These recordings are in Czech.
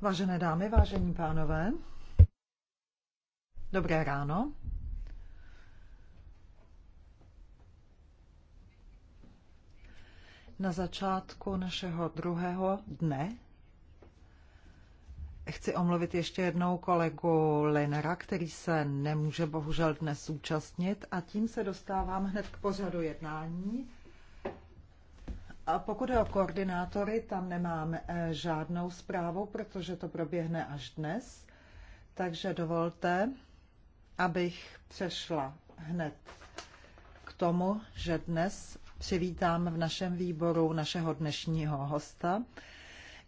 Vážené dámy, vážení pánové. Dobré ráno. Na začátku našeho druhého dne chci omluvit ještě jednou kolegu Lenera, který se nemůže bohužel dnes účastnit a tím se dostávám hned k pořadu jednání. A pokud je o koordinátory, tam nemám eh, žádnou zprávu, protože to proběhne až dnes. Takže dovolte, abych přešla hned k tomu, že dnes přivítám v našem výboru našeho dnešního hosta,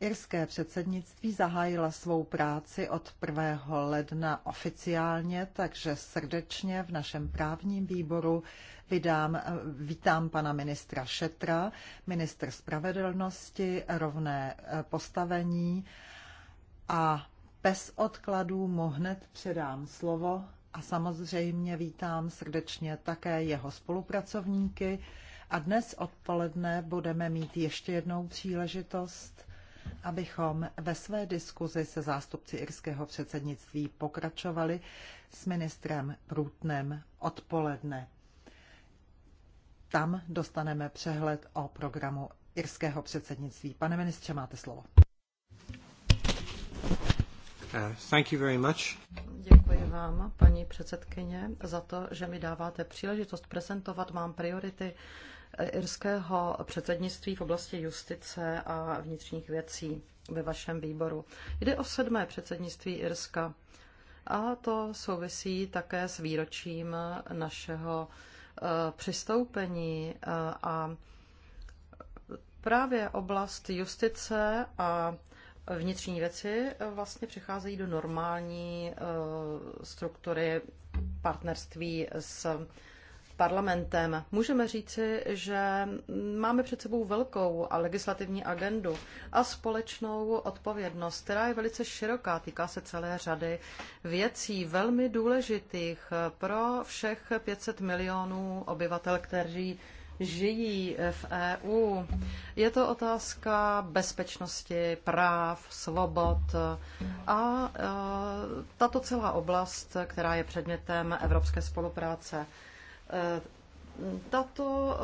Irské předsednictví zahájila svou práci od 1. ledna oficiálně, takže srdečně v našem právním výboru vydám, vítám pana ministra Šetra, minister spravedlnosti, rovné eh, postavení a bez odkladů mu hned předám slovo a samozřejmě vítám srdečně také jeho spolupracovníky. A dnes odpoledne budeme mít ještě jednou příležitost abychom ve své diskuzi se zástupci irského předsednictví pokračovali s ministrem Brutnem odpoledne. Tam dostaneme přehled o programu irského předsednictví. Pane ministře, máte slovo. Uh, thank you very much. Děkuji vám, paní předsedkyně, za to, že mi dáváte příležitost prezentovat mám priority irského předsednictví v oblasti justice a vnitřních věcí ve vašem výboru. Jde o sedmé předsednictví Irska a to souvisí také s výročím našeho eh, přistoupení eh, a právě oblast justice a vnitřní věci eh, vlastně přicházejí do normální struktury partnerství s parlamentem. Můžeme říci, že máme před sebou velkou a legislativní agendu a společnou odpovědnost, která je velice široká, týká se celé řady věcí velmi důležitých pro všech 500 milionů obyvatel, kteří žijí v EU. Je to otázka bezpečnosti, práv, svobod a e, tato celá oblast, která je předmětem evropské spolupráce. Tato,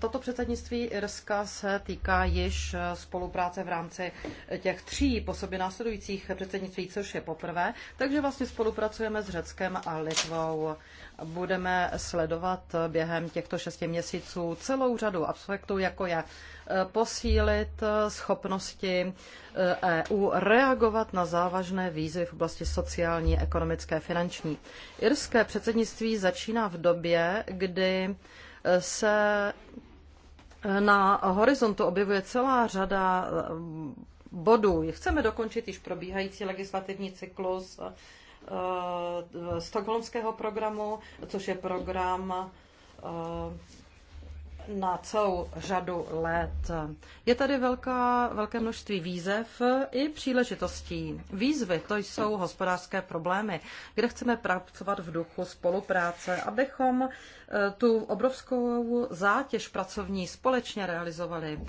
tato předsednictví Irska se týká již spolupráce v rámci těch tří po sobě následujících předsednictví, což je poprvé, takže vlastně spolupracujeme s Řeckem a Litvou budeme sledovat během těchto šesti měsíců celou řadu aspektů, jako je eh, posílit eh, schopnosti EU eh, e reagovat na závažné výzvy v oblasti sociální, ekonomické, finanční. Irské předsednictví začíná v době, kdy se na horizontu objevuje celá řada bodů. Chceme dokončit již probíhající legislativní cyklus, Eh, stokholmského programu, což je program eh, na celou řadu let. Je tady velká, velké množství výzev i příležitostí. Výzvy to jsou hospodářské problémy, kde chceme pracovat v duchu spolupráce, abychom eh, tu obrovskou zátěž pracovní společně realizovali.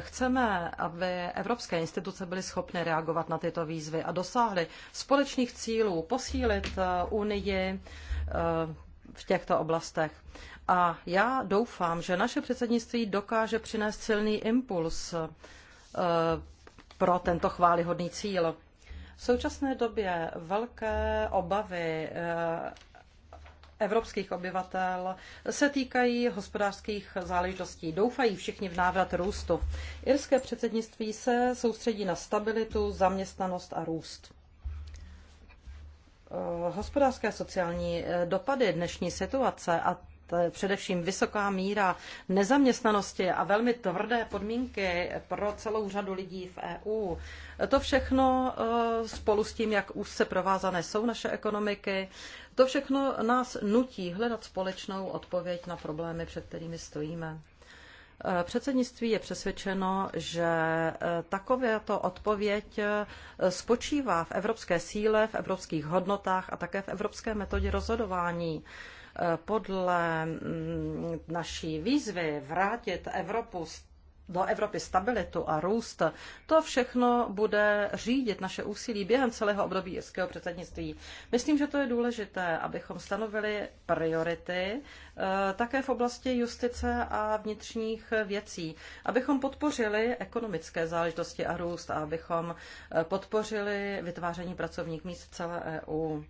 Chceme, aby evropské instituce byly schopny reagovat na tyto výzvy a dosáhly společných cílů, posílit eh, Unii eh, v těchto oblastech. A já doufám, že naše předsednictví dokáže přinést silný impuls eh, pro tento chválihodný cíl. V současné době velké obavy evropských obyvatel se týkají hospodářských záležitostí. Doufají všichni v návrat růstu. Irské předsednictví se soustředí na stabilitu, zaměstnanost a růst. Eh, hospodářské sociální eh, dopady dnešní situace a především vysoká míra nezaměstnanosti a velmi tvrdé podmínky pro celou řadu lidí v EU. To všechno eh, spolu s tím, jak úzce provázané jsou naše ekonomiky, to všechno nás nutí hledat společnou odpověď na problémy, před kterými stojíme. Eh, předsednictví je přesvědčeno, že eh, takovéto odpověď spočívá v evropské síle, v evropských hodnotách a také v evropské metodě rozhodování podle mm, naší výzvy vrátit Evropu do Evropy stabilitu a růst, to všechno bude řídit naše úsilí během celého období jeského předsednictví. Myslím, že to je důležité, abychom stanovili priority eh, také v oblasti justice a vnitřních věcí, abychom podpořili ekonomické záležitosti a růst a abychom eh, podpořili vytváření pracovních míst v celé EU.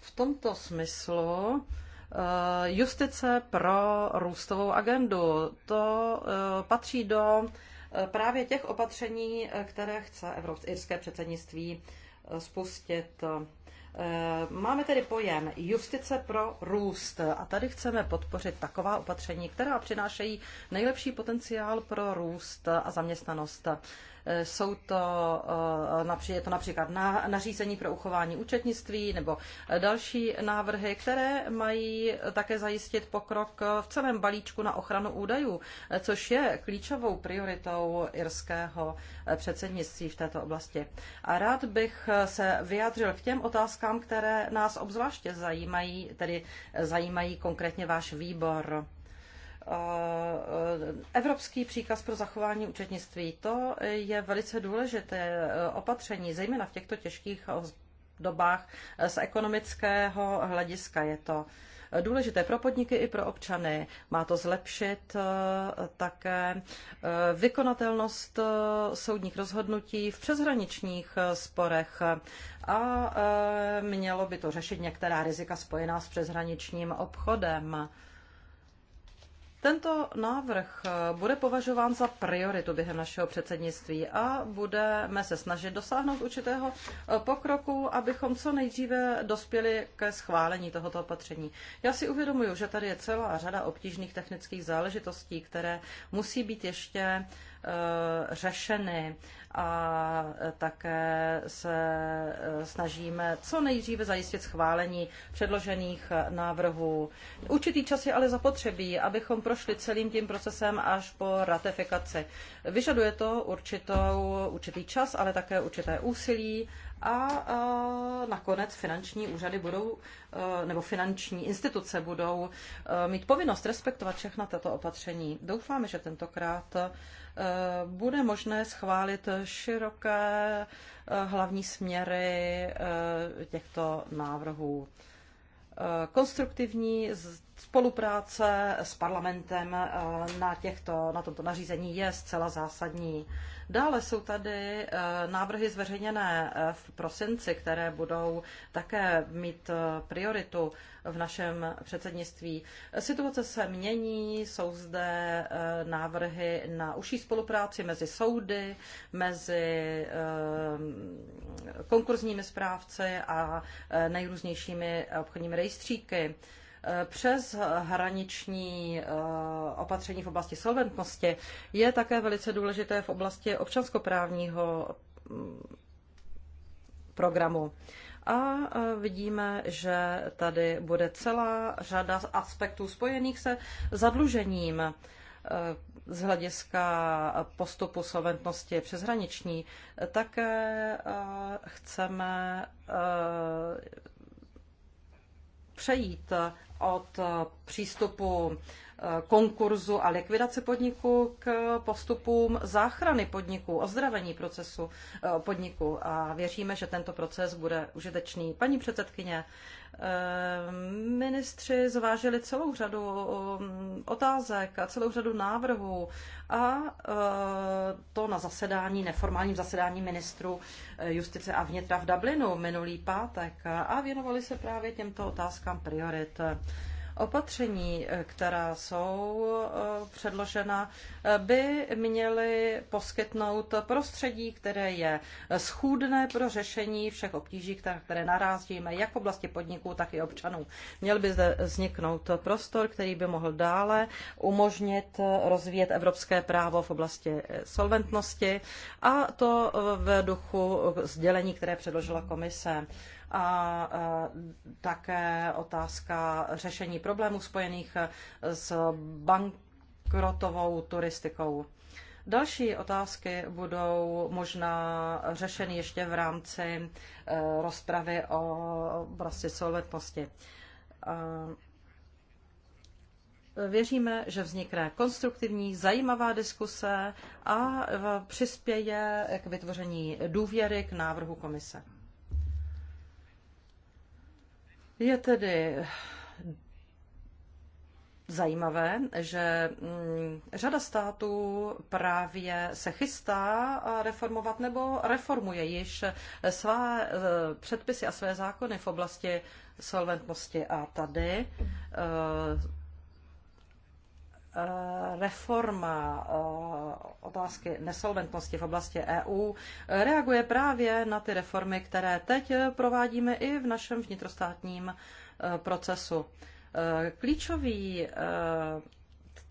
V tomto smyslu Eh, justice pro růstovou agendu. To eh, patří do eh, právě těch opatření, které chce Evropské předsednictví spustit. Máme tedy pojem justice pro růst a tady chceme podpořit taková opatření, která přinášejí nejlepší potenciál pro růst a zaměstnanost. Jsou to, eh, je to například nařízení pro uchování účetnictví nebo eh, další návrhy, které mají také zajistit pokrok eh, v celém balíčku na ochranu údajů, což je klíčovou prioritou irského předsednictví v této oblasti. A rád bych se vyjádřil k těm otázkám, které nás obzvláště zajímají, tedy zajímají konkrétně váš výbor. Eh, evropský příkaz pro zachování účetnictví, to je velice důležité eh, opatření, zejména v těchto těžkých dobách z ekonomického hlediska. Je to důležité pro podniky i pro občany. Má to zlepšit eh, také vykonatelnost soudních rozhodnutí v přeshraničních sporech a mělo by to řešit některá rizika spojená s přeshraničním obchodem. Tento návrh eh, bude považován za prioritu během našeho předsednictví a budeme se snažit dosáhnout určitého eh, pokroku, abychom co nejdříve dospěli ke schválení tohoto opatření. Já si uvědomuji, že tady je celá řada obtížných technických záležitostí, které musí být ještě uh, Eh, řešeny a také se eh, snažíme co nejdříve zajistit schválení předložených návrhů. Určitý čas je ale zapotřebí, abychom prošli celým tím procesem až po ratifikaci. Vyžaduje to určitou, určitý čas, ale také určité úsilí a, nakonec finanční úřady budou, eh, nebo finanční instituce budou mít povinnost respektovat všechna tato opatření. Doufáme, že tentokrát Eh, bude možné schválit široké eh, hlavní směry eh, těchto návrhů. Konstruktivní spolupráce s parlamentem na, těchto, na tomto nařízení je zcela zásadní. Dále jsou tady eh, návrhy zveřejněné eh, v prosinci, které budou také mít eh, prioritu v našem předsednictví. Situace se mění, jsou zde návrhy na užší spolupráci mezi soudy, mezi konkurzními správci a nejrůznějšími obchodními rejstříky. Eh, přes hraniční eh, opatření v oblasti solventnosti je také velice důležité v oblasti občanskoprávního mm, programu. A eh, vidíme, že tady bude celá řada aspektů spojených se zadlužením z hlediska postupu solventnosti přeshraniční. Také chceme přejít eh, od eh, přístupu konkurzu a likvidaci podniku k postupům záchrany podniku, ozdravení procesu eh, podniku. A věříme, že tento proces bude užitečný. Paní předsedkyně, eh, ministři zvážili celou řadu mm, otázek a celou řadu návrhů a eh, to na zasedání, neformálním zasedání ministru justice a vnitra v Dublinu minulý pátek a věnovali se právě těmto otázkám priorit. Opatření, eh, která jsou eh, předložena, eh, by měly poskytnout prostředí, které je schůdné pro řešení všech obtíží, které narázíme jak v oblasti podniků, tak i občanů. Měl by zde vzniknout prostor, který by mohl dále umožnit rozvíjet evropské právo v oblasti solventnosti a to v duchu sdělení, které předložila komise a e, také otázka řešení problémů spojených s bankrotovou turistikou. Další otázky budou možná řešeny ještě v rámci e, rozpravy o prostě solventnosti. E, věříme, že vznikne konstruktivní, zajímavá diskuse a přispěje k vytvoření důvěry k návrhu komise. Je tedy zajímavé, že mm, řada států právě se chystá reformovat nebo reformuje již své e, předpisy a své zákony v oblasti solventnosti. A tady e, Eh, reforma eh, otázky nesolventnosti v oblasti EU eh, reaguje právě na ty reformy, které teď provádíme i v našem vnitrostátním procesu. Klíčový,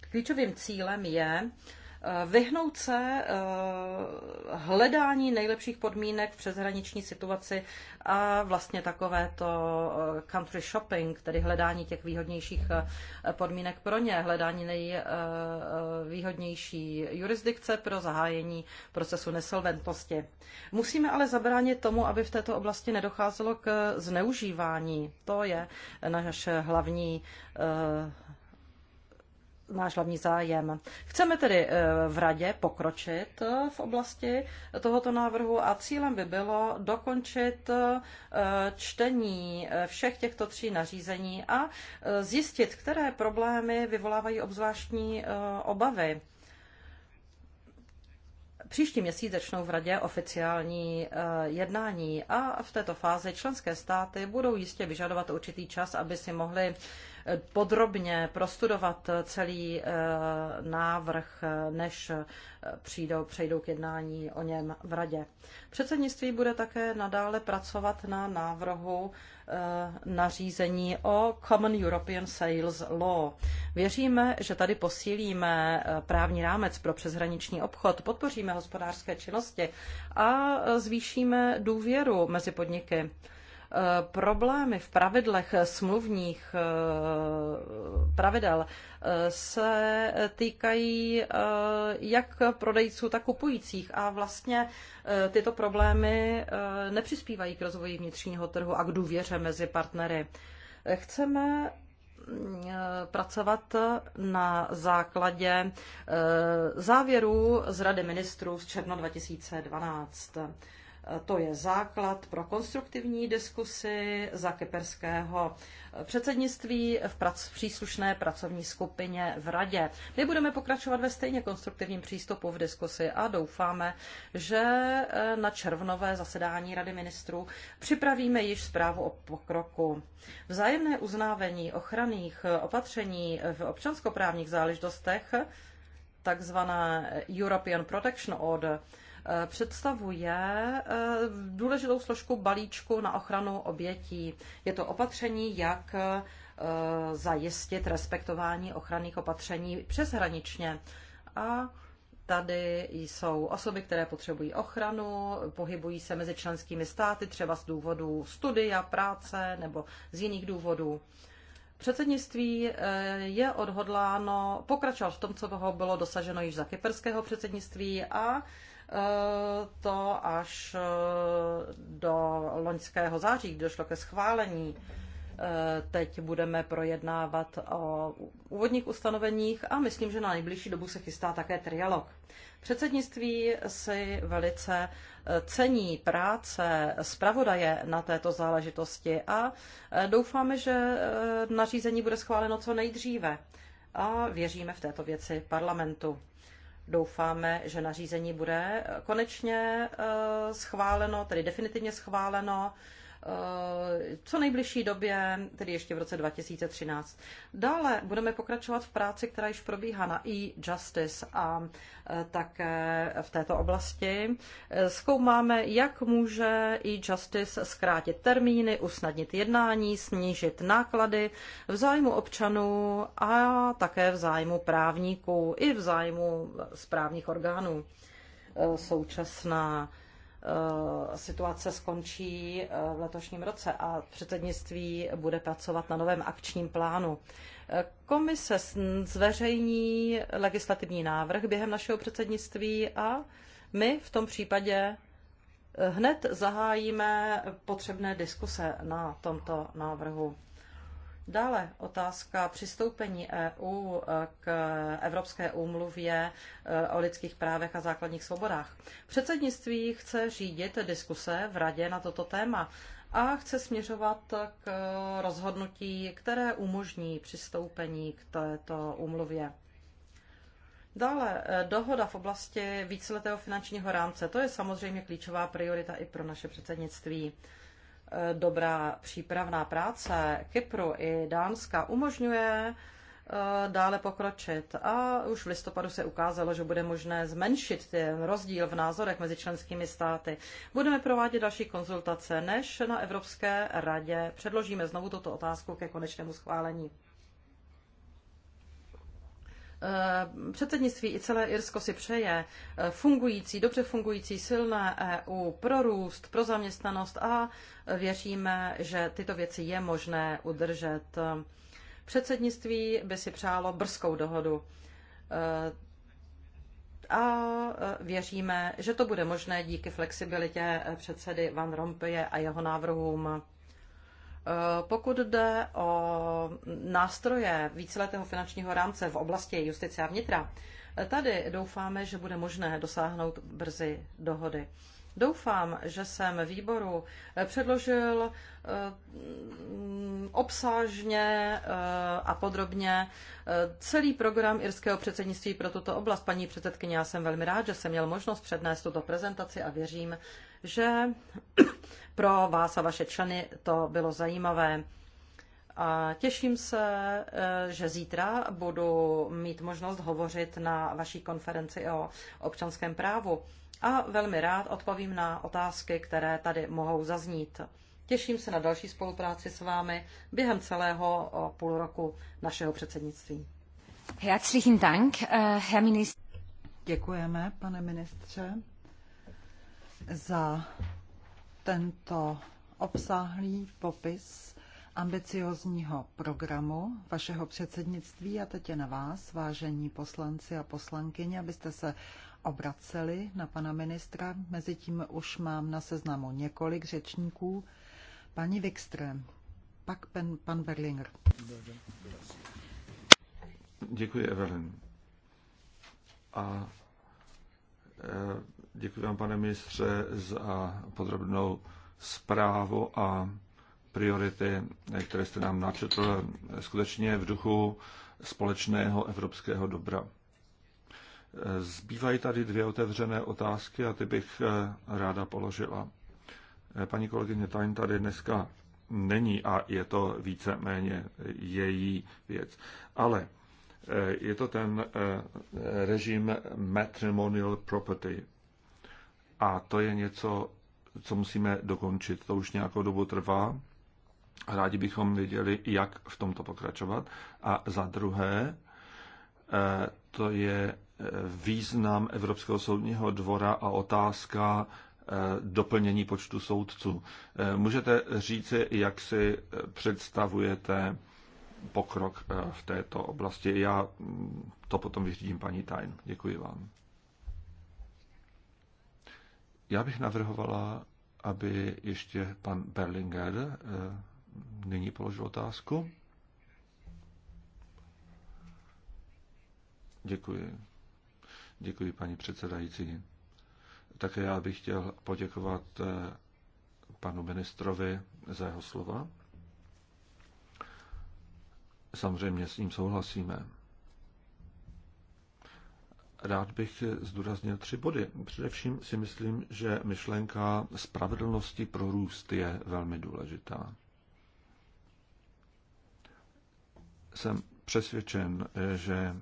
klíčovým cílem je Eh, vyhnout se eh, hledání nejlepších podmínek v přeshraniční situaci a vlastně takové to eh, country shopping, tedy hledání těch výhodnějších podmínek pro ně, hledání nejvýhodnější jurisdikce pro zahájení procesu nesolventnosti. Musíme ale zabránit tomu, aby v této oblasti nedocházelo k zneužívání. To je naše hlavní náš hlavní zájem. Chceme tedy eh, v radě pokročit eh, v oblasti tohoto návrhu a cílem by bylo dokončit eh, čtení všech těchto tří nařízení a zjistit, které problémy vyvolávají obzvláštní obavy. Příští měsíc začnou v Radě oficiální jednání a v této fázi členské státy budou jistě vyžadovat určitý čas, aby si mohli podrobně prostudovat celý eh, návrh, než eh, přijdou, přejdou k jednání o něm v radě. Předsednictví bude také nadále pracovat na návrhu eh, nařízení o Common European Sales Law. Věříme, že tady posílíme právní rámec pro přeshraniční obchod, podpoříme hospodářské činnosti a zvýšíme důvěru mezi podniky. Eh, problémy v pravidlech smluvních eh, pravidel eh, se týkají jak prodejců, tak kupujících a vlastně tyto problémy nepřispívají k rozvoji vnitřního trhu a k důvěře mezi partnery. Chceme pracovat na základě závěrů z Rady ministrů z června 2012. Eh, to je základ pro konstruktivní diskusy za kyperského eh, předsednictví v prac, příslušné pracovní skupině v radě. My budeme pokračovat ve stejně konstruktivním přístupu v diskusi a doufáme, že eh, na červnové zasedání Rady ministrů připravíme již zprávu o pokroku. Vzájemné uznávání ochranných opatření v občanskoprávních záležitostech takzvaná European Protection Order, Eh, představuje eh, důležitou složku balíčku na ochranu obětí. Je to opatření, jak eh, zajistit respektování ochranných opatření přeshraničně. A tady jsou osoby, které potřebují ochranu, pohybují se mezi členskými státy, třeba z důvodu studia, práce nebo z jiných důvodů. Předsednictví je odhodláno pokračovat v tom, co bylo dosaženo již za kyperského předsednictví a to až eh, do loňského září, kdy došlo ke schválení. Eh, teď budeme projednávat o úvodních ustanoveních a myslím, že na nejbližší dobu se chystá také trialog. Předsednictví si velice eh, cení práce zpravodaje na této záležitosti a doufáme, že nařízení bude schváleno co nejdříve a věříme v této věci parlamentu. Doufáme, že nařízení bude konečně eh, schváleno, tedy definitivně schváleno co nejbližší době, tedy ještě v roce 2013. Dále budeme pokračovat v práci, která již probíhá na e-justice a e, také v této oblasti. Zkoumáme, jak může e-justice zkrátit termíny, usnadnit jednání, snížit náklady v zájmu občanů a také v zájmu právníků i v zájmu správních orgánů. E, současná Eh, situace skončí eh, v letošním roce a předsednictví bude pracovat na novém akčním plánu. Eh, komise zveřejní legislativní návrh během našeho předsednictví a my v tom případě hned zahájíme potřebné diskuse na tomto návrhu. Dále otázka přistoupení EU eh, k Evropské úmluvě eh, o lidských právech a základních svobodách. Předsednictví chce řídit diskuse v Radě na toto téma a chce směřovat k rozhodnutí, které umožní přistoupení k této úmluvě. Dále eh, dohoda v oblasti víceletého finančního rámce. To je samozřejmě klíčová priorita i pro naše předsednictví. Eh, dobrá přípravná práce Kypru i Dánska umožňuje eh, dále pokročit. A už v listopadu se ukázalo, že bude možné zmenšit ten rozdíl v názorech mezi členskými státy. Budeme provádět další konzultace, než na Evropské radě předložíme znovu tuto otázku ke konečnému schválení. Eh, předsednictví i celé Irsko si přeje eh, fungující, dobře fungující, silné EU pro růst, pro zaměstnanost a věříme, že tyto věci je možné udržet. Předsednictví by si přálo brzkou dohodu eh, a věříme, že to bude možné díky flexibilitě předsedy Van Rompuye a jeho návrhům. Eh, pokud jde o nástroje víceletého finančního rámce v oblasti justice a vnitra, eh, tady doufáme, že bude možné dosáhnout brzy dohody. Doufám, že jsem výboru eh, předložil obsážně a podrobně celý program irského předsednictví pro tuto oblast. Paní předsedkyně, já jsem velmi rád, že jsem měl možnost přednést tuto prezentaci a věřím, že pro vás a vaše členy to bylo zajímavé. A těším se, eh, že zítra budu mít možnost hovořit na vaší konferenci o občanském právu a velmi rád odpovím na otázky, které tady mohou zaznít. Těším se na další spolupráci s vámi během celého půl roku našeho předsednictví. Herzlichen Dank, eh, Herr Minister. Děkujeme, pane ministře, za tento obsáhlý popis ambiciozního programu vašeho předsednictví a teď je na vás, vážení poslanci a poslankyně, abyste se obraceli na pana ministra. Mezitím už mám na seznamu několik řečníků. Paní Wikström, pak pan, pan Berlinger. Děkuji, Evelyn. A Děkuji vám, pane ministře, za podrobnou zprávu a priority, které jste nám načetl, skutečně v duchu společného evropského dobra. Zbývají tady dvě otevřené otázky a ty bych ráda položila. Paní kolegyně Tajn tady dneska není a je to víceméně její věc. Ale je to ten eh, režim matrimonial property. A to je něco, co musíme dokončit. To už nějakou dobu trvá. Rádi bychom věděli, jak v tomto pokračovat. A za druhé, eh, to je eh, význam Evropského soudního dvora a otázka eh, doplnění počtu soudců. Můžete říci, jak si představujete pokrok v této oblasti. Já mm, to potom vyřídím paní Tajn. Děkuji vám. Já bych navrhovala, aby ještě pan Berlinger eh, nyní položil otázku. Děkuji. Děkuji, paní předsedající. Také já bych chtěl poděkovat eh, panu ministrovi za jeho slova. Samozřejmě s ním souhlasíme rád bych zdůraznil tři body. Především si myslím, že myšlenka spravedlnosti pro růst je velmi důležitá. Jsem přesvědčen, že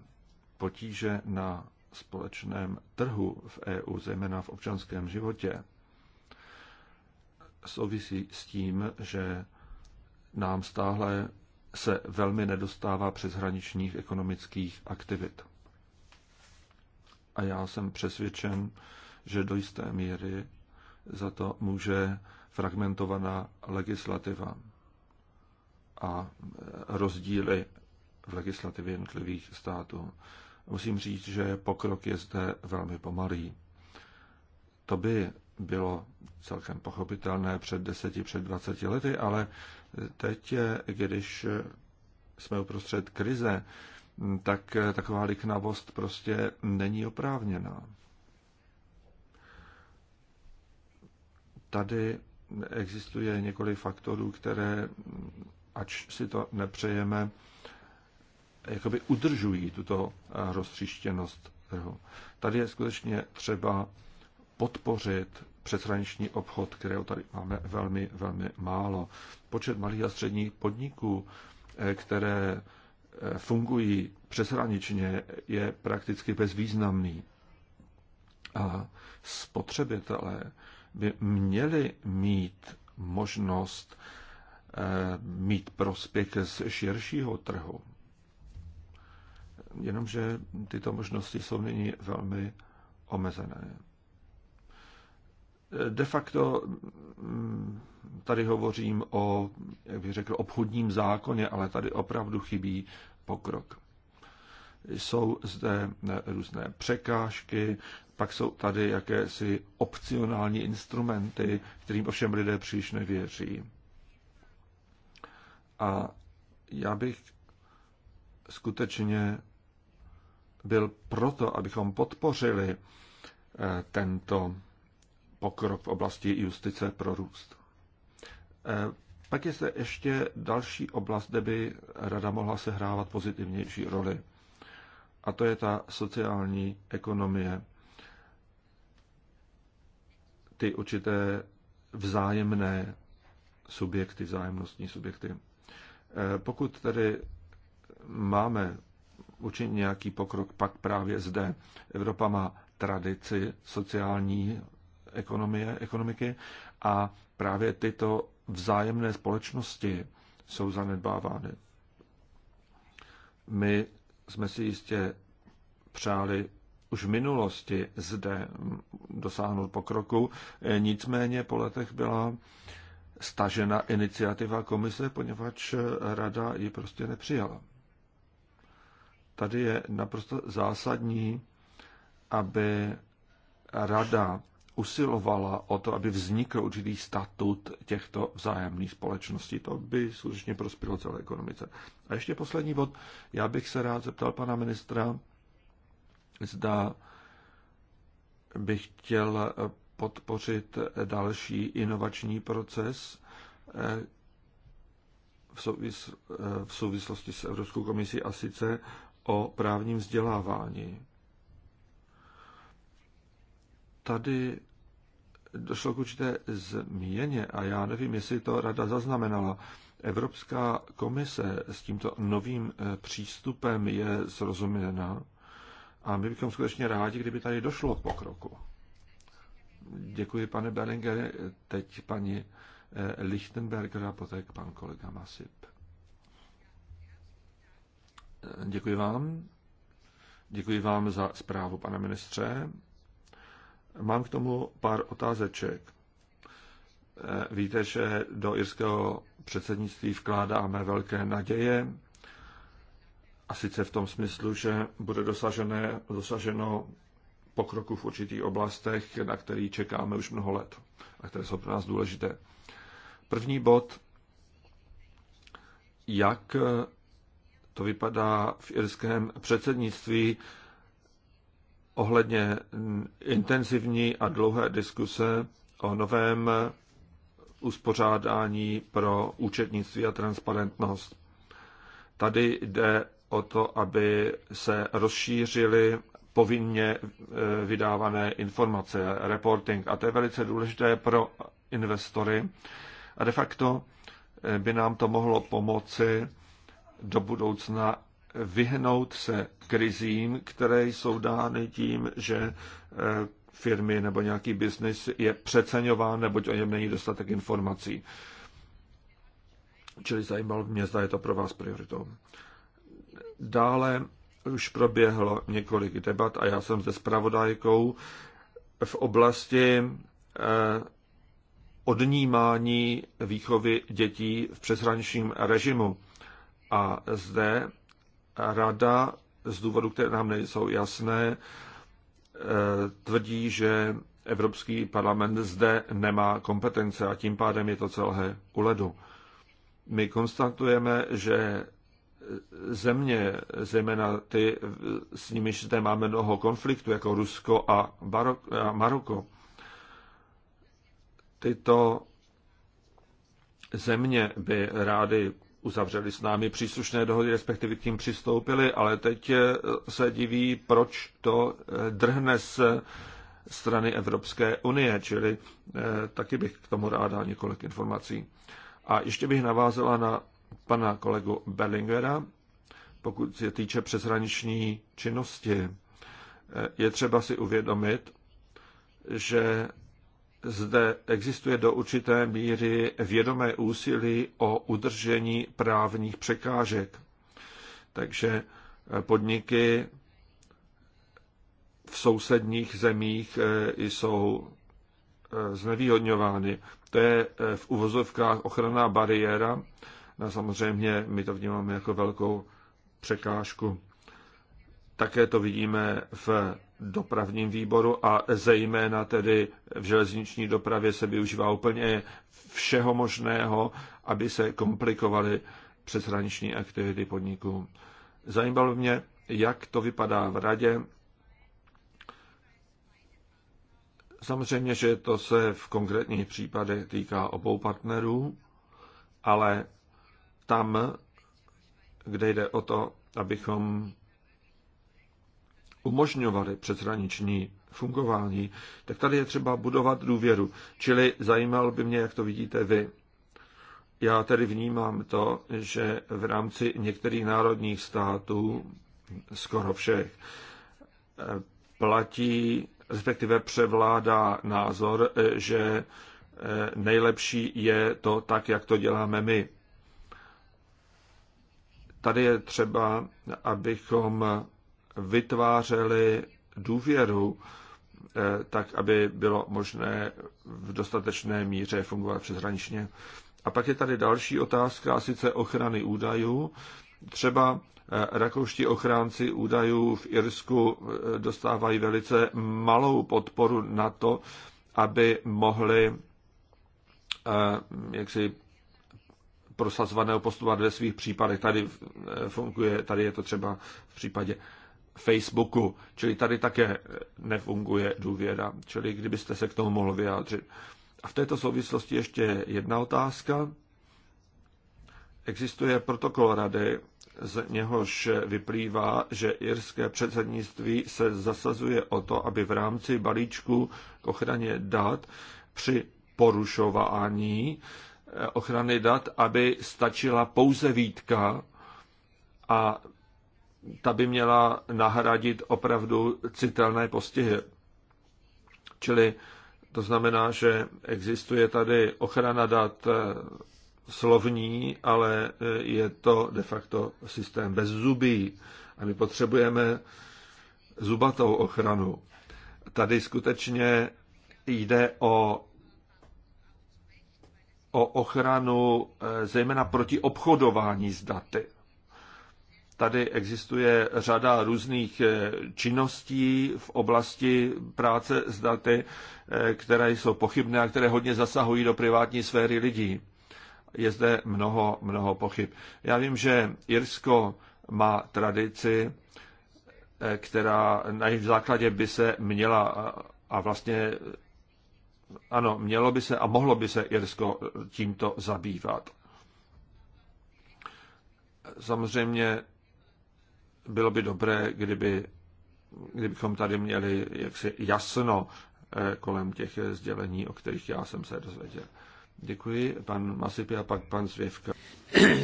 potíže na společném trhu v EU, zejména v občanském životě, souvisí s tím, že nám stále se velmi nedostává přeshraničních ekonomických aktivit a já jsem přesvědčen, že do jisté míry za to může fragmentovaná legislativa a e, rozdíly v legislativě jednotlivých států. Musím říct, že pokrok je zde velmi pomalý. To by bylo celkem pochopitelné před deseti, před dvaceti lety, ale teď, když jsme uprostřed krize, tak eh, taková liknavost prostě není oprávněná. Tady existuje několik faktorů, které, ač si to nepřejeme, jakoby udržují tuto eh, roztříštěnost trhu. Tady je skutečně třeba podpořit přeshraniční obchod, kterého tady máme velmi, velmi málo. Počet malých a středních podniků, eh, které fungují přeshraničně, je prakticky bezvýznamný. A spotřebitelé by měli mít možnost eh, mít prospěch z širšího trhu. Jenomže tyto možnosti jsou nyní velmi omezené. De facto mm, tady hovořím o, jak bych řekl, obchodním zákoně, ale tady opravdu chybí pokrok. Jsou zde eh, různé překážky, pak jsou tady jakési opcionální instrumenty, kterým ovšem lidé příliš nevěří. A já bych skutečně byl proto, abychom podpořili eh, tento pokrok v oblasti justice pro růst. E, pak je zde ještě další oblast, kde by rada mohla sehrávat pozitivnější roli. A to je ta sociální ekonomie. Ty určité vzájemné subjekty, vzájemnostní subjekty. E, pokud tedy máme učinit nějaký pokrok, pak právě zde Evropa má tradici sociální ekonomie, ekonomiky a právě tyto vzájemné společnosti jsou zanedbávány. My jsme si jistě přáli už v minulosti zde dosáhnout pokroku, nicméně po letech byla stažena iniciativa komise, poněvadž rada ji prostě nepřijala. Tady je naprosto zásadní, aby rada usilovala o to, aby vznikl určitý statut těchto vzájemných společností. To by skutečně prospělo celé ekonomice. A ještě poslední bod. Já bych se rád zeptal pana ministra, zda bych chtěl podpořit další inovační proces eh, eh, v souvislosti s Evropskou komisí a sice o právním vzdělávání. Tady došlo k určité změně a já nevím, jestli to rada zaznamenala. Evropská komise s tímto novým eh, přístupem je srozuměna a my bychom skutečně rádi, kdyby tady došlo k pokroku. Děkuji, pane Berlinger. Teď paní eh, Lichtenberger a poté pan kolega Masip. Eh, děkuji vám. Děkuji vám za zprávu, pane ministře. Mám k tomu pár otázeček. Eh, víte, že do irského předsednictví vkládáme velké naděje, a sice v tom smyslu, že bude dosažené, dosaženo pokroku v určitých oblastech, na který čekáme už mnoho let a které jsou pro nás důležité. První bod, jak to vypadá v irském předsednictví ohledně intenzivní a dlouhé diskuse o novém uspořádání pro účetnictví a transparentnost. Tady jde o to, aby se rozšířily povinně e, vydávané informace, reporting. A to je velice důležité pro investory. A de facto e, by nám to mohlo pomoci do budoucna vyhnout se krizím, které jsou dány tím, že eh, firmy nebo nějaký biznis je přeceňován, neboť o něm není dostatek informací. Čili zajímalo mě, zda je to pro vás prioritou. Dále už proběhlo několik debat a já jsem se zpravodajkou v oblasti eh, odnímání výchovy dětí v přeshraničním režimu. A zde rada z důvodu, které nám nejsou jasné, eh, tvrdí, že Evropský parlament zde nemá kompetence a tím pádem je to celé u ledu. My konstatujeme, že země, zejména ty, s nimiž zde máme mnoho konfliktů, jako Rusko a, Barok, a Maroko, tyto země by rády uzavřeli s námi příslušné dohody, respektive k tím přistoupili, ale teď eh, se diví, proč to eh, drhne z eh, strany Evropské unie, čili taky bych k tomu ráda několik informací. A ještě bych navázala na pana kolegu Berlingera, pokud se týče přeshraniční činnosti. Je třeba si uvědomit, že zde existuje do určité míry vědomé úsilí o udržení právních překážek. Takže podniky v sousedních zemích eh, jsou eh, znevýhodňovány. To je eh, v uvozovkách ochranná bariéra. A no, samozřejmě my to vnímáme jako velkou překážku. Také to vidíme v dopravním výboru a zejména tedy v železniční dopravě se využívá úplně všeho možného, aby se komplikovaly přeshraniční aktivity podniků. Zajímalo mě, jak to vypadá v radě. Samozřejmě, že to se v konkrétních případech týká obou partnerů, ale tam, kde jde o to, abychom umožňovaly přeshraniční fungování, tak tady je třeba budovat důvěru. Čili zajímalo by mě, jak to vidíte vy. Já tedy vnímám to, že v rámci některých národních států, skoro všech, platí, respektive převládá názor, že eh, nejlepší je to tak, jak to děláme my. Tady je třeba, abychom vytvářeli důvěru, eh, tak aby bylo možné v dostatečné míře fungovat přeshraničně. A pak je tady další otázka, a sice ochrany údajů. Třeba eh, rakouští ochránci údajů v Irsku eh, dostávají velice malou podporu na to, aby mohli jaksi prosazovaného postupovat ve svých případech. Tady funguje, tady je to třeba v případě Facebooku, čili tady také eh, nefunguje důvěra, čili kdybyste se k tomu mohl vyjádřit. A v této souvislosti ještě jedna otázka. Existuje protokol rady, z něhož vyplývá, že irské předsednictví se zasazuje o to, aby v rámci balíčku k ochraně dat při porušování eh, ochrany dat, aby stačila pouze výtka a ta by měla nahradit opravdu citelné postihy. Čili to znamená, že existuje tady ochrana dat eh, slovní, ale eh, je to de facto systém bez zubí. A my potřebujeme zubatou ochranu. Tady skutečně jde o, o ochranu eh, zejména proti obchodování s daty. Tady existuje řada různých eh, činností v oblasti práce s daty, eh, které jsou pochybné a které hodně zasahují do privátní sféry lidí. Je zde mnoho, mnoho pochyb. Já vím, že Irsko má tradici, eh, která na jejich základě by se měla a vlastně ano, mělo by se a mohlo by se Irsko tímto zabývat. Samozřejmě bylo by dobré, kdyby, kdybychom tady měli jaksi jasno eh, kolem těch sdělení, o kterých já jsem se dozvěděl. Děkuji, pan Masipi a pak pan Zvěvka.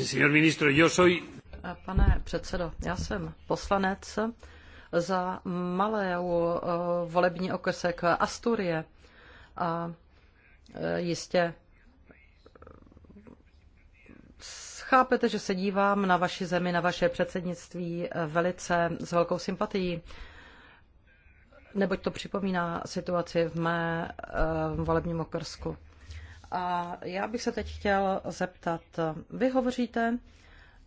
Signor ministro, yo soy... Eh, pane předsedo, já jsem poslanec za malé eh, volební okresek Asturie. A jistě Chápete, že se dívám na vaši zemi, na vaše předsednictví eh, velice s velkou sympatií, neboť to připomíná situaci v mé eh, volebním okrsku. A já bych se teď chtěl zeptat, vy hovoříte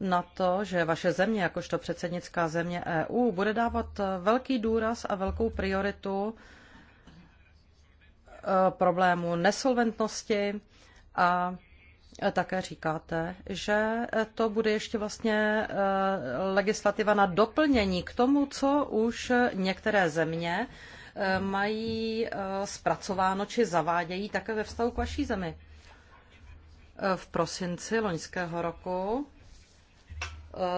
na to, že vaše země, jakožto předsednická země EU, bude dávat eh, velký důraz a velkou prioritu problému nesolventnosti a E, také říkáte, že e, to bude ještě vlastně e, legislativa na doplnění k tomu, co už některé země mají zpracováno či zavádějí také ve vztahu k vaší zemi. V prosinci loňského roku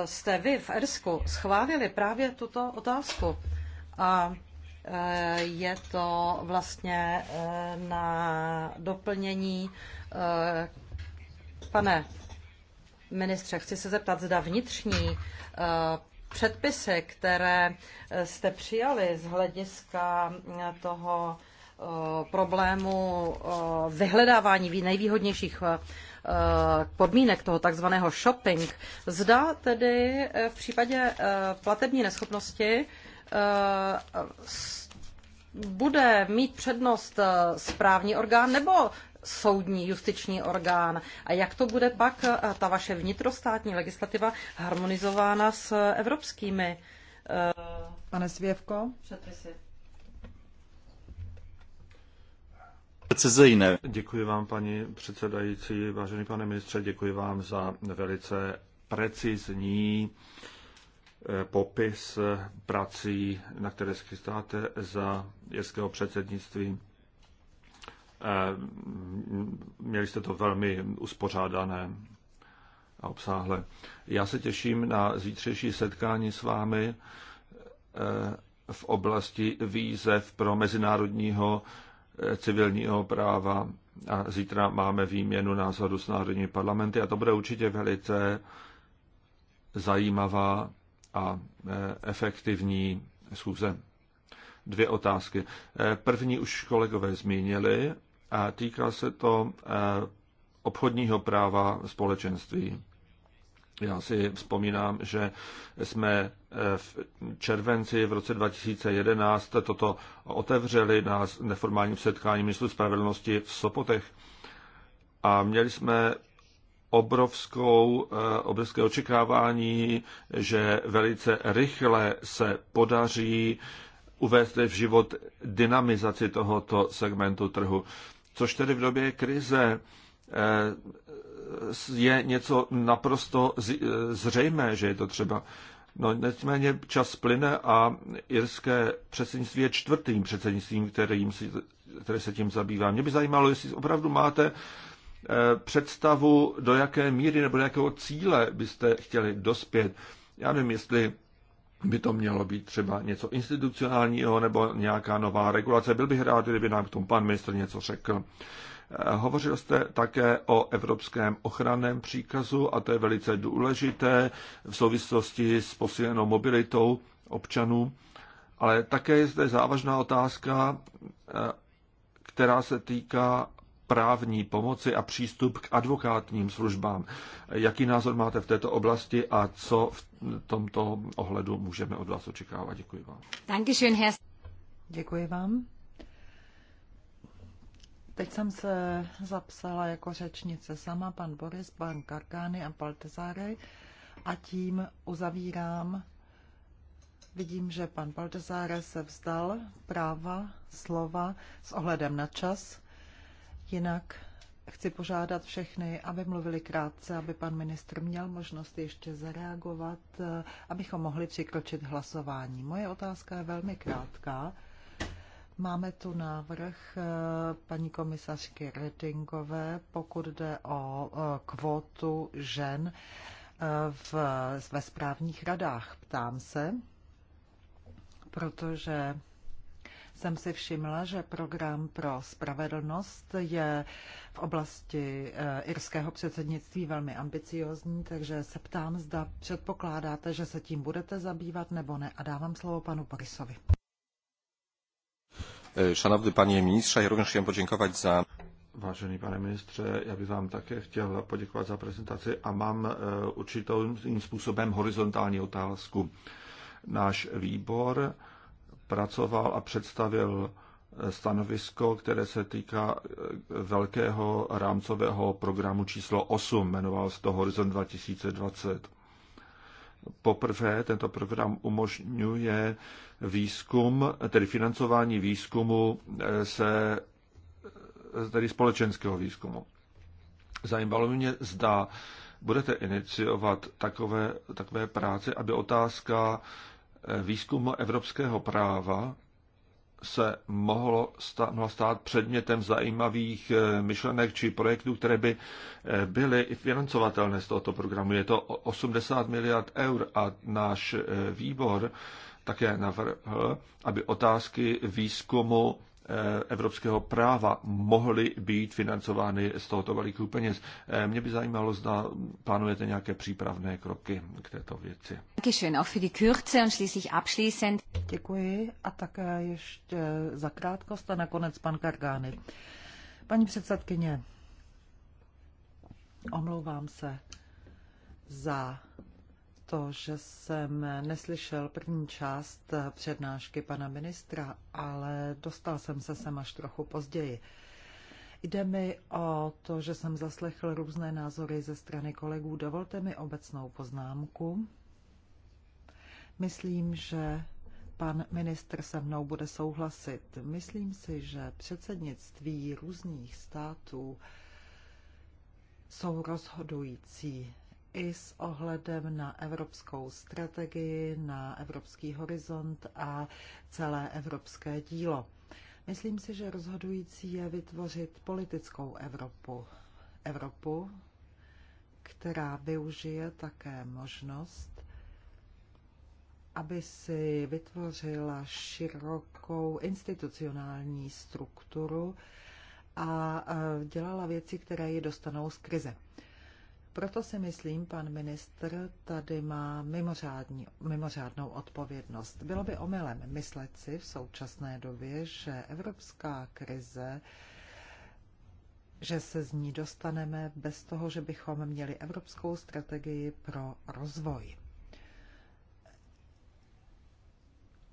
jste vy v Ersku schválili právě tuto otázku. A je to vlastně na doplnění Pane ministře, chci se zeptat, zda vnitřní eh, předpisy, které eh, jste přijali z hlediska eh, toho problému vyhledávání nejvýhodnějších podmínek toho takzvaného shopping, zda tedy v případě platební neschopnosti bude mít přednost správní orgán nebo soudní, justiční orgán. A jak to bude pak eh, ta vaše vnitrostátní legislativa harmonizována s evropskými? Eh, pane Svěvko? Předpisy. Děkuji vám, paní předsedající, vážený pane ministře, děkuji vám za velice precizní eh, popis prací, na které se chystáte za jeského předsednictví. Eh, měli jste to velmi uspořádané a obsáhle. Já se těším na zítřejší setkání s vámi eh, v oblasti výzev pro mezinárodního eh, civilního práva. A zítra máme výměnu názoru s národní parlamenty a to bude určitě velice zajímavá a efektivní schůze. Dvě otázky. První už kolegové zmínili a týká se to eh, obchodního práva společenství. Já si vzpomínám, že jsme eh, v červenci v roce 2011 toto otevřeli na neformálním setkání ministru spravedlnosti v Sopotech a měli jsme obrovskou, eh, obrovské očekávání, že velice rychle se podaří uvést v život dynamizaci tohoto segmentu trhu což tedy v době krize eh, je něco naprosto eh, zřejmé, že je to třeba. No, nicméně čas plyne a irské předsednictví je čtvrtým předsednictvím, kterým si, které se tím zabývá. Mě by zajímalo, jestli opravdu máte eh, představu, do jaké míry nebo do jakého cíle byste chtěli dospět. Já nevím, jestli by to mělo být třeba něco institucionálního nebo nějaká nová regulace. Byl bych rád, kdyby nám k tomu pan ministr něco řekl. Eh, hovořil jste také o evropském ochranném příkazu a to je velice důležité v souvislosti s posílenou mobilitou občanů. Ale také je zde závažná otázka, eh, která se týká právní pomoci a přístup k advokátním službám. Jaký názor máte v této oblasti a co v tomto ohledu můžeme od vás očekávat? Děkuji vám. Děkuji vám. Teď jsem se zapsala jako řečnice sama, pan Boris, pan Karkány a Baltezárek a tím uzavírám. Vidím, že pan Baltezáre se vzdal práva slova s ohledem na čas. Jinak chci požádat všechny, aby mluvili krátce, aby pan ministr měl možnost ještě zareagovat, abychom mohli přikročit hlasování. Moje otázka je velmi krátká. Máme tu návrh eh, paní komisařky Redingové, pokud jde o eh, kvotu žen eh, v, ve správních radách. Ptám se, protože jsem si všimla, že program pro spravedlnost je v oblasti eh, irského předsednictví velmi ambiciozní, takže se ptám, zda předpokládáte, že se tím budete zabývat nebo ne. A dávám slovo panu Borisovi. Szanowny eh, panie ministrze, ja również chciałem podziękować za... Vážený pane ministře, já bych vám také chtěl poděkovat za prezentaci a mám eh, určitým způsobem horizontální otázku. Náš výbor pracoval a představil eh, stanovisko, které se týká eh, velkého rámcového programu číslo 8, jmenoval se to Horizon 2020. Poprvé tento program umožňuje výzkum, tedy financování výzkumu eh, se, tedy společenského výzkumu. Zajímalo mě, zda budete iniciovat takové, takové práce, aby otázka výzkumu evropského práva se mohlo stát, mohlo stát předmětem zajímavých eh, myšlenek či projektů, které by eh, byly financovatelné z tohoto programu. Je to 80 miliard eur a náš eh, výbor také navrhl, aby otázky výzkumu Eh, evropského práva mohly být financovány z tohoto balíku peněz. Eh, mě by zajímalo, zda plánujete nějaké přípravné kroky k této věci. Děkuji a také ještě za krátkost a nakonec pan Kargány. Paní předsedkyně, omlouvám se za to, že jsem neslyšel první část přednášky pana ministra, ale dostal jsem se sem až trochu později. Jde mi o to, že jsem zaslechl různé názory ze strany kolegů. Dovolte mi obecnou poznámku. Myslím, že pan ministr se mnou bude souhlasit. Myslím si, že předsednictví různých států jsou rozhodující i s ohledem na evropskou strategii, na evropský horizont a celé evropské dílo. Myslím si, že rozhodující je vytvořit politickou Evropu. Evropu, která využije také možnost, aby si vytvořila širokou institucionální strukturu a dělala věci, které ji dostanou z krize. Proto si myslím, pan ministr tady má mimořádní, mimořádnou odpovědnost. Bylo by omylem myslet si v současné době, že evropská krize že se z ní dostaneme bez toho, že bychom měli evropskou strategii pro rozvoj.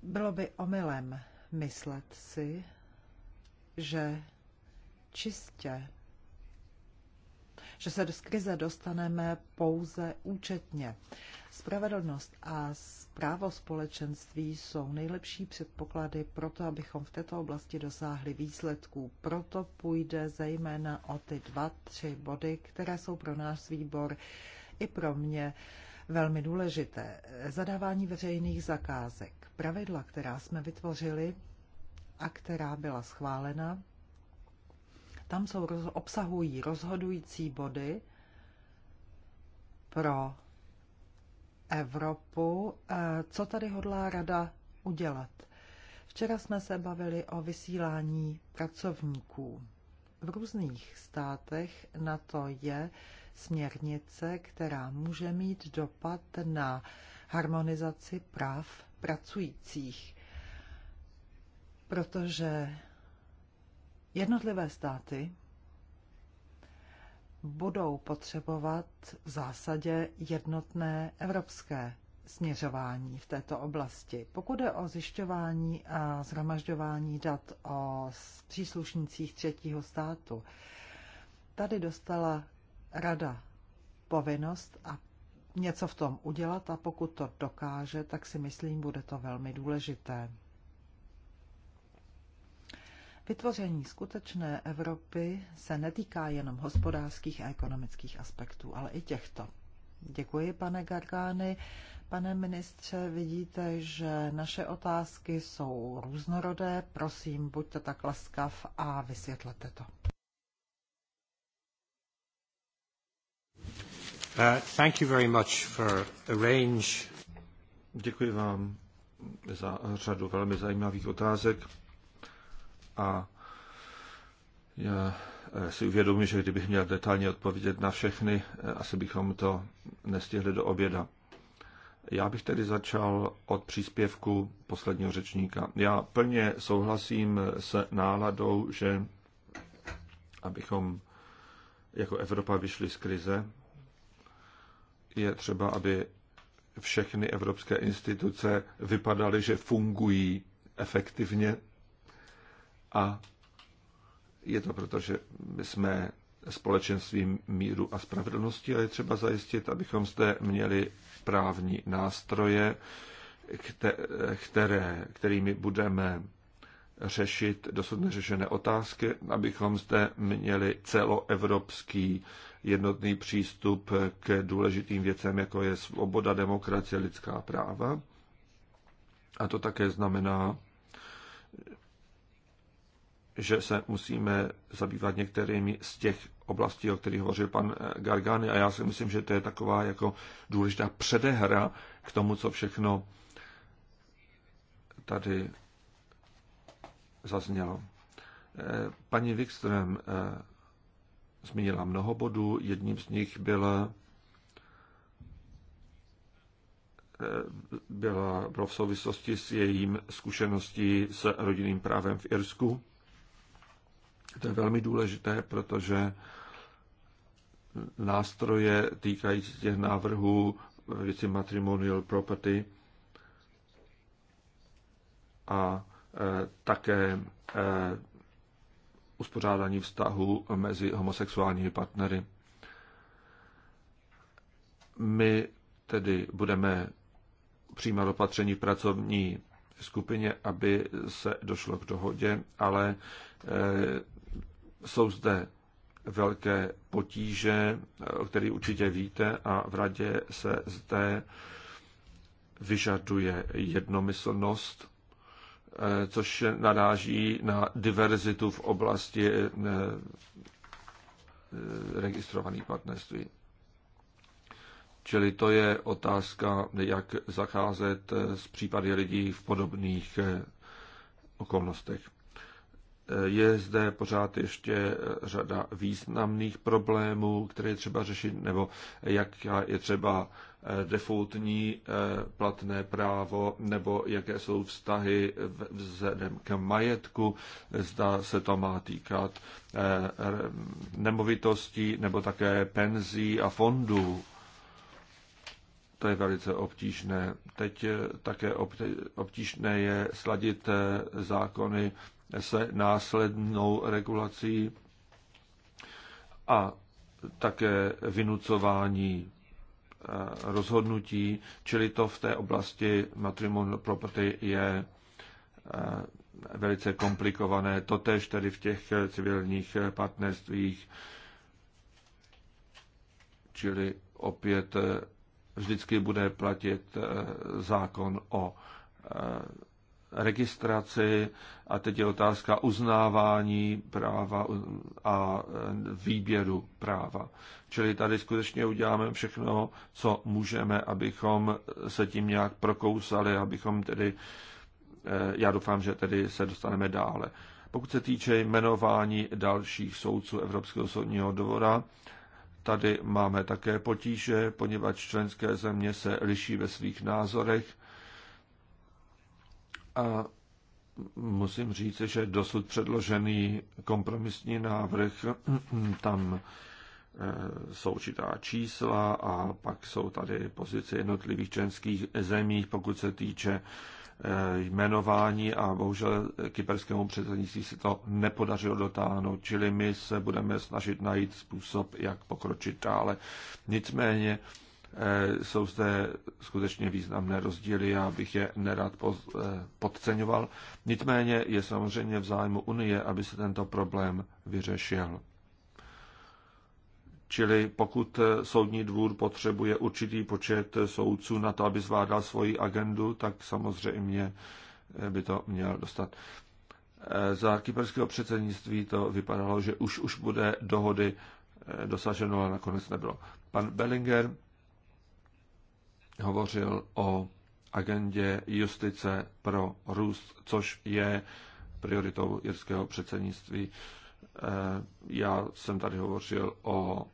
Bylo by omylem myslet si, že čistě že se z krize dostaneme pouze účetně. Spravedlnost a právo společenství jsou nejlepší předpoklady pro to, abychom v této oblasti dosáhli výsledků. Proto půjde zejména o ty dva, tři body, které jsou pro náš výbor i pro mě velmi důležité. Zadávání veřejných zakázek. Pravidla, která jsme vytvořili a která byla schválena, tam jsou, obsahují rozhodující body pro Evropu. E, co tady hodlá rada udělat? Včera jsme se bavili o vysílání pracovníků. V různých státech na to je směrnice, která může mít dopad na harmonizaci práv pracujících, protože Jednotlivé státy budou potřebovat v zásadě jednotné evropské směřování v této oblasti. Pokud je o zjišťování a zhromažďování dat o příslušnících třetího státu, tady dostala rada povinnost a něco v tom udělat a pokud to dokáže, tak si myslím, bude to velmi důležité. Vytvoření skutečné Evropy se netýká jenom hospodářských a ekonomických aspektů, ale i těchto. Děkuji, pane Gargány. Pane ministře, vidíte, že naše otázky jsou různorodé. Prosím, buďte tak laskav a vysvětlete to. Uh, thank you very much for a range. Děkuji vám za řadu velmi zajímavých otázek. A já eh, si uvědomuji, že kdybych měl detailně odpovědět na všechny, eh, asi bychom to nestihli do oběda. Já bych tedy začal od příspěvku posledního řečníka. Já plně souhlasím s náladou, že abychom jako Evropa vyšli z krize, je třeba, aby všechny evropské instituce vypadaly, že fungují efektivně a je to proto, že my jsme společenstvím míru a spravedlnosti a je třeba zajistit, abychom zde měli právní nástroje, které, kterými budeme řešit dosud neřešené otázky, abychom zde měli celoevropský jednotný přístup k důležitým věcem, jako je svoboda, demokracie, lidská práva. A to také znamená, že se musíme zabývat některými z těch oblastí, o kterých hovořil pan eh, Gargani. A já si myslím, že to je taková jako důležitá předehra k tomu, co všechno tady zaznělo. Eh, paní Wikström eh, zmínila mnoho bodů. Jedním z nich byl byla, bylo v souvislosti s jejím zkušeností s rodinným právem v Irsku. To je velmi důležité, protože nástroje týkající těch návrhů věci matrimonial property a e, také e, uspořádání vztahu mezi homosexuálními partnery. My tedy budeme přijímat opatření v pracovní skupině, aby se došlo k dohodě, ale e, jsou zde velké potíže, o kterých určitě víte, a v radě se zde vyžaduje jednomyslnost, eh, což naráží na diverzitu v oblasti eh, eh, registrovaných partnerství. Čili to je otázka, jak zacházet s případy lidí v podobných okolnostech je zde pořád ještě eh, řada významných problémů, které je třeba řešit, nebo jak je třeba eh, defaultní eh, platné právo, nebo jaké jsou vztahy vzhledem k majetku, zda se to má týkat nemovitostí nebo také penzí a fondů. To je velice obtížné. Teď také obtížné je sladit zákony se následnou regulací a také vynucování eh, rozhodnutí, čili to v té oblasti matrimonial property je eh, velice komplikované. Totež tedy v těch civilních partnerstvích, čili opět eh, vždycky bude platit zákon o registraci a teď je otázka uznávání práva a výběru práva. Čili tady skutečně uděláme všechno, co můžeme, abychom se tím nějak prokousali, abychom tedy, eh, já doufám, že tedy se dostaneme dále. Pokud se týče jmenování dalších soudců Evropského soudního dvora, tady máme také potíže, poněvadž členské země se liší ve svých názorech a musím říct, že dosud předložený kompromisní návrh, tam eh, jsou určitá čísla a pak jsou tady pozice jednotlivých členských zemí, pokud se týče eh, jmenování a bohužel kyperskému předsednictví se to nepodařilo dotáhnout, čili my se budeme snažit najít způsob, jak pokročit dále. Nicméně Eh, jsou zde skutečně významné rozdíly, já bych je nerad eh, podceňoval. Nicméně je samozřejmě v zájmu Unie, aby se tento problém vyřešil. Čili pokud eh, soudní dvůr potřebuje určitý počet soudců na to, aby zvládal svoji agendu, tak samozřejmě by to měl dostat. Za kyperského předsednictví to vypadalo, že už, už bude dohody dosaženo, ale nakonec nebylo. Pan Bellinger hovořil o agendě justice pro růst, což je prioritou jirského předsednictví. Eh, já jsem tady hovořil o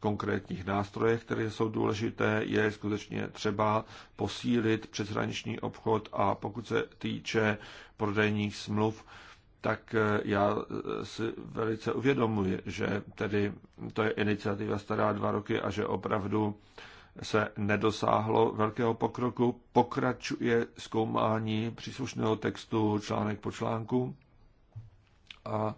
konkrétních nástrojech, které jsou důležité, je skutečně třeba posílit přeshraniční obchod a pokud se týče prodejních smluv, tak eh, já eh, si velice uvědomuji, že tedy to je iniciativa stará dva roky a že opravdu se nedosáhlo velkého pokroku. Pokračuje zkoumání příslušného textu článek po článku a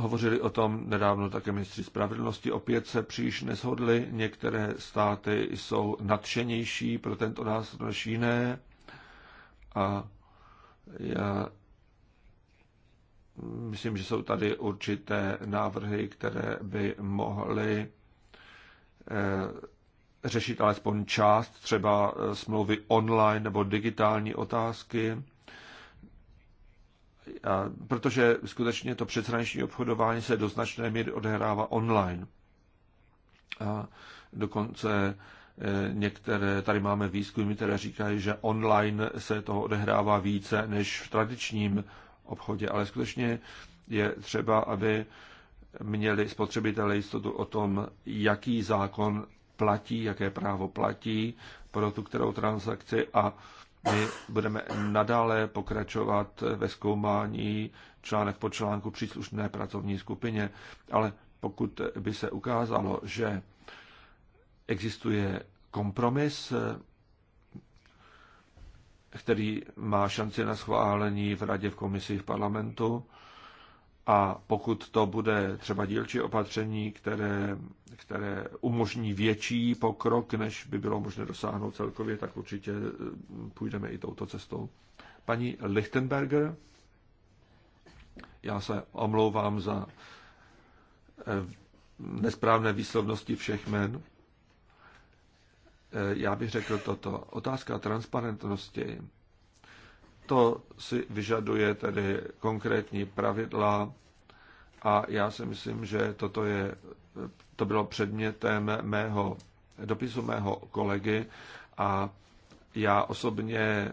Hovořili o tom nedávno také ministři spravedlnosti. Opět se příliš neshodli. Některé státy jsou nadšenější pro tento nástroj než jiné. A já myslím, že jsou tady určité návrhy, které by mohly Eh, řešit alespoň část třeba eh, smlouvy online nebo digitální otázky, a protože skutečně to přeshraniční obchodování se do značné míry odehrává online. A dokonce eh, některé, tady máme výzkumy, které říkají, že online se toho odehrává více než v tradičním obchodě, ale skutečně je třeba, aby měli spotřebitelé jistotu o tom, jaký zákon platí, jaké právo platí pro tu kterou transakci a my budeme nadále pokračovat ve zkoumání článek po článku příslušné pracovní skupině, ale pokud by se ukázalo, že existuje kompromis, který má šanci na schválení v radě, v komisi, v parlamentu, a pokud to bude třeba dílčí opatření, které, které umožní větší pokrok, než by bylo možné dosáhnout celkově, tak určitě eh, půjdeme i touto cestou. Paní Lichtenberger, já se omlouvám za eh, nesprávné výslovnosti všech men. Eh, já bych řekl toto. Otázka transparentnosti to si vyžaduje tedy konkrétní pravidla a já si myslím, že toto je, to bylo předmětem mého dopisu mého kolegy a já osobně eh,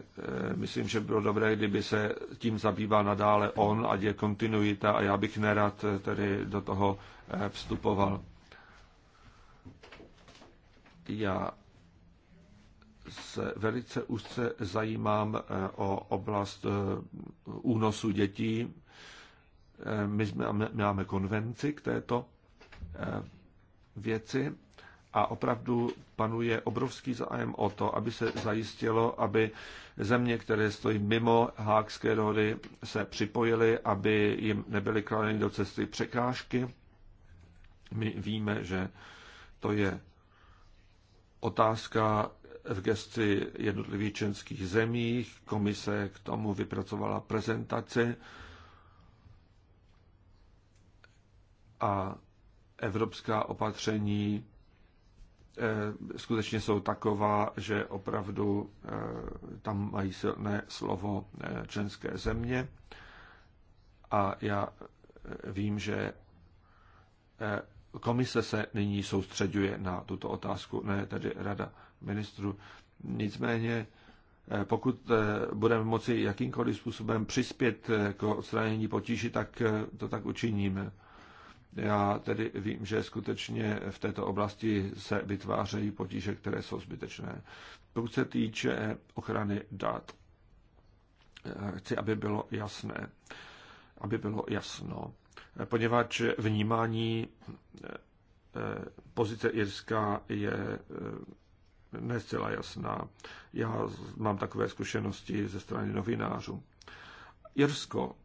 myslím, že bylo dobré, kdyby se tím zabýval nadále on, ať je kontinuita a já bych nerad eh, tedy do toho eh, vstupoval. Já se velice úzce zajímám eh, o oblast eh, únosu dětí. Eh, my jsme, máme konvenci k této věci a opravdu panuje obrovský zájem o to, aby se zajistilo, aby země, které stojí mimo hákské dohody, se připojily, aby jim nebyly kladeny do cesty překážky. My víme, že to je otázka, v gesci jednotlivých členských zemích. Komise k tomu vypracovala prezentaci a evropská opatření eh, skutečně jsou taková, že opravdu eh, tam mají silné slovo eh, členské země. A já vím, že komise se nyní soustředuje na tuto otázku, ne tedy rada. Ministru. Nicméně, eh, pokud eh, budeme moci jakýmkoliv způsobem přispět eh, k odstranění potíži, tak to tak učiníme. Já tedy vím, že skutečně v této oblasti se vytvářejí potíže, které jsou zbytečné. Pokud se týče ochrany dat, chci, aby bylo jasné, aby bylo jasno, poněvadž vnímání pozice Irska je nezcela jasná. Já mám takové zkušenosti ze strany novinářů. Irsko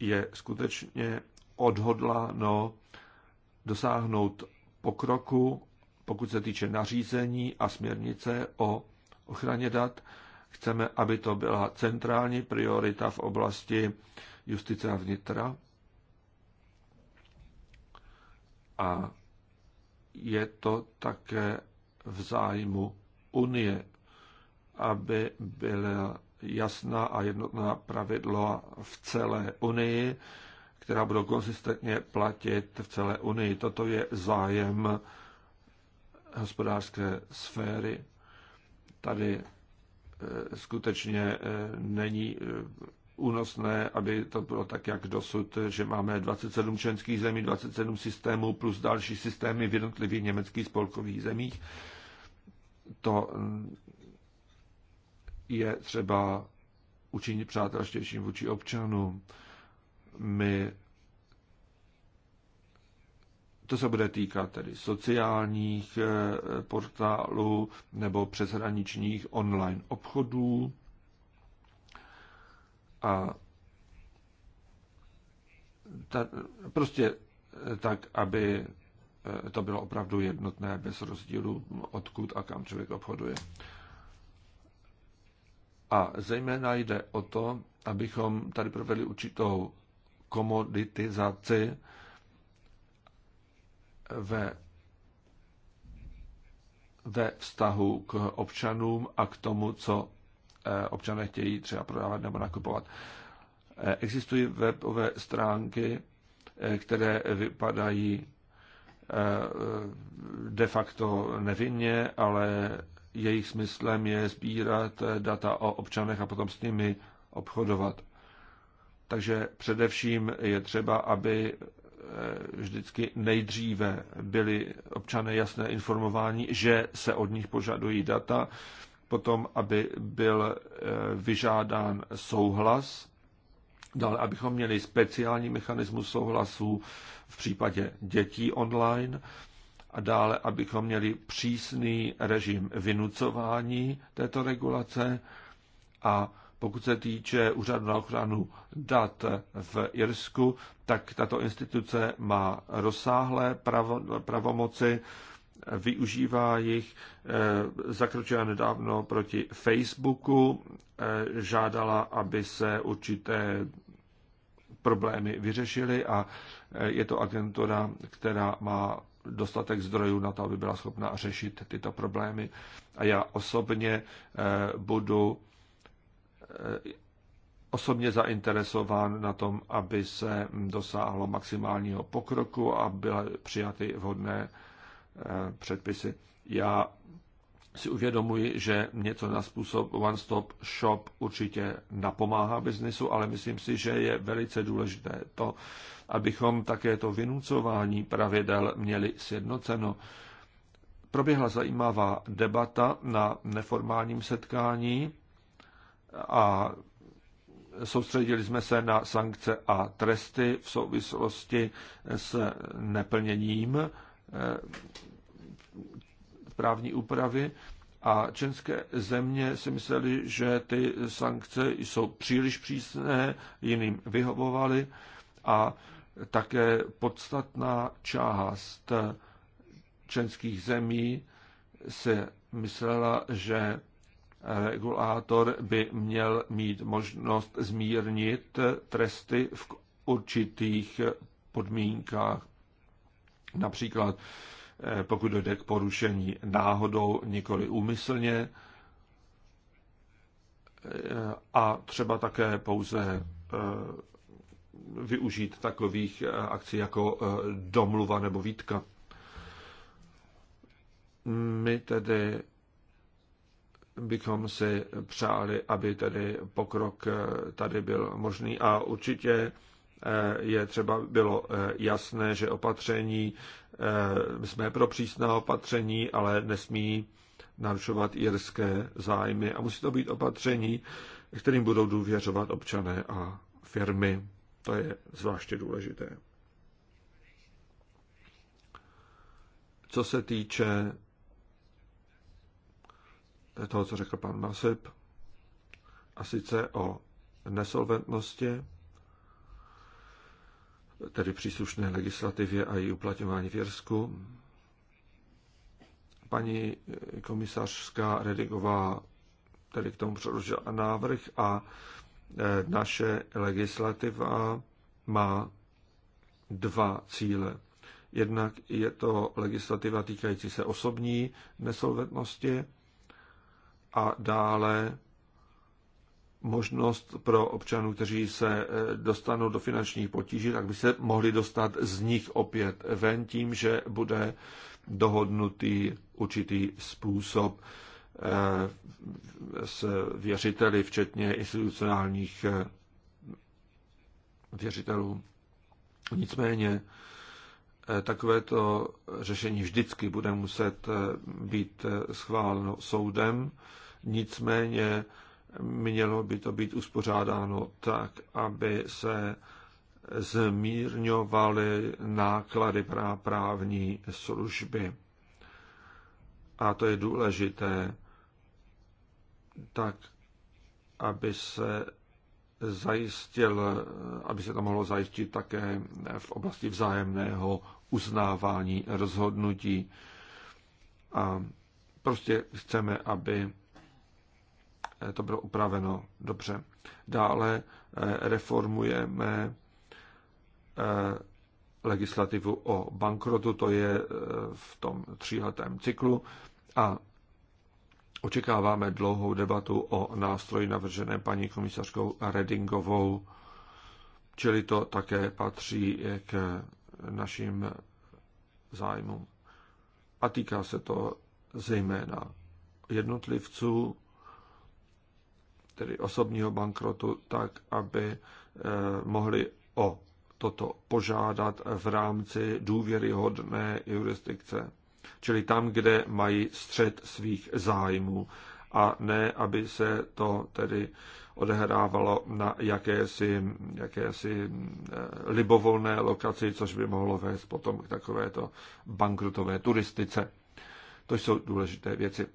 je skutečně odhodláno dosáhnout pokroku, pokud se týče nařízení a směrnice o ochraně dat. Chceme, aby to byla centrální priorita v oblasti justice a vnitra. A je to také v zájmu Unie, aby byla jasná a jednotná pravidla v celé Unii, která budou konzistentně platit v celé Unii. Toto je zájem hospodářské sféry. Tady eh, skutečně eh, není eh, únosné, aby to bylo tak, jak dosud, že máme 27 členských zemí, 27 systémů plus další systémy v jednotlivých německých spolkových zemích to mm, je třeba učinit přátelštějším vůči občanům. My to se bude týkat tedy sociálních eh, portálů nebo přeshraničních online obchodů. A ta, prostě eh, tak, aby Eh, to bylo opravdu jednotné, bez rozdílu, odkud a kam člověk obchoduje. A zejména jde o to, abychom tady provedli určitou komoditizaci ve, ve vztahu k občanům a k tomu, co eh, občané chtějí třeba prodávat nebo nakupovat. Eh, existují webové stránky, které vypadají Eh, eh, de facto nevinně, ale jejich smyslem je sbírat eh, data o občanech a potom s nimi obchodovat. Takže především je třeba, aby vždycky nejdříve byli občané jasné informování, že se od nich požadují data, potom, aby byl vyžádán souhlas Dále, abychom měli speciální mechanismus souhlasu v případě dětí online a dále, abychom měli přísný režim vynucování této regulace a pokud se týče úřadu na ochranu dat v Irsku, tak tato instituce má rozsáhlé pravo, pravomoci, využívá jich, eh, zakročila nedávno proti Facebooku, eh, žádala, aby se určité problémy vyřešili a e, je to agentura, která má dostatek zdrojů na to, aby byla schopna řešit tyto problémy. A já osobně e, budu e, osobně zainteresován na tom, aby se dosáhlo maximálního pokroku a byly přijaty vhodné předpisy. Já si uvědomuji, že něco na způsob One Stop Shop určitě napomáhá biznisu, ale myslím si, že je velice důležité to, abychom také to vynucování pravidel měli sjednoceno. Proběhla zajímavá debata na neformálním setkání a soustředili jsme se na sankce a tresty v souvislosti s neplněním právní úpravy a české země si mysleli, že ty sankce jsou příliš přísné, jiným vyhovovaly a také podstatná část členských zemí se myslela, že regulátor by měl mít možnost zmírnit tresty v určitých podmínkách. Například Eh, pokud dojde k porušení náhodou, nikoli úmyslně, eh, a třeba také pouze eh, využít takových akcí jako domluva nebo výtka. My tedy bychom si přáli, aby tedy pokrok tady byl možný a určitě Eh, je třeba bylo eh, jasné, že opatření, eh, jsme pro přísná opatření, ale nesmí narušovat jirské zájmy a musí to být opatření, kterým budou důvěřovat občané a firmy. To je zvláště důležité. Co se týče toho, co řekl pan Masip, a sice o nesolventnosti, tedy příslušné legislativě a její uplatňování v Jirsku. Paní komisařská Redigová tedy k tomu předložila návrh a e, naše legislativa má dva cíle. Jednak je to legislativa týkající se osobní nesolventnosti a dále možnost pro občanů, kteří se eh, dostanou do finančních potíží, tak by se mohli dostat z nich opět ven tím, že bude dohodnutý určitý způsob eh, s věřiteli, včetně institucionálních eh, věřitelů. Nicméně takovéto řešení vždycky bude muset být schváleno soudem. Nicméně mělo by to být uspořádáno tak, aby se zmírňovaly náklady na právní služby. A to je důležité, tak, aby se zajistil, aby se to mohlo zajistit také v oblasti vzájemného uznávání rozhodnutí. A prostě chceme, aby Eh, to bylo upraveno dobře. Dále eh, reformujeme eh, legislativu o bankrotu, to je v tom tříletém cyklu a očekáváme dlouhou debatu o nástroji navržené paní komisařkou Redingovou, čili to také patří k našim zájmům. A týká se to zejména jednotlivců, tedy osobního bankrotu, tak aby eh, mohli o toto požádat v rámci důvěryhodné jurisdikce. Čili tam, kde mají střed svých zájmů a ne, aby se to tedy odehrávalo na jakési, jakési eh, libovolné lokaci, což by mohlo vést potom k takovéto bankrutové turistice. To jsou důležité věci.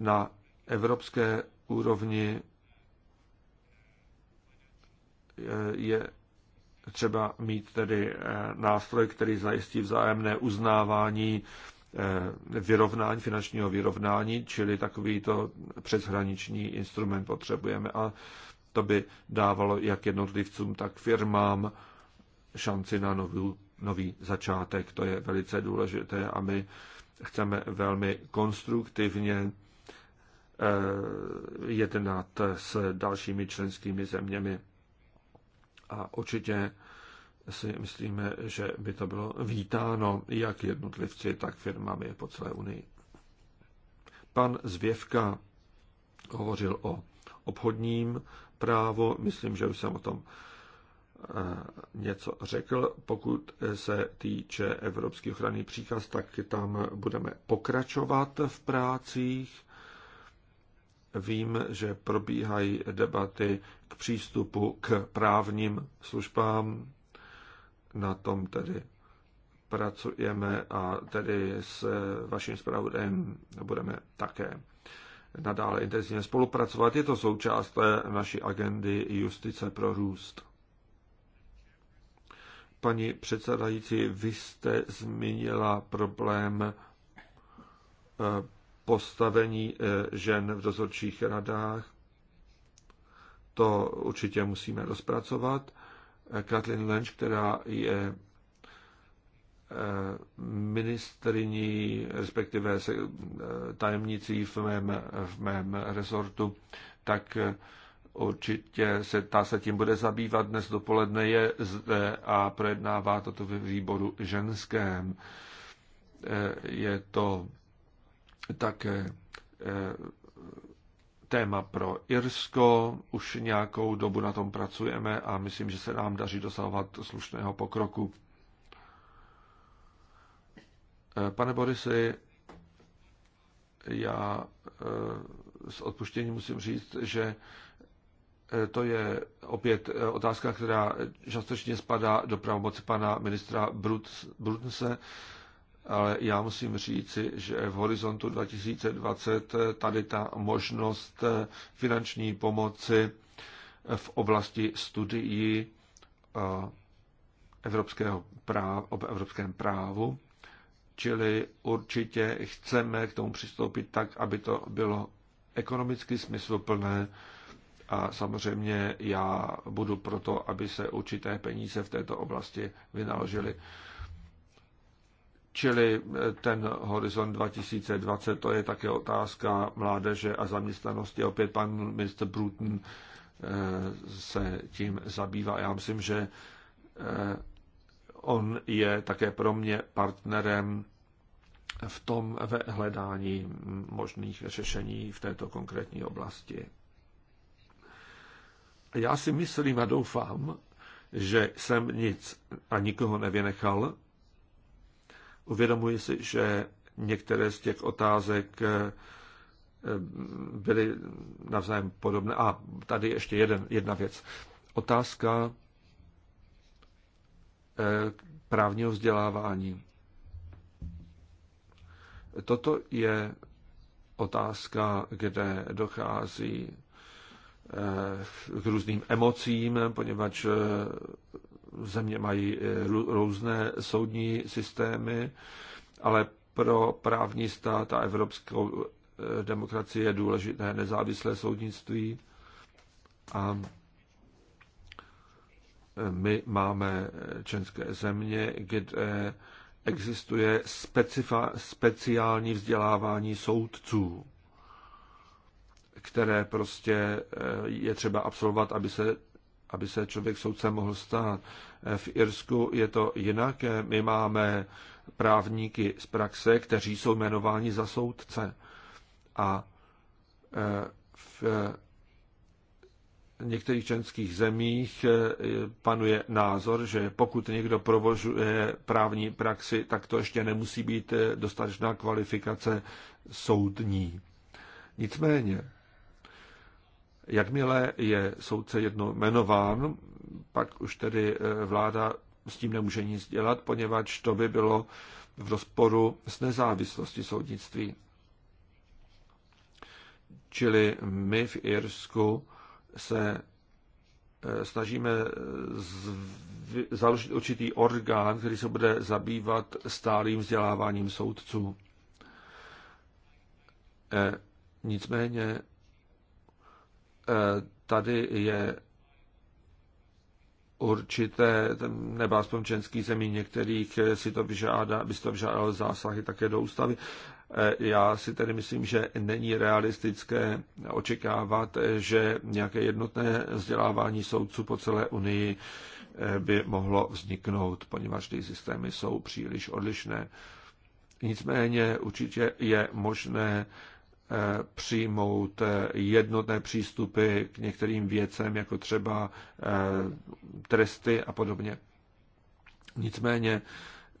Na evropské úrovni eh, je třeba mít tedy eh, nástroj, který zajistí vzájemné uznávání eh, vyrovnání, finančního vyrovnání, čili takovýto přeshraniční instrument potřebujeme a to by dávalo jak jednotlivcům, tak firmám šanci na nový, nový začátek. To je velice důležité a my chceme velmi konstruktivně Eh, jednat s dalšími členskými zeměmi. A určitě si myslíme, že by to bylo vítáno jak jednotlivci, tak firmami po celé Unii. Pan Zvěvka hovořil o obchodním právu. Myslím, že už jsem o tom eh, něco řekl. Pokud se týče Evropský ochranný příkaz, tak tam budeme pokračovat v prácích Vím, že probíhají debaty k přístupu k právním službám. Na tom tedy pracujeme a tedy s vaším zpravodajem budeme také nadále intenzivně spolupracovat. Je to součást naší agendy Justice pro růst. Paní předsedající, vy jste zmínila problém eh, postavení eh, žen v dozorčích radách. To určitě musíme rozpracovat. Eh, Kathleen Lynch, která je eh, ministriní, respektive tajemnicí v mém, v mém resortu, tak určitě se, ta se tím bude zabývat. Dnes dopoledne je zde a projednává toto ve výboru ženském. Je to také eh, téma pro Irsko. Už nějakou dobu na tom pracujeme a myslím, že se nám daří dosahovat slušného pokroku. Eh, pane Borisy, já eh, s odpuštěním musím říct, že to je opět otázka, která částečně spadá do pravomoci pana ministra Brut- ale já musím říci, že v horizontu 2020 tady ta možnost eh, finanční pomoci eh, v oblasti studií eh, evropského práv, o evropském právu, čili určitě chceme k tomu přistoupit tak, aby to bylo ekonomicky smysluplné a samozřejmě já budu proto, aby se určité peníze v této oblasti vynaložily. Čili eh, ten horizont 2020, to je také otázka mládeže a zaměstnanosti. Opět pan ministr Bruton eh, se tím zabývá. Já myslím, že eh, on je také pro mě partnerem v tom ve hledání možných řešení v této konkrétní oblasti. Já si myslím a doufám, že jsem nic a nikoho nevynechal, Uvědomuji si, že některé z těch otázek eh, byly navzájem podobné. A tady ještě jeden, jedna věc. Otázka eh, právního vzdělávání. Toto je otázka, kde dochází eh, k různým emocím, poněvadž země mají eh, různé soudní systémy, ale pro právní stát a evropskou eh, demokracii je důležité nezávislé soudnictví a eh, my máme české země, kde existuje specifa, speciální vzdělávání soudců, které prostě je třeba absolvovat, aby se aby se člověk soudce mohl stát. Eh, v Irsku je to jinak. Eh, my máme právníky z praxe, kteří jsou jmenováni za soudce. A eh, v některých členských zemích panuje názor, že pokud někdo provozuje právní praxi, tak to ještě nemusí být dostatečná kvalifikace soudní. Nicméně, Jakmile je soudce jedno jmenován, pak už tedy eh, vláda s tím nemůže nic dělat, poněvadž to by bylo v rozporu s nezávislostí soudnictví. Čili my v Irsku se eh, snažíme založit určitý orgán, který se bude zabývat stálým vzděláváním soudců. Eh, nicméně Eh, tady je určité, nebo aspoň členských zemí některých eh, si to vyžádá, by si to vyžádalo zásahy také do ústavy. Eh, já si tedy myslím, že není realistické očekávat, že nějaké jednotné vzdělávání soudců po celé Unii by mohlo vzniknout, poněvadž ty systémy jsou příliš odlišné. Nicméně určitě je možné přijmout eh, jednotné přístupy k některým věcem, jako třeba eh, tresty a podobně. Nicméně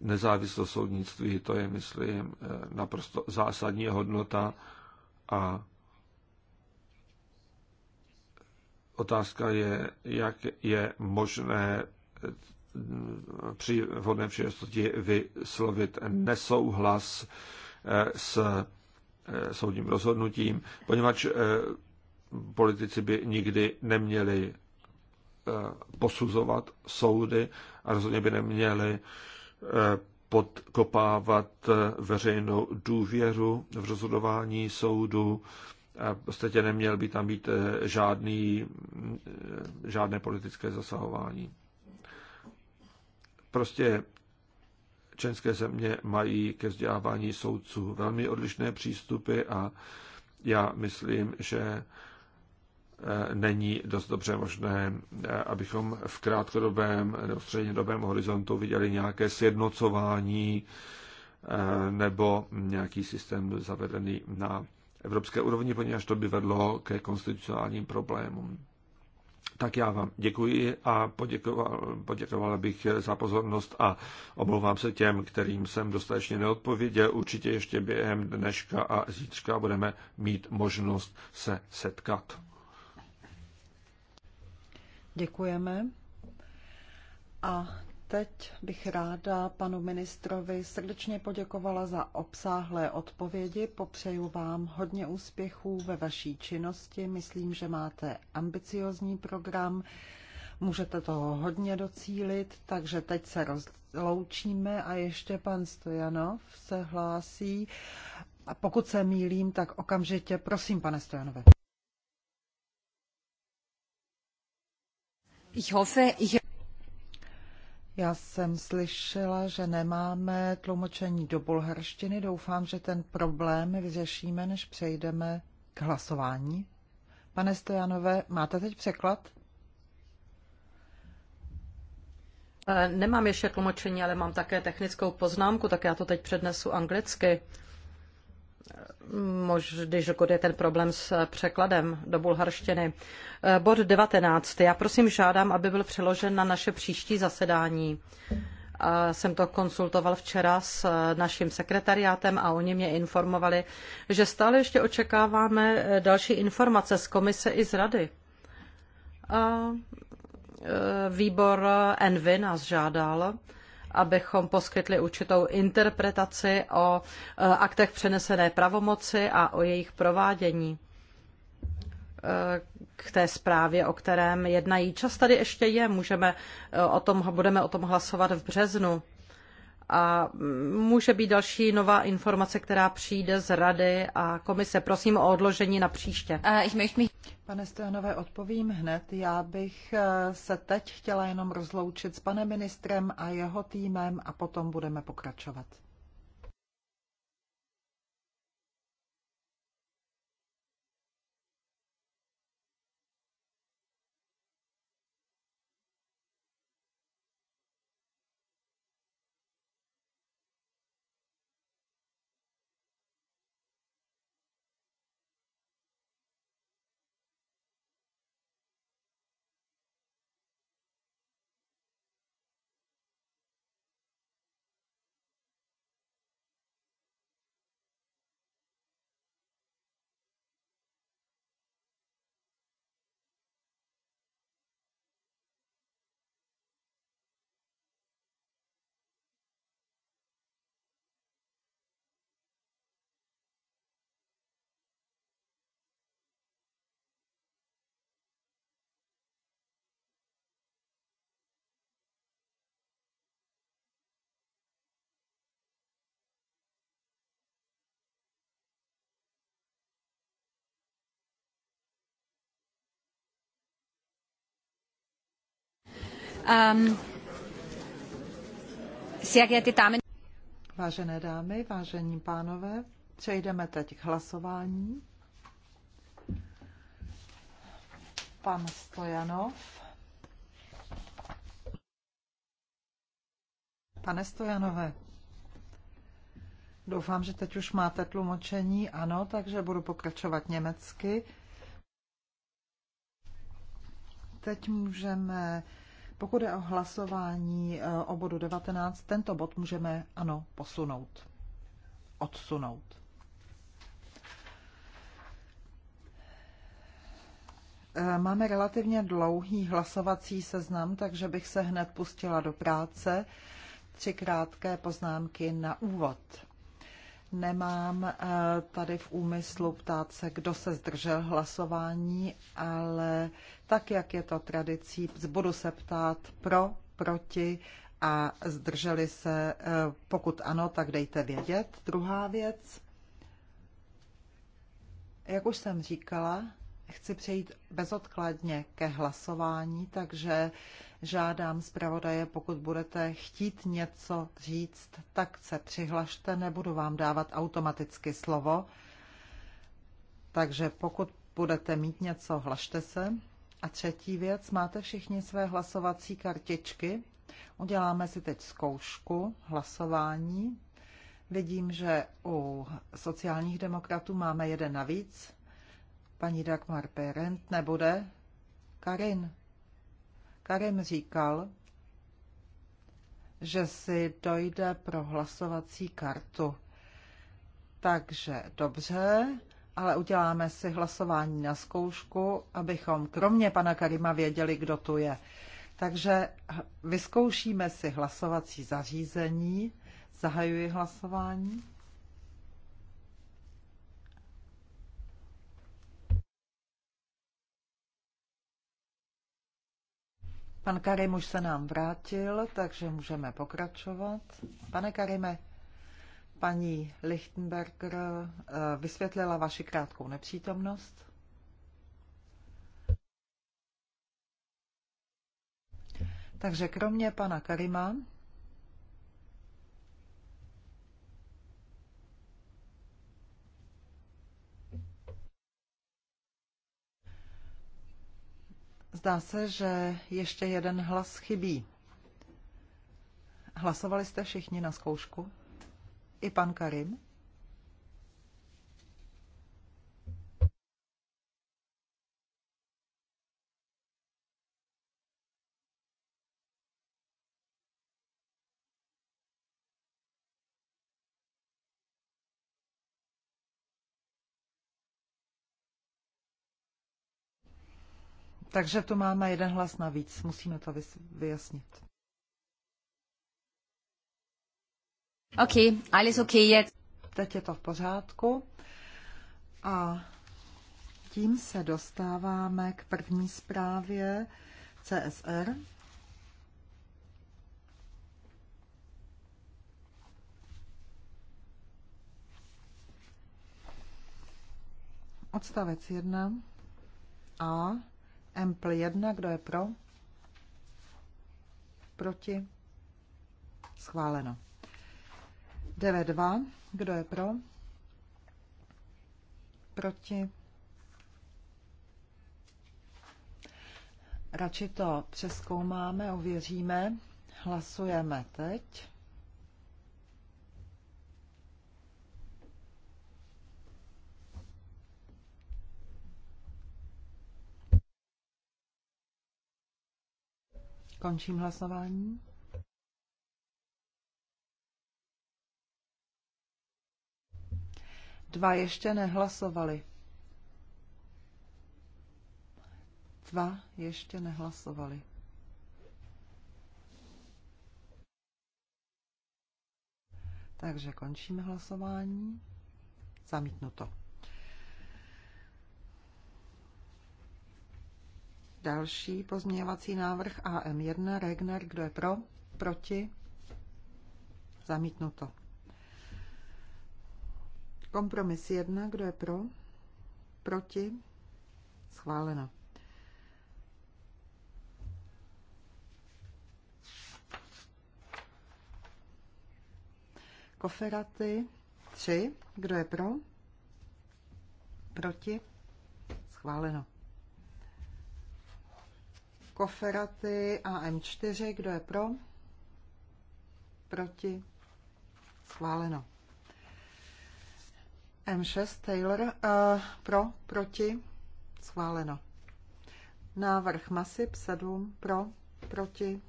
nezávislost soudnictví, to je, myslím, eh, naprosto zásadní hodnota a otázka je, jak je možné při vhodném příležitosti vyslovit nesouhlas s Eh, soudním rozhodnutím, poněvadž eh, politici by nikdy neměli eh, posuzovat soudy a rozhodně by neměli podkopávat veřejnou důvěru v rozhodování soudu. V neměl by tam být žádný, žádné politické zasahování. Prostě České země mají ke vzdělávání soudců velmi odlišné přístupy a já myslím, že eh, není dost dobře možné, eh, abychom v krátkodobém nebo střednědobém horizontu viděli nějaké sjednocování eh, nebo nějaký systém zavedený na evropské úrovni, poněvadž to by vedlo ke konstitucionálním problémům. Tak já vám děkuji a poděkoval, poděkovala bych za pozornost a omlouvám se těm, kterým jsem dostatečně neodpověděl. Určitě ještě během dneška a zítřka budeme mít možnost se setkat. Děkujeme. A teď bych ráda panu ministrovi srdečně poděkovala za obsáhlé odpovědi. Popřeju vám hodně úspěchů ve vaší činnosti. Myslím, že máte ambiciozní program. Můžete toho hodně docílit, takže teď se rozloučíme a ještě pan Stojanov se hlásí. A pokud se mýlím, tak okamžitě prosím, pane Stojanove. Ich hoffe, ich... Já jsem slyšela, že nemáme tlumočení do bulharštiny. Doufám, že ten problém vyřešíme, než přejdeme k hlasování. Pane Stojanové, máte teď překlad? Eh, nemám ještě tlumočení, ale mám také technickou poznámku, tak já to teď přednesu anglicky mož, když je ten problém s překladem do bulharštiny. Eh, bod 19. Já prosím žádám, aby byl přeložen na naše příští zasedání. A eh, jsem to konsultoval včera s eh, naším sekretariátem a oni mě informovali, že stále ještě očekáváme další informace z komise i z rady. A výbor Envy nás žádal, abychom poskytli určitou interpretaci o e, aktech přenesené pravomoci a o jejich provádění e, k té zprávě, o kterém jednají. Čas tady ještě je, můžeme e, o tom, budeme o tom hlasovat v březnu a může být další nová informace, která přijde z Rady a komise. Prosím o odložení na příště. Eh, Pane Stojanové, odpovím hned. Já bych eh, se teď chtěla jenom rozloučit s panem ministrem a jeho týmem a potom budeme pokračovat. Um, Vážené dámy, vážení pánové, přejdeme teď k hlasování. Pan Stojanov. Pane Stojanové, doufám, že teď už máte tlumočení. Ano, takže budu pokračovat německy. Teď můžeme pokud je o hlasování eh, o bodu 19, tento bod můžeme, ano, posunout, odsunout. Eh, máme relativně dlouhý hlasovací seznam, takže bych se hned pustila do práce. Tři krátké poznámky na úvod. Nemám eh, tady v úmyslu ptát se, kdo se zdržel hlasování, ale tak, jak je to tradicí, budu se ptát pro, proti a zdrželi se. Eh, pokud ano, tak dejte vědět. Druhá věc. Jak už jsem říkala, chci přejít bezodkladně ke hlasování, takže žádám zpravodaje, pokud budete chtít něco říct, tak se přihlašte, nebudu vám dávat automaticky slovo. Takže pokud budete mít něco, hlašte se. A třetí věc, máte všichni své hlasovací kartičky. Uděláme si teď zkoušku hlasování. Vidím, že u sociálních demokratů máme jeden navíc. Paní Dagmar Perent nebude? Karin. Karim říkal, že si dojde pro hlasovací kartu. Takže dobře, ale uděláme si hlasování na zkoušku, abychom kromě pana Karima věděli, kdo tu je. Takže vyzkoušíme si hlasovací zařízení. Zahajuji hlasování. Pan Karim už se nám vrátil, takže můžeme pokračovat. Pane Karime, paní Lichtenberger eh, vysvětlila vaši krátkou nepřítomnost. Takže kromě pana Karima Zdá se, že ještě jeden hlas chybí. Hlasovali jste všichni na zkoušku? I pan Karim? Takže tu máme jeden hlas navíc. Musíme to vyjasnit. OK, alles OK, jetzt. Teď je to v pořádku. A tím se dostáváme k první zprávě CSR. Odstavec 1 a M plus 1, kdo je pro? Proti? Schváleno. DV2, kdo je pro? Proti? Radši to přeskoumáme, ověříme. Hlasujeme teď. Končím hlasování. Dva ještě nehlasovali. Dva ještě nehlasovali. Takže končíme hlasování. Zamítnuto. Další pozměňovací návrh AM1 Regner, kdo je pro? Proti? Zamítnuto. Kompromis 1, kdo je pro? Proti? Schválena. Koferaty 3, kdo je pro? Proti? Schváleno. Koferaty AM4, kdo je pro? Proti? Schváleno. M6 Taylor, uh, pro, proti? Schváleno. Návrh Masip 7, pro, proti?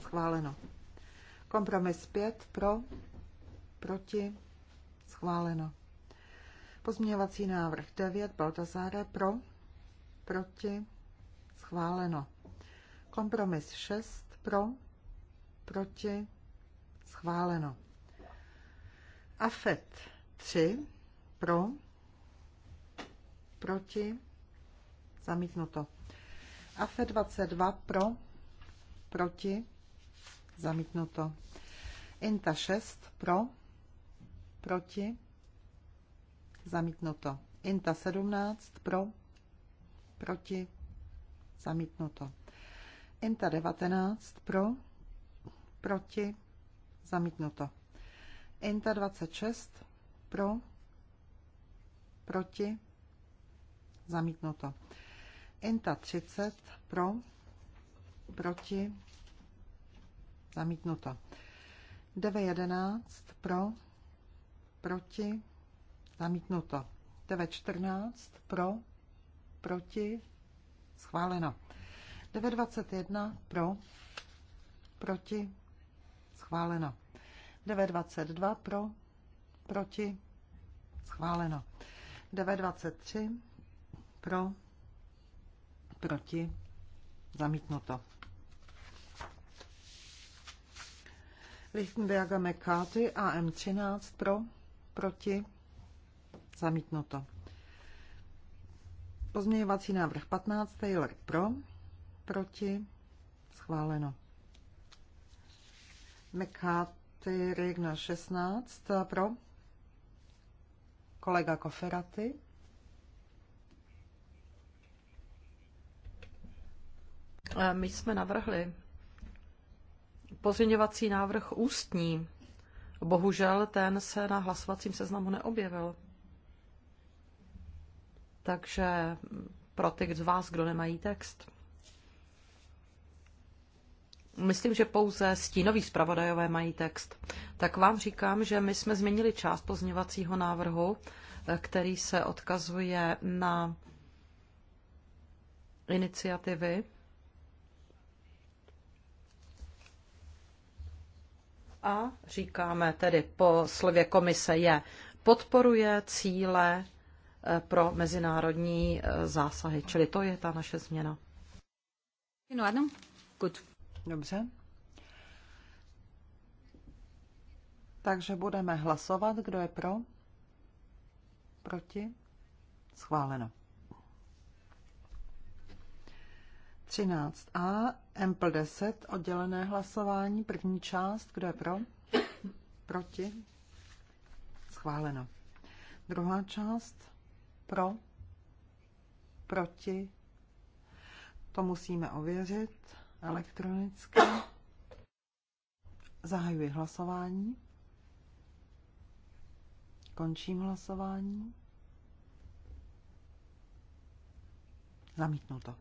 Schváleno. Kompromis 5, pro, proti? Schváleno. Pozměňovací návrh 9 Baltazáre, pro, proti? Schváleno. Kompromis 6 pro, proti, schváleno. AFET 3 pro, proti, zamítnuto. AFET 22 pro, proti, zamítnuto. INTA 6 pro, proti, zamítnuto. INTA 17 pro, proti, zamítnuto. Inta 19 pro, proti, zamítnuto. Inta 26 pro, proti, zamítnuto. Inta 30 pro, proti, zamítnuto. 9.11 pro, proti, zamítnuto. 9.14 pro, proti, schváleno. 921 pro, proti, schváleno. 922 pro, proti, schváleno. 923 pro, proti, zamítnuto. Lichtenberger McCarthy AM13 pro, proti, zamítnuto. Pozměňovací návrh 15, Taylor pro, proti, schváleno. McCarthy Regna 16 pro, kolega Koferaty. Eh, my jsme navrhli pozměňovací návrh ústní. Bohužel ten se na hlasovacím seznamu neobjevil. Takže pro ty z vás, kdo nemají text. Myslím, že pouze stínoví zpravodajové mají text. Tak vám říkám, že my jsme změnili část pozněvacího návrhu, eh, který se odkazuje na iniciativy a říkáme tedy po slově komise je podporuje cíle eh, pro mezinárodní eh, zásahy. Čili to je ta naše změna. No, Good. Dobře. Takže budeme hlasovat, kdo je pro, proti, schváleno. 13a, Ample 10, oddělené hlasování, první část, kdo je pro, proti, schváleno. Druhá část, pro, proti, to musíme ověřit elektronicky. Zahajuji hlasování. Končím hlasování. Zamítnu to.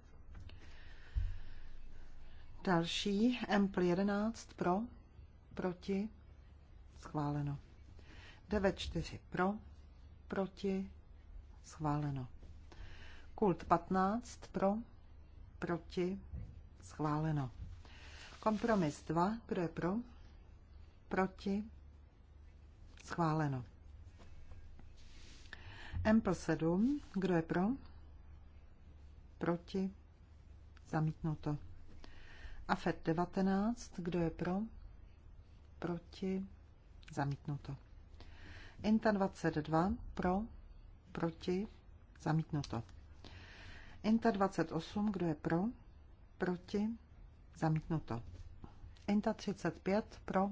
Další Ample 11 pro, proti, schváleno. 94 pro, proti, schváleno. Kult 15 pro, proti, Schváleno. Kompromis 2. Kdo je pro? Proti? Schváleno. mp 7. Kdo je pro? Proti? Zamítnuto. AFET 19. Kdo je pro? Proti? Zamítnuto. INTA 22. Pro? Proti? Zamítnuto. INTA 28. Kdo je pro? proti, zamítnuto. Enta 35 pro,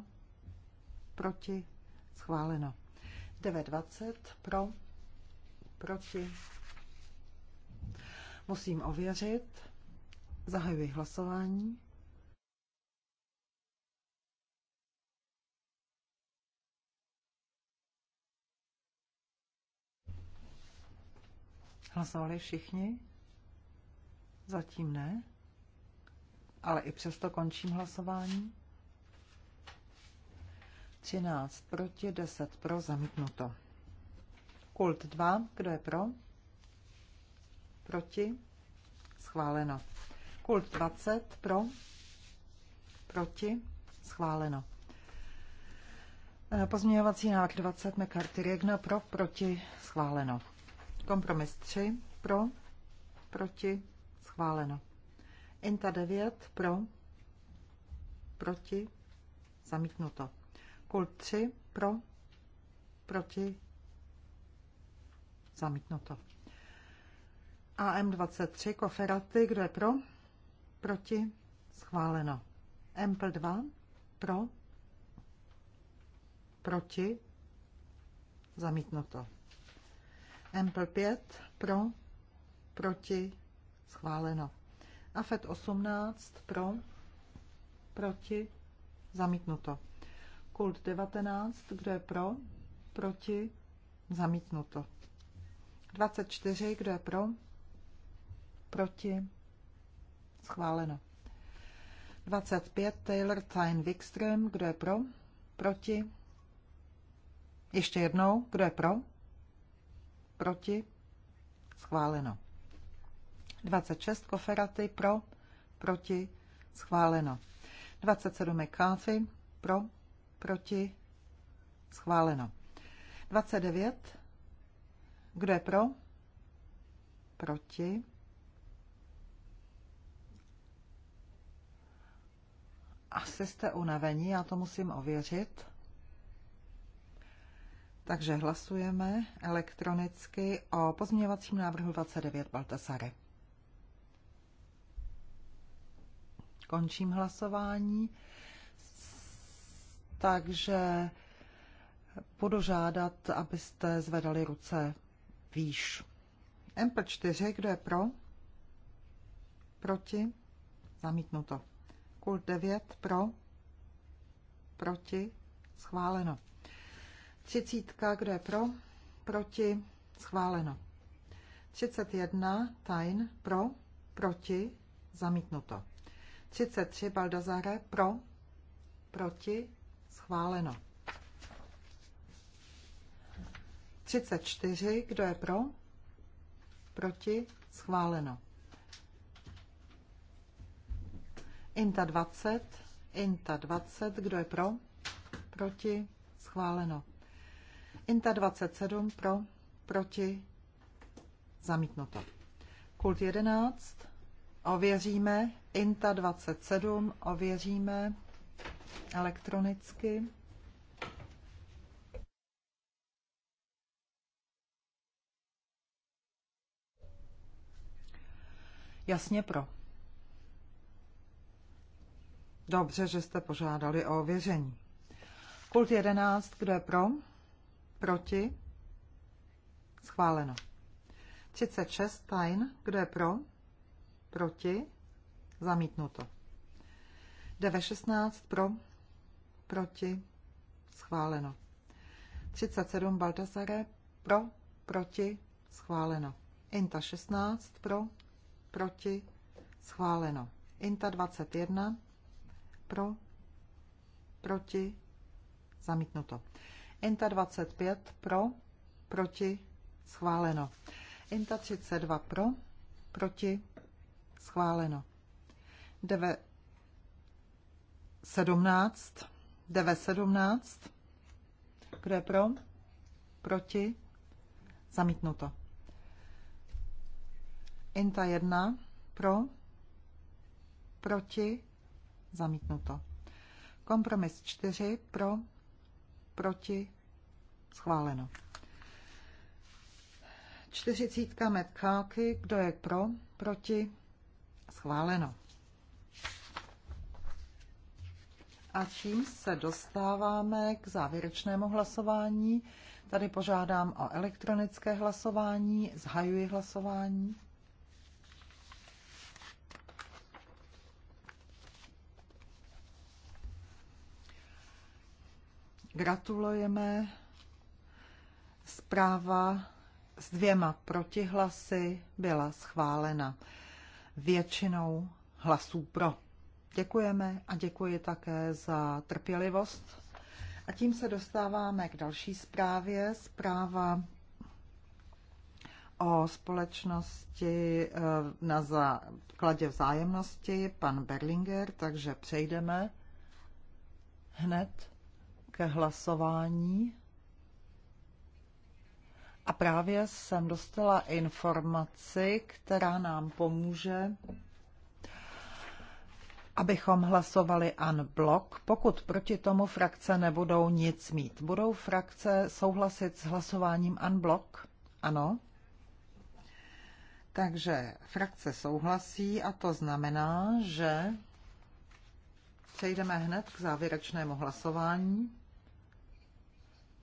proti, schváleno. 920 pro, proti. Musím ověřit. Zahajuji hlasování. Hlasovali všichni? Zatím ne ale i přesto končím hlasování. 13 proti, 10 pro, zamítnuto. Kult 2, kdo je pro? Proti, schváleno. Kult 20, pro? Proti, schváleno. E, pozměňovací návrh 20, McCarthy Regna, pro, proti, schváleno. Kompromis 3, pro, proti, schváleno. Inta 9 pro, proti, zamítnuto. Kult 3 pro, proti, zamítnuto. AM23 koferaty, kdo je pro, proti, schváleno. mp 2 pro, proti, zamítnuto. mp 5 pro, proti, schváleno. AFET 18 pro, proti, zamítnuto. Kult 19, kdo je pro, proti, zamítnuto. 24, kdo je pro, proti, schváleno. 25, Taylor Tain Wikström, kdo je pro, proti, ještě jednou, kdo je pro, proti, schváleno. 26 koferaty pro, proti, schváleno. 27 káfy pro, proti, schváleno. 29. Kdo je pro? Proti. Asi jste unavení, já to musím ověřit. Takže hlasujeme elektronicky o pozměňovacím návrhu 29 Baltasary. Končím hlasování. Takže budu žádat, abyste zvedali ruce výš. MP4, kdo je pro? Proti? Zamítnuto. Kult 9 pro? Proti? Schváleno. Třicítka, kdo je pro? Proti? Schváleno. 31, tajn, pro, proti, zamítnuto. 33 Baldazare pro, proti, schváleno. 34, kdo je pro, proti, schváleno. Inta 20, Inta 20, kdo je pro, proti, schváleno. Inta 27, pro, proti, zamítnuto. Kult 11, Ověříme. INTA 27 ověříme elektronicky. Jasně pro. Dobře, že jste požádali o ověření. Kult 11, kdo je pro? Proti? Schváleno. 36, tajn, kdo je pro? proti, zamítnuto. DV16 pro, proti, schváleno. 37 Baltasare pro, proti, schváleno. Inta 16 pro, proti, schváleno. Inta 21 pro, proti, zamítnuto. Inta 25 pro, proti, schváleno. Inta 32 pro, proti, Schváleno. Deve 17. Deve 17. Kdo je pro? Proti? Zamítnuto. Inta 1. Pro? Proti? Zamítnuto. Kompromis 4. Pro? Proti? Schváleno. Čtyřicítka Metkáky. Kdo je pro? Proti? Schváleno. A tím se dostáváme k závěrečnému hlasování. Tady požádám o elektronické hlasování. Zhajuji hlasování. Gratulujeme. Zpráva s dvěma protihlasy byla schválena většinou hlasů pro. Děkujeme a děkuji také za trpělivost. A tím se dostáváme k další zprávě. Zpráva o společnosti eh, na základě vzájemnosti, pan Berlinger, takže přejdeme hned ke hlasování. A právě jsem dostala informaci, která nám pomůže, abychom hlasovali an blok, pokud proti tomu frakce nebudou nic mít. Budou frakce souhlasit s hlasováním an blok? Ano. Takže frakce souhlasí a to znamená, že přejdeme hned k závěrečnému hlasování.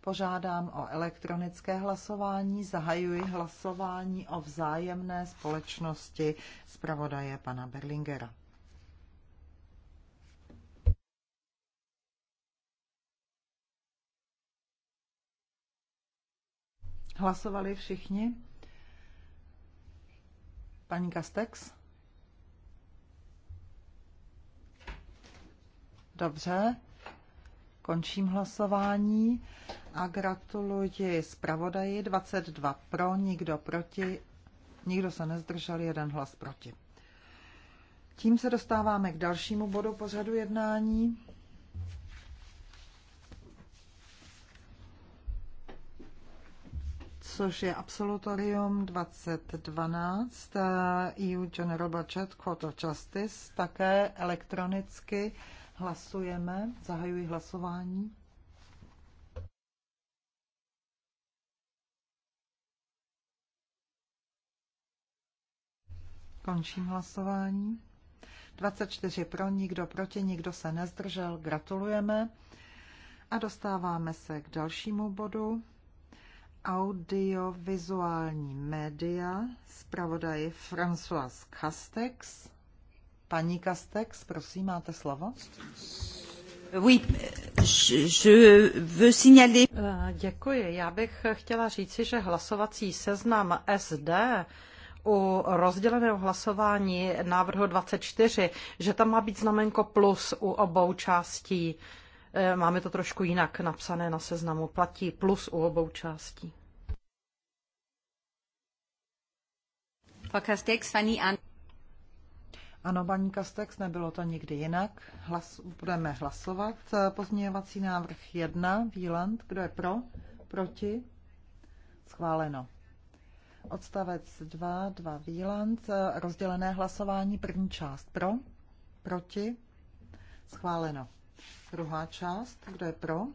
Požádám o elektronické hlasování. Zahajuji hlasování o vzájemné společnosti zpravodaje pana Berlingera. Hlasovali všichni? Paní Kastex? Dobře, Končím hlasování a gratuluji zpravodaji 22 pro, nikdo proti, nikdo se nezdržel, jeden hlas proti. Tím se dostáváme k dalšímu bodu pořadu jednání. což je Absolutorium 2012 EU e General Budget Court of Justice, také elektronicky Hlasujeme. Zahajuji hlasování. Končím hlasování. 24 pro, nikdo proti, nikdo se nezdržel. Gratulujeme. A dostáváme se k dalšímu bodu. Audiovizuální média, zpravodaj François Castex. Paní Kastex, prosím, máte slovo. Oui, je veux signaler... Eh, děkuji. Já bych chtěla říci, že hlasovací seznam SD u rozděleného hlasování návrhu 24, že tam má být znamenko plus u obou částí. Eh, máme to trošku jinak napsané na seznamu. Platí plus u obou částí. Ano, paní Kastex, nebylo to nikdy jinak. Hlas, budeme hlasovat. Pozměňovací návrh 1, Výland, kdo je pro? Proti? Schváleno. Odstavec 2, 2 Výland, rozdělené hlasování, první část pro, proti, schváleno. Druhá část, kdo je pro,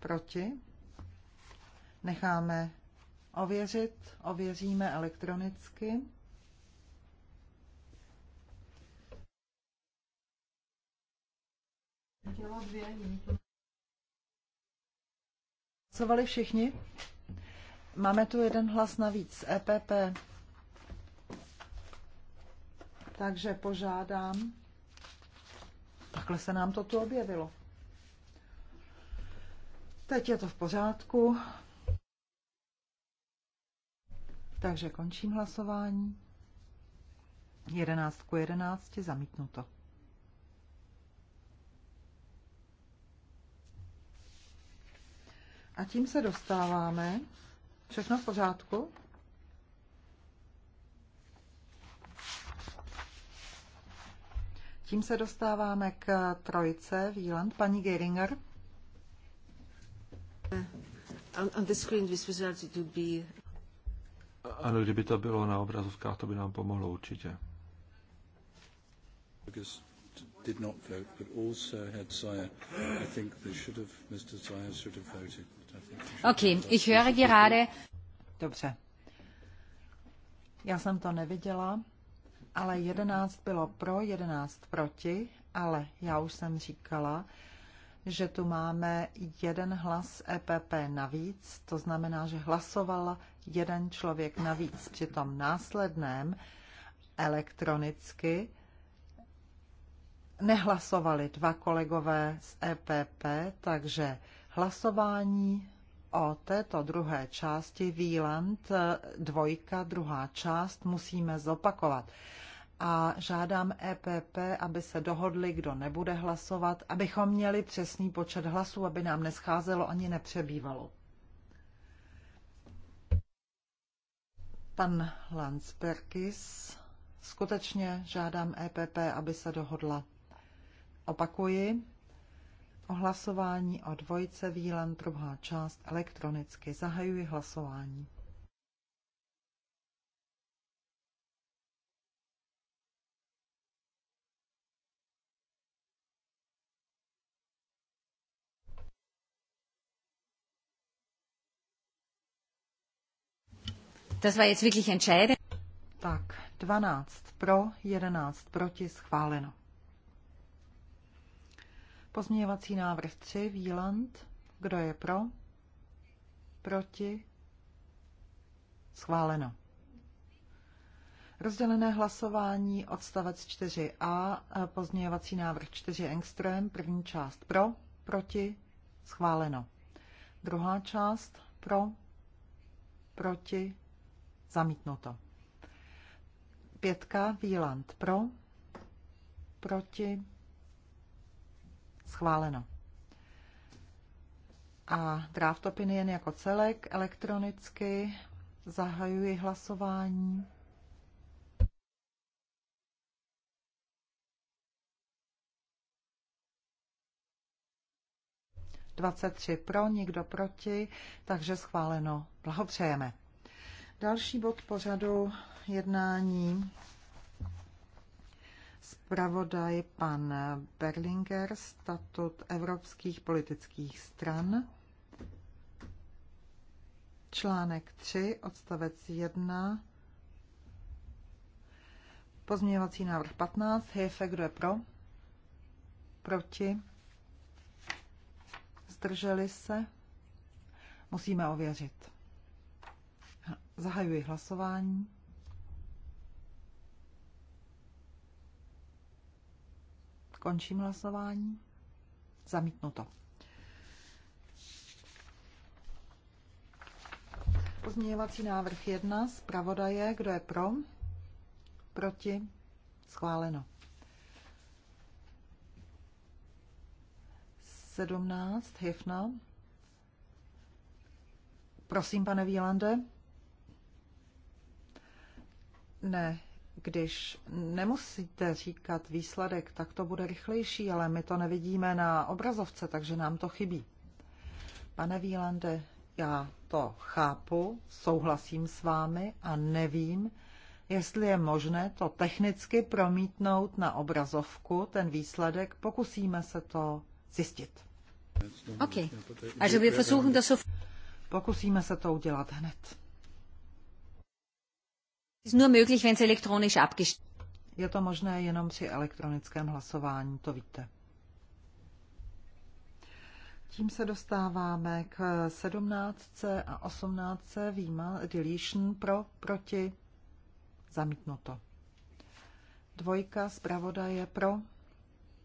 proti, necháme ověřit, ověříme elektronicky. dvě, Hlasovali všichni? Máme tu jeden hlas navíc, EPP. Takže požádám. Takhle se nám to tu objevilo. Teď je to v pořádku. Takže končím hlasování. 11 ku 11 zamítnuto. A tím se dostáváme. Všechno v pořádku? Tím se dostáváme k trojce Výland. Paní Geringer. Uh, on the screen this result it would be... Ano, kdyby to bylo na obrazovkách, to by nám pomohlo určitě. Because did not vote, but also had Zaya. I think they should have, Mr. Zaya should have voted. Okay, ich höre gerade. Dobře. Já jsem to neviděla, ale 11 bylo pro, 11 proti, ale já už jsem říkala, že tu máme jeden hlas EPP navíc, to znamená, že hlasoval jeden člověk navíc. Při tom následném elektronicky nehlasovali dva kolegové z EPP, takže Hlasování o této druhé části Výland dvojka, druhá část, musíme zopakovat. A žádám EPP, aby se dohodli, kdo nebude hlasovat, abychom měli přesný počet hlasů, aby nám nescházelo ani nepřebývalo. Pan Lansperkis, skutečně žádám EPP, aby se dohodla. Opakuji, o hlasování o dvojce výlen druhá část elektronicky. Zahajuji hlasování. Das war jetzt wirklich entscheidend. Tak, 12 pro, 11 proti, schváleno. Pozměňovací návrh 3, Výland. Kdo je pro? Proti? Schváleno. Rozdělené hlasování odstavec 4a, e, pozměňovací návrh 4 Engström, první část pro, proti, schváleno. Druhá část pro, proti, zamítnuto. Pětka Výland pro, proti, Schváleno. A draft opinion jako celek elektronicky. Zahajuji hlasování. pro, nikdo proti, takže schváleno. Blahopřejeme. Další bod pořadu jednání zpravodaj pan Berlinger, statut evropských politických stran, článek 3, odstavec 1, pozměňovací návrh 15, Hefe, kdo je pro? Proti? Zdrželi se? Musíme ověřit. Zahajuji hlasování. Končím hlasování. Zamítnuto. Pozměňovací návrh 1 zpravodaje, kdo je pro? Proti? Schváleno. 17 Hifna. Prosím, pane Vílande. Ne, když nemusíte říkat výsledek, tak to bude rychlejší, ale my to nevidíme na obrazovce, takže nám to chybí. Pane Vílande, já to chápu, souhlasím s vámi a nevím, jestli je možné to technicky promítnout na obrazovku, ten výsledek, pokusíme se to zjistit. Okay. A že Pokusíme se to udělat hned. Je to možné jenom při elektronickém hlasování, to víte. Tím se dostáváme k 17. a 18. výma deletion pro, proti, zamítnuto. Dvojka je pro,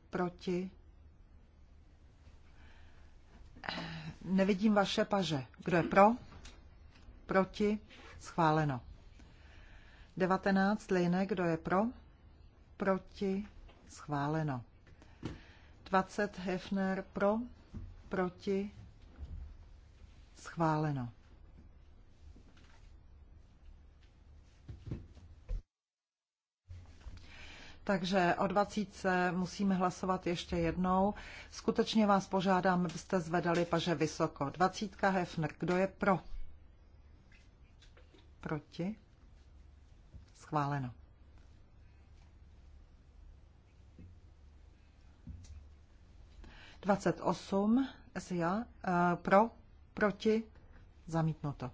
proti. Nevidím vaše paže. Kdo je pro? Proti? Schváleno. 19 Line, kdo je pro? Proti? Schváleno. 20 Hefner pro? Proti? Schváleno. Takže o 20 musíme hlasovat ještě jednou. Skutečně vás požádám, abyste zvedali paže vysoko. 20 Hefner, kdo je pro? Proti? Schváleno. Dvacet osm SIA eh, pro, proti, zamítnuto.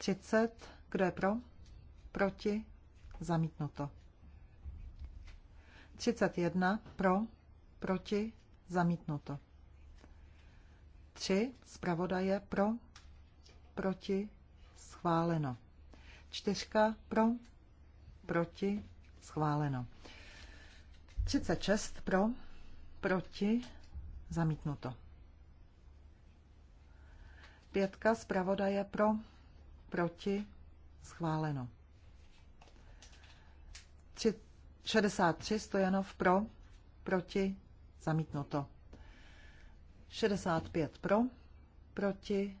Třicet, kdo je pro, proti, zamítnuto. Třicet jedna pro, proti, zamítnuto. Tři zpravodaje pro, proti, schváleno. Čtyřka pro, proti, schváleno. 36 pro, proti, zamítnuto. Pětka zpravodaje pro, proti, schváleno. 3, 63 Stojanov pro, proti, zamítnuto. 65 pro, proti,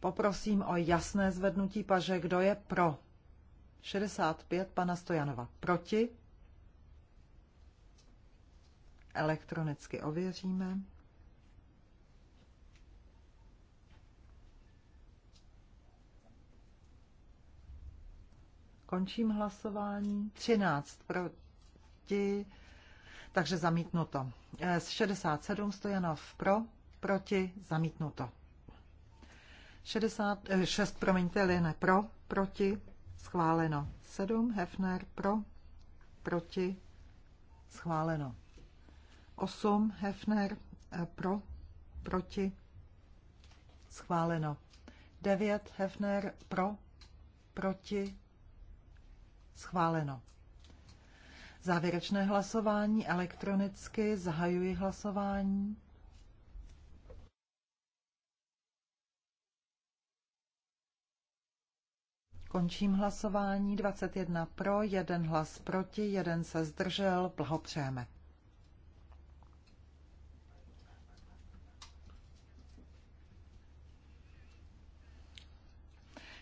Poprosím o jasné zvednutí paže, kdo je pro. 65 pana Stojanova proti. Elektronicky ověříme. Končím hlasování. 13 proti, takže zamítnuto. 67 eh, Stojanov pro, proti, zamítnuto. 66, eh, promiňte, Line pro, proti, schváleno. 7, Hefner pro, proti, schváleno. 8, Hefner eh, pro, proti, schváleno. 9, Hefner pro, proti, schváleno. Závěrečné hlasování elektronicky zahajuji hlasování. Končím hlasování. 21 pro, 1 hlas proti, 1 se zdržel. Blahopřejeme.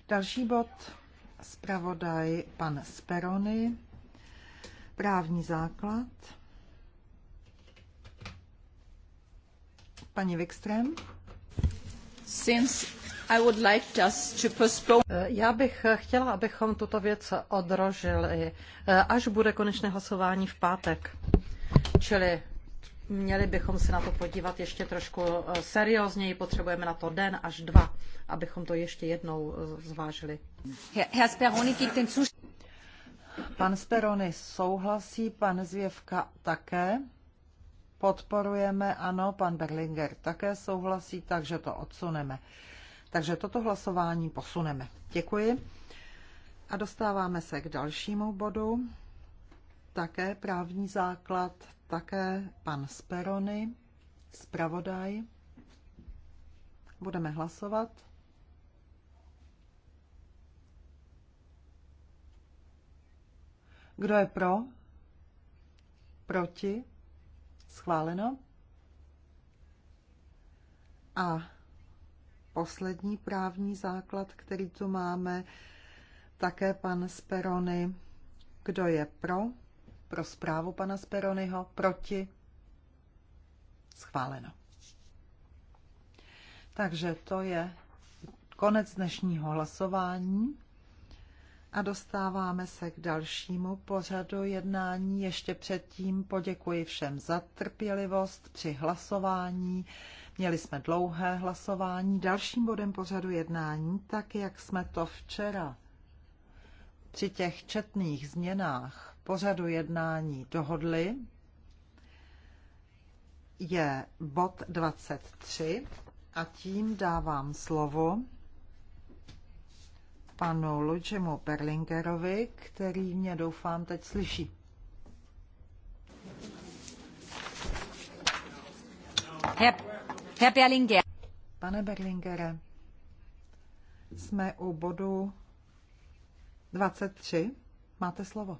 Další bod, zpravodaj pan Sperony, právní základ. Paní Wikström. Since Eh, já bych chtěla, abychom tuto věc odrožili, eh, až bude konečné hlasování v pátek. Čili měli bychom se na to podívat ještě trošku eh, seriózněji, potřebujeme na to den až dva, abychom to ještě jednou zvážili. Pan Speroni souhlasí, pan Zvěvka také. Podporujeme, ano, pan Berlinger také souhlasí, takže to odsuneme. Takže toto hlasování posuneme. Děkuji. A dostáváme se k dalšímu bodu. Také právní základ, také pan Sperony, zpravodaj. Budeme hlasovat. Kdo je pro? Proti? Schváleno? A poslední právní základ, který tu máme. Také pan Sperony. Kdo je pro? Pro zprávu pana Speronyho? Proti? Schváleno. Takže to je konec dnešního hlasování a dostáváme se k dalšímu pořadu jednání. Ještě předtím poděkuji všem za trpělivost při hlasování. Měli jsme dlouhé hlasování. Dalším bodem pořadu jednání, tak jak jsme to včera při těch četných změnách pořadu jednání dohodli, je bod 23 a tím dávám slovo panu Lučemu Perlingerovi, který mě doufám teď slyší. Yep. Pane Berlingere, jsme u bodu 23. Máte slovo.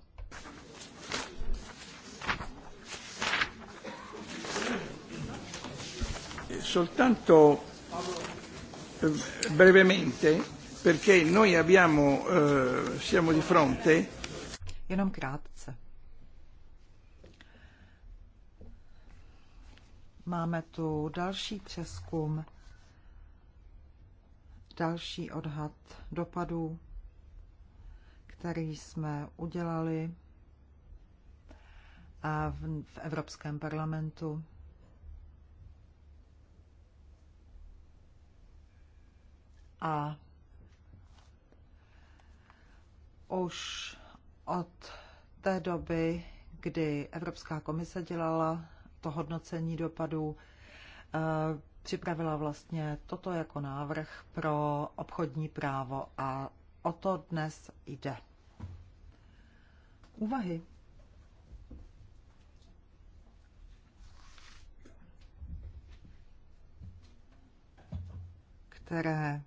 Soltanto eh, brevemente, perché noi abbiamo, eh, siamo di fronte. Jenom krátce. Máme tu další přeskum, další odhad dopadů, který jsme udělali a v, v Evropském parlamentu. A už od té doby, kdy Evropská komise dělala to hodnocení dopadů eh, připravila vlastně toto jako návrh pro obchodní právo a o to dnes jde. Úvahy. které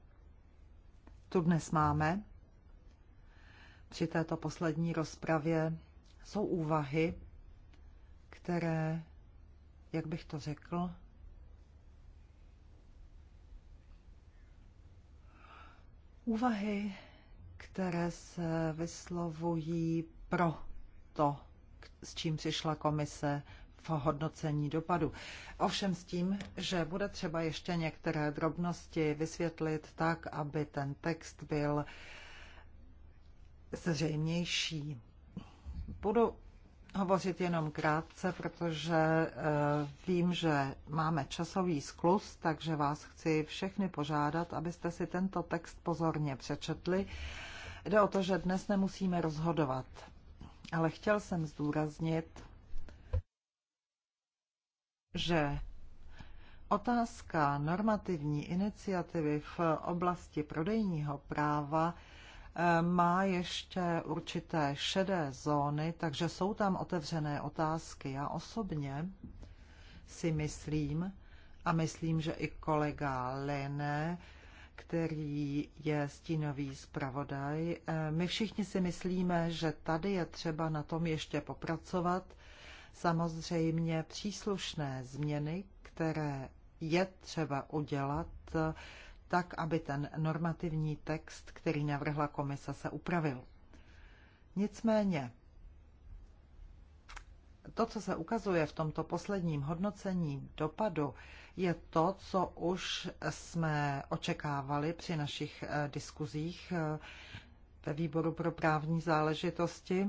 tu dnes máme. Při této poslední rozpravě jsou úvahy, které jak bych to řekl, úvahy, které se vyslovují pro to, s čím přišla komise v hodnocení dopadu. Ovšem s tím, že bude třeba ještě některé drobnosti vysvětlit tak, aby ten text byl zřejmější. Budu hovořit jenom krátce, protože eh, vím, že máme časový sklus, takže vás chci všechny požádat, abyste si tento text pozorně přečetli. Jde o to, že dnes nemusíme rozhodovat, ale chtěl jsem zdůraznit, že otázka normativní iniciativy v oblasti prodejního práva má ještě určité šedé zóny, takže jsou tam otevřené otázky. Já osobně si myslím, a myslím, že i kolega Lene, který je stínový zpravodaj, eh, my všichni si myslíme, že tady je třeba na tom ještě popracovat. Samozřejmě příslušné změny, které je třeba udělat, tak, aby ten normativní text, který navrhla komise, se upravil. Nicméně, to, co se ukazuje v tomto posledním hodnocení dopadu, je to, co už jsme očekávali při našich eh, diskuzích eh, ve výboru pro právní záležitosti.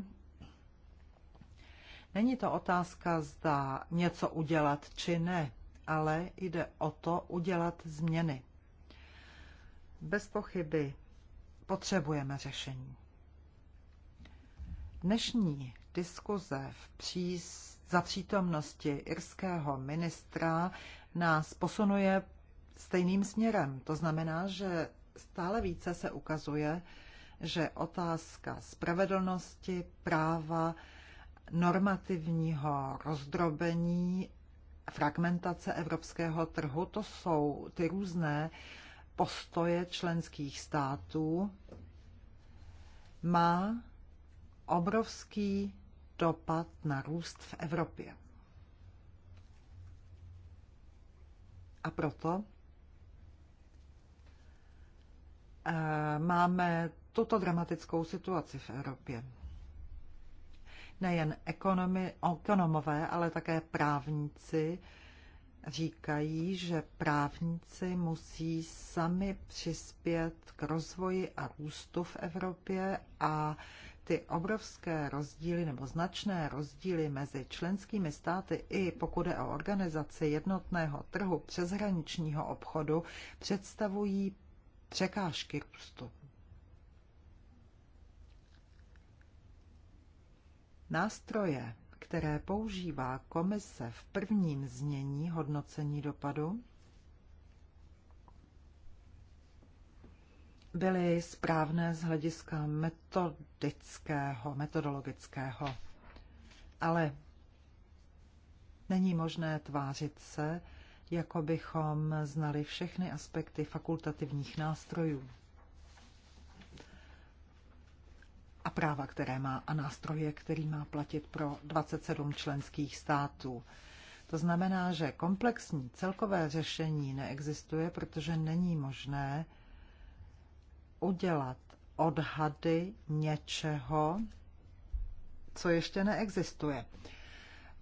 Není to otázka, zda něco udělat či ne, ale jde o to udělat změny. Bez pochyby potřebujeme řešení. Dnešní diskuze v přís, za přítomnosti irského ministra nás posunuje stejným směrem. To znamená, že stále více se ukazuje, že otázka spravedlnosti, práva, normativního rozdrobení, fragmentace evropského trhu, to jsou ty různé postoje členských států má obrovský dopad na růst v Evropě. A proto eh, máme tuto dramatickou situaci v Evropě. Nejen ekonomi, ekonomové, ale také právníci říkají, že právníci musí sami přispět k rozvoji a růstu v Evropě a ty obrovské rozdíly nebo značné rozdíly mezi členskými státy i pokud je o organizaci jednotného trhu přeshraničního obchodu představují překážky růstu. Nástroje které používá komise v prvním znění hodnocení dopadu, byly správné z hlediska metodického, metodologického. Ale není možné tvářit se, jako bychom znali všechny aspekty fakultativních nástrojů. a práva, které má a nástroje, který má platit pro 27 členských států. To znamená, že komplexní celkové řešení neexistuje, protože není možné udělat odhady něčeho, co ještě neexistuje.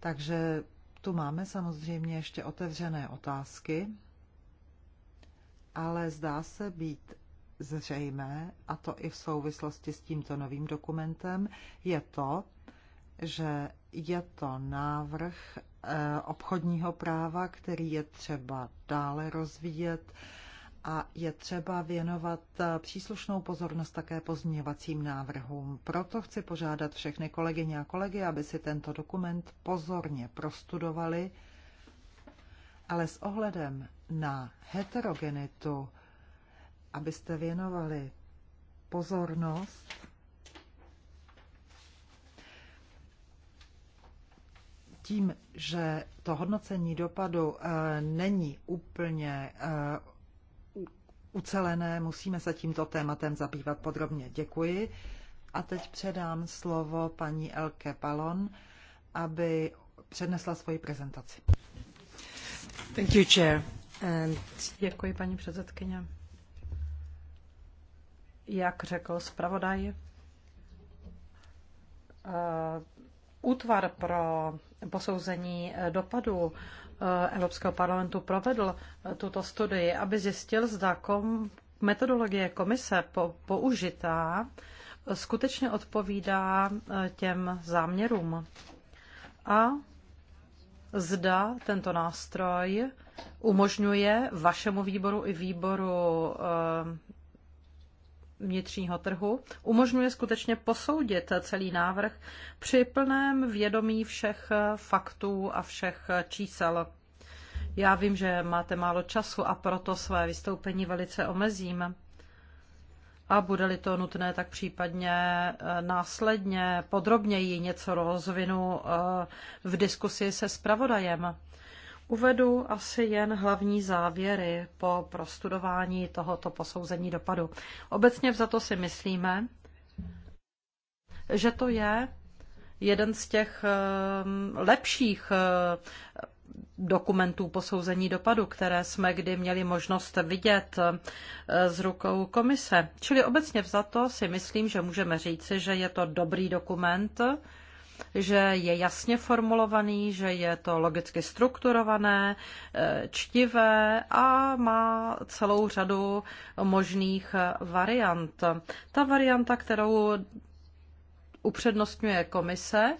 Takže tu máme samozřejmě ještě otevřené otázky, ale zdá se být zřejmé, a to i v souvislosti s tímto novým dokumentem, je to, že je to návrh eh, obchodního práva, který je třeba dále rozvíjet a je třeba věnovat eh, příslušnou pozornost také pozměňovacím návrhům. Proto chci požádat všechny kolegyně a kolegy, aby si tento dokument pozorně prostudovali, ale s ohledem na heterogenitu abyste věnovali pozornost tím, že to hodnocení dopadu eh, není úplně eh, ucelené, musíme se tímto tématem zabývat podrobně. Děkuji. A teď předám slovo paní Elke Palon, aby přednesla svoji prezentaci. Thank you, chair. And... Děkuji, paní předsedkyně jak řekl zpravodaj, eh, útvar pro posouzení eh, dopadu eh, Evropského parlamentu provedl tuto studii, aby zjistil, zda kom, metodologie komise po, použitá skutečně odpovídá těm záměrům. A zda tento nástroj umožňuje vašemu výboru i výboru vnitřního trhu umožňuje skutečně posoudit celý návrh při plném vědomí všech faktů a všech čísel. Já vím, že máte málo času a proto své vystoupení velice omezím. A bude-li to nutné, tak případně eh, následně podrobněji něco rozvinu eh, v diskusi se spravodajem. Uvedu asi jen hlavní závěry po prostudování tohoto posouzení dopadu. Obecně to si myslíme, že to je jeden z těch ehm, lepších ehm, dokumentů posouzení dopadu, které jsme kdy měli možnost vidět ehm, z rukou komise. Čili obecně vzato si myslím, že můžeme říci, že je to dobrý dokument, že je jasně formulovaný, že je to logicky strukturované, eh, čtivé a má celou řadu možných variant. Ta varianta, kterou upřednostňuje komise,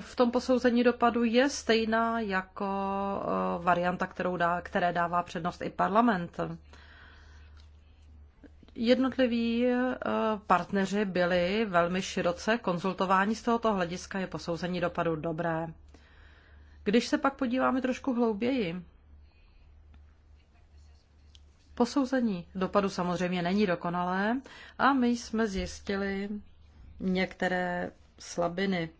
v tom posouzení dopadu je stejná jako eh, varianta, kterou dá, které dává přednost i parlament. Jednotliví eh, partneři byli velmi široce konzultováni z tohoto hlediska, je posouzení dopadu dobré. Když se pak podíváme trošku hlouběji, posouzení dopadu samozřejmě není dokonalé a my jsme zjistili některé slabiny.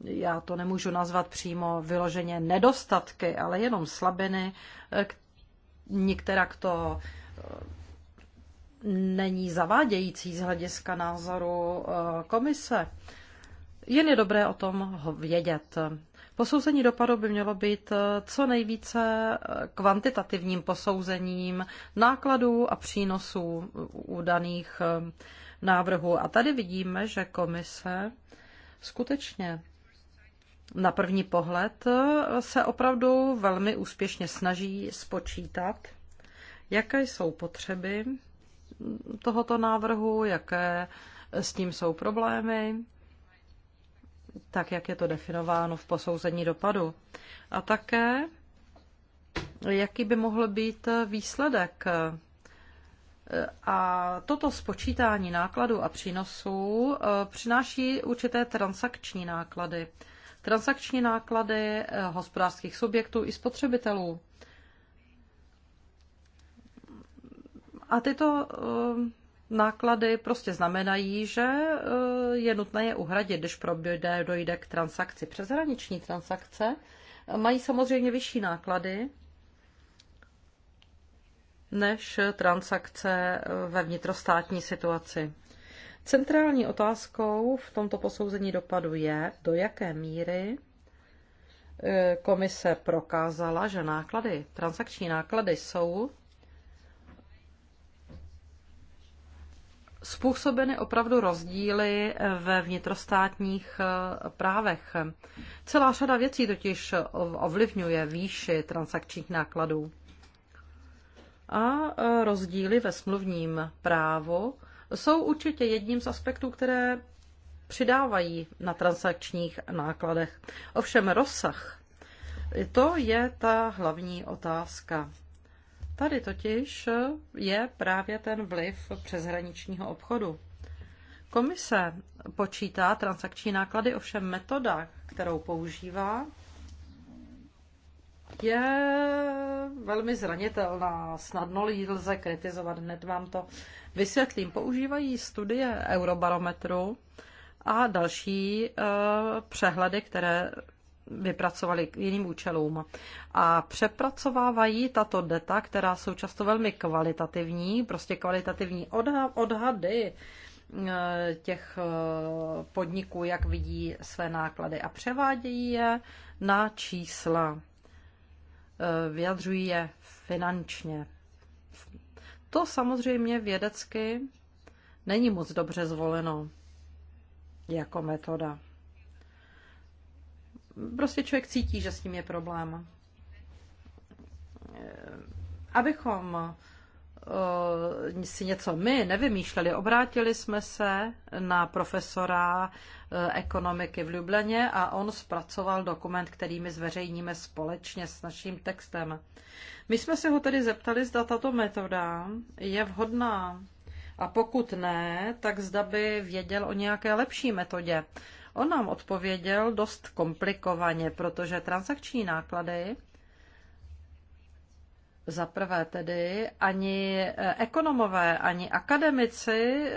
Já to nemůžu nazvat přímo vyloženě nedostatky, ale jenom slabiny, eh, některak to eh, není zavádějící z hlediska názoru eh, komise. Jen je dobré o tom vědět. Posouzení dopadu by mělo být eh, co nejvíce kvantitativním posouzením nákladů a přínosů u daných návrhů. A tady vidíme, že komise skutečně na první pohled se opravdu velmi úspěšně snaží spočítat, jaké jsou potřeby tohoto návrhu, jaké s tím jsou problémy, tak jak je to definováno v posouzení dopadu. A také, jaký by mohl být výsledek. A toto spočítání nákladů a přínosů eh, přináší určité transakční náklady transakční náklady eh, hospodářských subjektů i spotřebitelů. A tyto eh, náklady prostě znamenají, že eh, je nutné je uhradit, když proběde, dojde k transakci. Přeshraniční transakce mají samozřejmě vyšší náklady než transakce ve vnitrostátní situaci. Centrální otázkou v tomto posouzení dopadu je, do jaké míry e, komise prokázala, že náklady, transakční náklady jsou způsobeny opravdu rozdíly ve vnitrostátních e, právech. Celá řada věcí totiž ovlivňuje výši transakčních nákladů. A e, rozdíly ve smluvním právu jsou určitě jedním z aspektů, které přidávají na transakčních nákladech. Ovšem rozsah, to je ta hlavní otázka. Tady totiž je právě ten vliv přeshraničního obchodu. Komise počítá transakční náklady, ovšem metoda, kterou používá, je velmi zranitelná. Snadno ji lze kritizovat, hned vám to vysvětlím. Používají studie Eurobarometru a další eh, přehledy, které vypracovali k jiným účelům. A přepracovávají tato data, která jsou často velmi kvalitativní, prostě kvalitativní odhady eh, těch eh, podniků, jak vidí své náklady a převádějí je na čísla. Eh, vyjadřují je finančně. To samozřejmě vědecky není moc dobře zvoleno jako metoda. Prostě člověk cítí, že s tím je problém. Eh, abychom eh, si něco my nevymýšleli, obrátili jsme se na profesora Eh, ekonomiky v Ljubljaně a on zpracoval dokument, který my zveřejníme společně s naším textem. My jsme se ho tedy zeptali, zda tato metoda je vhodná a pokud ne, tak zda by věděl o nějaké lepší metodě. On nám odpověděl dost komplikovaně, protože transakční náklady za prvé tedy ani eh, ekonomové, ani akademici eh,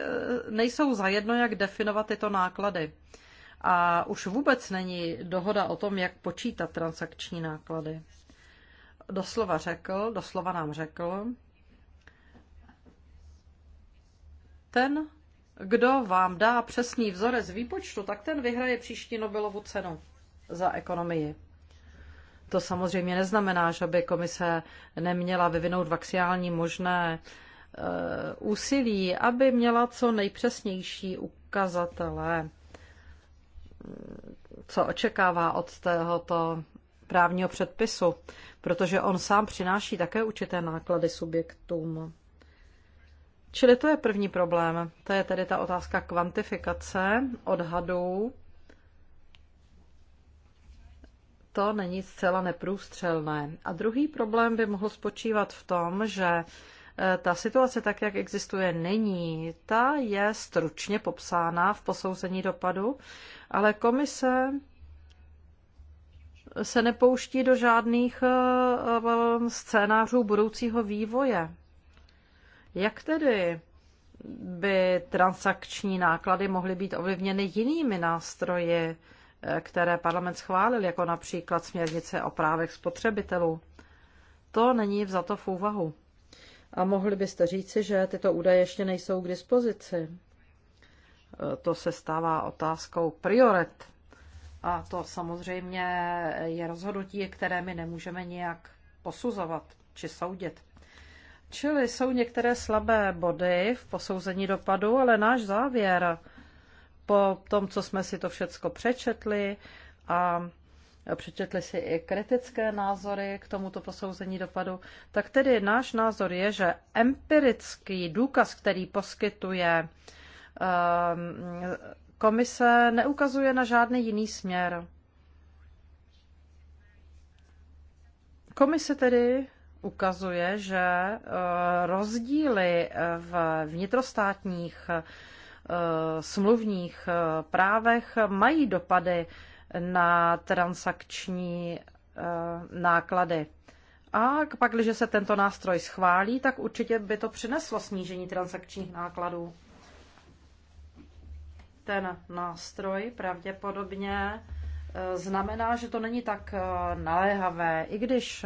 nejsou zajedno, jak definovat tyto náklady. A už vůbec není dohoda o tom, jak počítat transakční náklady. Doslova řekl, doslova nám řekl, ten, kdo vám dá přesný vzorec výpočtu, tak ten vyhraje příští Nobelovu cenu za ekonomii. To samozřejmě neznamená, že by komise neměla vyvinout vaxiální možné eh, úsilí, aby měla co nejpřesnější ukazatele, co očekává od tohoto právního předpisu, protože on sám přináší také určité náklady subjektům. Čili to je první problém. To je tedy ta otázka kvantifikace odhadů to není zcela neprůstřelné. A druhý problém by mohl spočívat v tom, že e, ta situace tak, jak existuje, není. Ta je stručně popsána v posouzení dopadu, ale komise se nepouští do žádných e, e, scénářů budoucího vývoje. Jak tedy by transakční náklady mohly být ovlivněny jinými nástroji? které parlament schválil, jako například směrnice o právech spotřebitelů. To není vzato v úvahu. A mohli byste říci, že tyto údaje ještě nejsou k dispozici. To se stává otázkou priorit. A to samozřejmě je rozhodnutí, které my nemůžeme nějak posuzovat či soudit. Čili jsou některé slabé body v posouzení dopadu, ale náš závěr po tom, co jsme si to všecko přečetli a přečetli si i kritické názory k tomuto posouzení dopadu, tak tedy náš názor je, že empirický důkaz, který poskytuje ehm, komise, neukazuje na žádný jiný směr. Komise tedy ukazuje, že eh, rozdíly v vnitrostátních Eh, smluvních eh, právech mají dopady na transakční eh, náklady. A pak, když se tento nástroj schválí, tak určitě by to přineslo snížení transakčních nákladů. Ten nástroj pravděpodobně znamená, že to není tak naléhavé, i když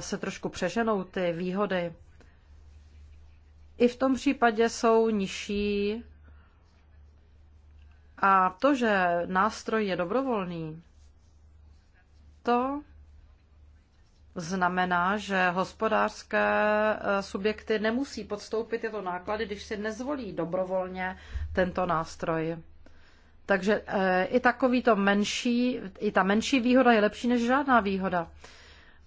se trošku přeženou ty výhody i v tom případě jsou nižší. A to, že nástroj je dobrovolný, to znamená, že hospodářské eh, subjekty nemusí podstoupit tyto náklady, když si nezvolí dobrovolně tento nástroj. Takže eh, i takovýto menší, i ta menší výhoda je lepší než žádná výhoda.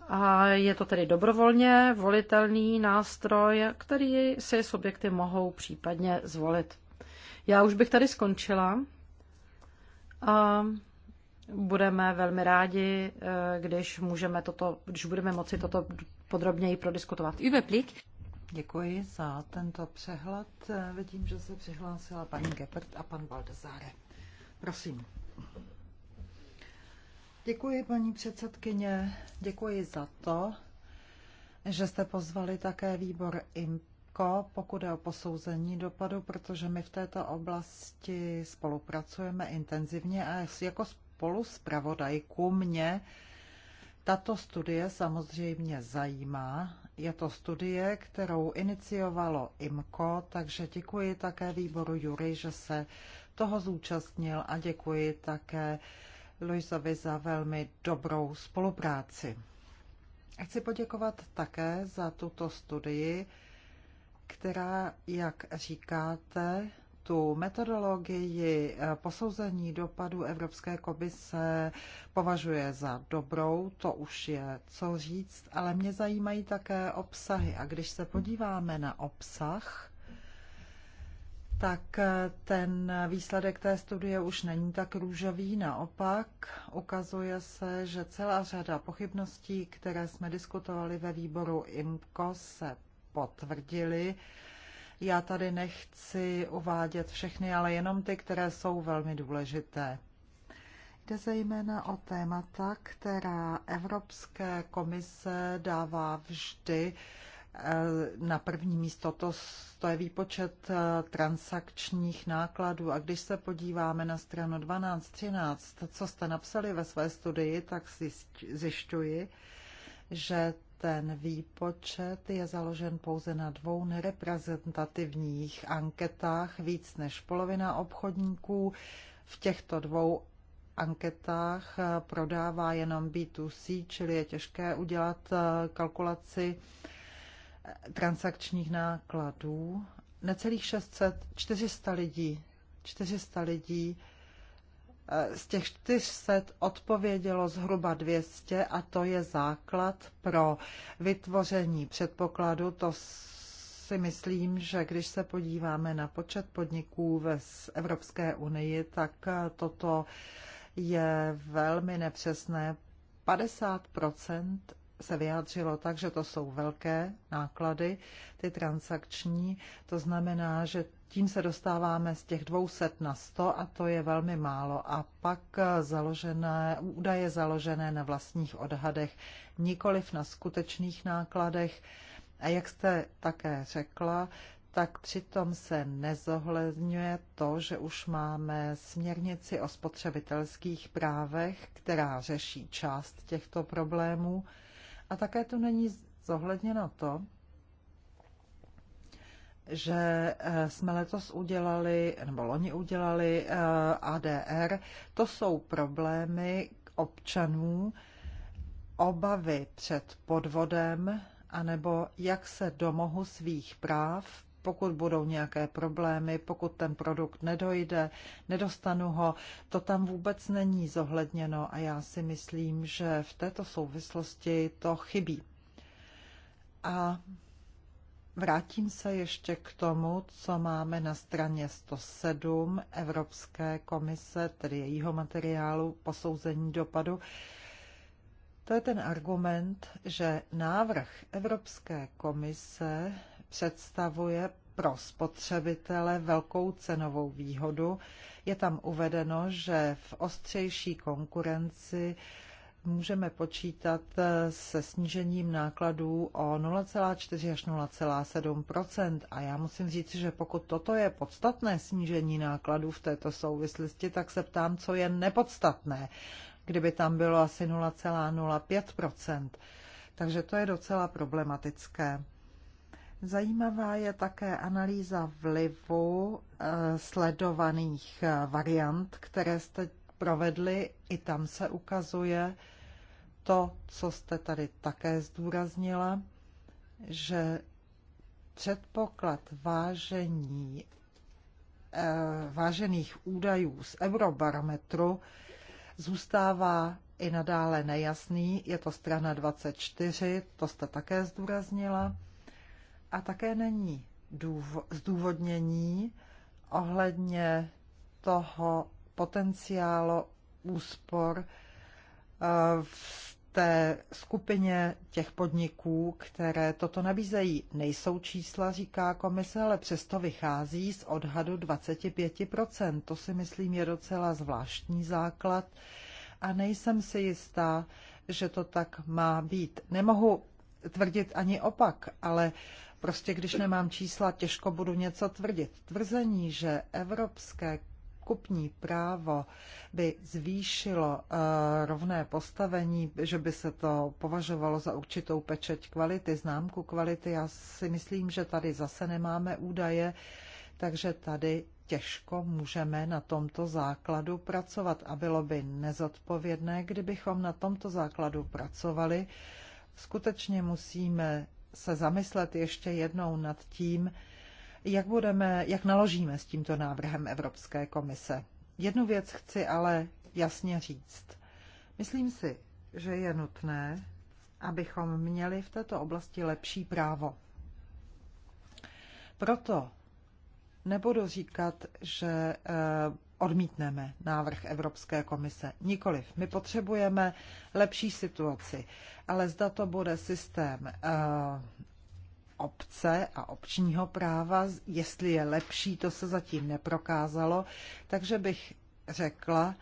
A je to tedy dobrovolně volitelný nástroj, který si subjekty mohou případně zvolit. Já už bych tady skončila. A budeme velmi rádi, eh, když, můžeme toto, když budeme moci toto podrobněji prodiskutovat. Überblick. Děkuji za tento přehled. Eh, vidím, že se přihlásila paní Geppert a pan Baldazáre. Prosím. Děkuji, paní předsedkyně. Děkuji za to, že jste pozvali také výbor IMCO, pokud je o posouzení dopadu, protože my v této oblasti spolupracujeme intenzivně a jako spolu zpravodajku mě tato studie samozřejmě zajímá. Je to studie, kterou iniciovalo IMCO, takže děkuji také výboru Jury, že se toho zúčastnil a děkuji také Lojzovi za velmi dobrou spolupráci. Chci poděkovat také za tuto studii, která, jak říkáte, tu metodologii posouzení dopadu Evropské komise považuje za dobrou, to už je co říct, ale mě zajímají také obsahy. A když se podíváme na obsah, tak eh, ten výsledek té studie už není tak růžový. Naopak ukazuje se, že celá řada pochybností, které jsme diskutovali ve výboru IMCO, se potvrdily. Já tady nechci uvádět všechny, ale jenom ty, které jsou velmi důležité. Jde zejména o témata, která Evropské komise dává vždy Eh, na první místo. To, to je výpočet eh, transakčních nákladů. A když se podíváme na stranu 12, 13, co jste napsali ve své studii, tak zjišťuji, že ten výpočet je založen pouze na dvou nereprezentativních anketách. Víc než polovina obchodníků v těchto dvou anketách eh, prodává jenom B2C, čili je těžké udělat kalkulaci transakčních nákladů. Necelých 600, 400 lidí, 400 lidí eh, z těch 400 odpovědělo zhruba 200 a to je základ pro vytvoření předpokladu. To si myslím, že když se podíváme na počet podniků ve Evropské unii, tak eh, toto je velmi nepřesné. 50 se vyjádřilo tak, že to jsou velké náklady, ty transakční. To znamená, že tím se dostáváme z těch 200 na 100 a to je velmi málo. A pak založené, údaje založené na vlastních odhadech, nikoliv na skutečných nákladech. A jak jste také řekla, tak přitom se nezohledňuje to, že už máme směrnici o spotřebitelských právech, která řeší část těchto problémů. A také tu není zohledněno to, že eh, jsme letos udělali, nebo loni udělali eh, ADR. To jsou problémy občanů, obavy před podvodem, anebo jak se domohu svých práv pokud budou nějaké problémy, pokud ten produkt nedojde, nedostanu ho, to tam vůbec není zohledněno a já si myslím, že v této souvislosti to chybí. A Vrátím se ještě k tomu, co máme na straně 107 Evropské komise, tedy jejího materiálu posouzení dopadu. To je ten argument, že návrh Evropské komise představuje pro spotřebitele velkou cenovou výhodu. Je tam uvedeno, že v ostřejší konkurenci můžeme počítat se snížením nákladů o 0,4 až 0,7 A já musím říct, že pokud toto je podstatné snížení nákladů v této souvislosti, tak se ptám, co je nepodstatné, kdyby tam bylo asi 0,05 Takže to je docela problematické. Zajímavá je také analýza vlivu eh, sledovaných eh, variant, které jste provedli. I tam se ukazuje to, co jste tady také zdůraznila, že předpoklad vážení, eh, vážených údajů z Eurobarometru zůstává i nadále nejasný. Je to strana 24, to jste také zdůraznila a také není důvo- zdůvodnění ohledně toho potenciálu úspor eh, v té skupině těch podniků, které toto nabízejí. Nejsou čísla, říká komise, ale přesto vychází z odhadu 25%. To si myslím je docela zvláštní základ a nejsem si jistá, že to tak má být. Nemohu tvrdit ani opak, ale Prostě když nemám čísla, těžko budu něco tvrdit. Tvrzení, že evropské kupní právo by zvýšilo eh, rovné postavení, že by se to považovalo za určitou pečeť kvality, známku kvality, já si myslím, že tady zase nemáme údaje, takže tady těžko můžeme na tomto základu pracovat a bylo by nezodpovědné, kdybychom na tomto základu pracovali. Skutečně musíme se zamyslet ještě jednou nad tím, jak, budeme, jak naložíme s tímto návrhem Evropské komise. Jednu věc chci ale jasně říct. Myslím si, že je nutné, abychom měli v této oblasti lepší právo. Proto nebudu říkat, že eh, odmítneme návrh Evropské komise. Nikoliv. My potřebujeme lepší situaci, ale zda to bude systém eh, obce a občního práva, jestli je lepší, to se zatím neprokázalo, takže bych řekla,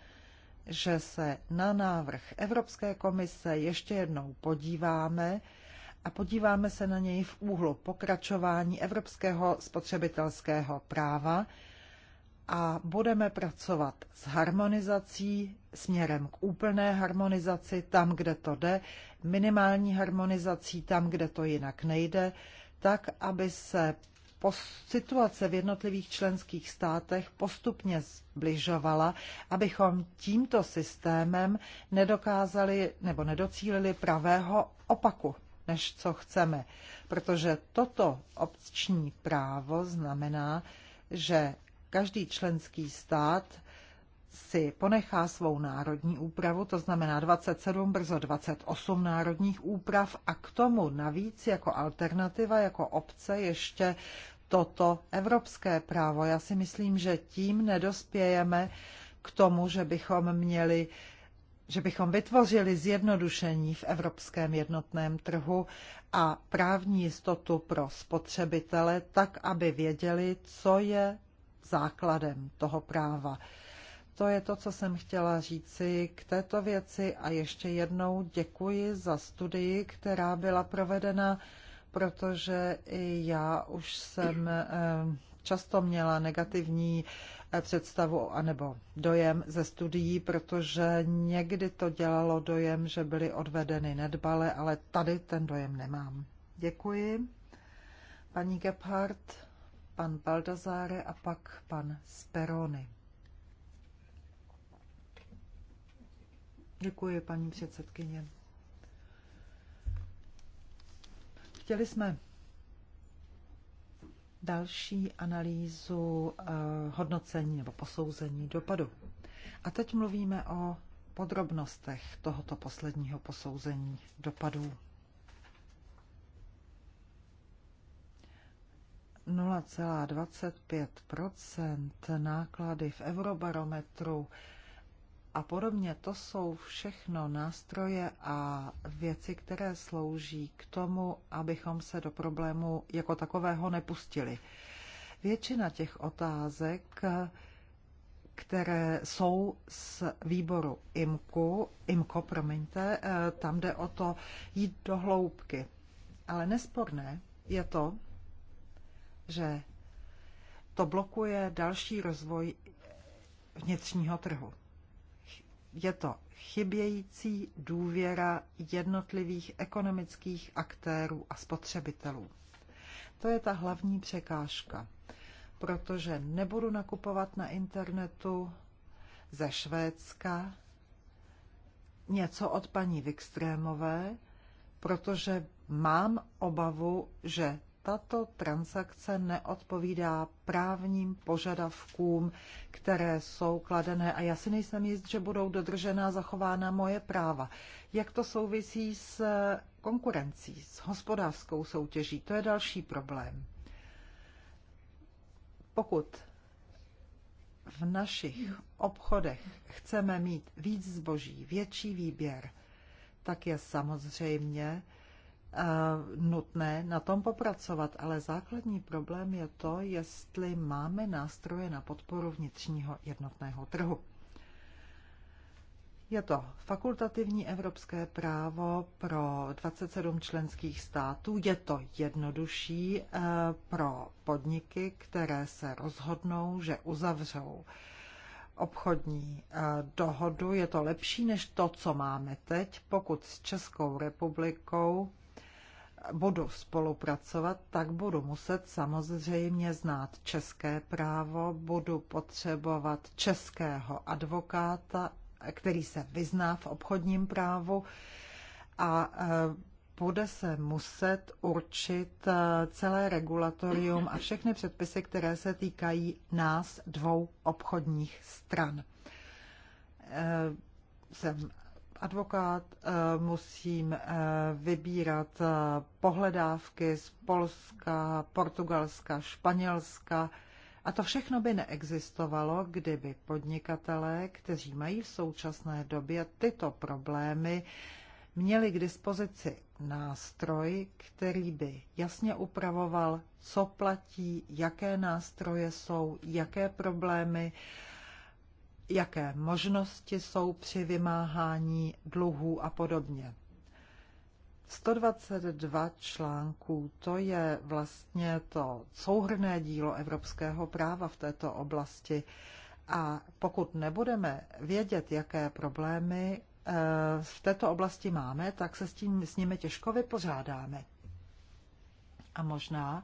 že se na návrh Evropské komise ještě jednou podíváme a podíváme se na něj v úhlu pokračování evropského spotřebitelského práva, a budeme pracovat s harmonizací směrem k úplné harmonizaci tam, kde to jde, minimální harmonizací tam, kde to jinak nejde, tak, aby se situace v jednotlivých členských státech postupně zbližovala, abychom tímto systémem nedokázali nebo nedocílili pravého opaku než co chceme. Protože toto obční právo znamená, že Každý členský stát si ponechá svou národní úpravu, to znamená 27, brzo 28 národních úprav a k tomu navíc jako alternativa, jako obce ještě toto evropské právo. Já si myslím, že tím nedospějeme k tomu, že bychom měli že bychom vytvořili zjednodušení v evropském jednotném trhu a právní jistotu pro spotřebitele, tak aby věděli, co je základem toho práva. To je to, co jsem chtěla říci k této věci a ještě jednou děkuji za studii, která byla provedena, protože i já už jsem eh, často měla negativní eh, představu anebo dojem ze studií, protože někdy to dělalo dojem, že byly odvedeny nedbale, ale tady ten dojem nemám. Děkuji. Paní Gebhardt pan Baldazáre a pak pan Sperony. Děkuji, paní předsedkyně. Chtěli jsme další analýzu eh, hodnocení nebo posouzení dopadu. A teď mluvíme o podrobnostech tohoto posledního posouzení dopadů. 0,25 náklady v eurobarometru a podobně. To jsou všechno nástroje a věci, které slouží k tomu, abychom se do problému jako takového nepustili. Většina těch otázek, které jsou z výboru IMKU, IMKO, promiňte, eh, tam jde o to jít do hloubky. Ale nesporné je to, že to blokuje další rozvoj vnitřního trhu. Je to chybějící důvěra jednotlivých ekonomických aktérů a spotřebitelů. To je ta hlavní překážka, protože nebudu nakupovat na internetu ze Švédska něco od paní Vikstrémové, protože mám obavu, že tato transakce neodpovídá právním požadavkům, které jsou kladené a já si nejsem jist, že budou dodržena zachována moje práva. Jak to souvisí s konkurencí, s hospodářskou soutěží, to je další problém. Pokud v našich obchodech chceme mít víc zboží, větší výběr, tak je samozřejmě nutné na tom popracovat, ale základní problém je to, jestli máme nástroje na podporu vnitřního jednotného trhu. Je to fakultativní evropské právo pro 27 členských států. Je to jednodušší e, pro podniky, které se rozhodnou, že uzavřou obchodní e, dohodu. Je to lepší než to, co máme teď, pokud s Českou republikou budu spolupracovat, tak budu muset samozřejmě znát české právo, budu potřebovat českého advokáta, který se vyzná v obchodním právu a e, bude se muset určit e, celé regulatorium a všechny předpisy, které se týkají nás dvou obchodních stran. E, jsem advokát, eh, musím eh, vybírat eh, pohledávky z Polska, Portugalska, Španělska. A to všechno by neexistovalo, kdyby podnikatelé, kteří mají v současné době tyto problémy, měli k dispozici nástroj, který by jasně upravoval, co platí, jaké nástroje jsou, jaké problémy uh, jaké možnosti jsou při vymáhání dluhů a podobně. 122 článků, to je vlastně to souhrné dílo evropského práva v této oblasti. A pokud nebudeme vědět, jaké problémy eh, v této oblasti máme, tak se s, tím, s nimi těžko vypořádáme. A možná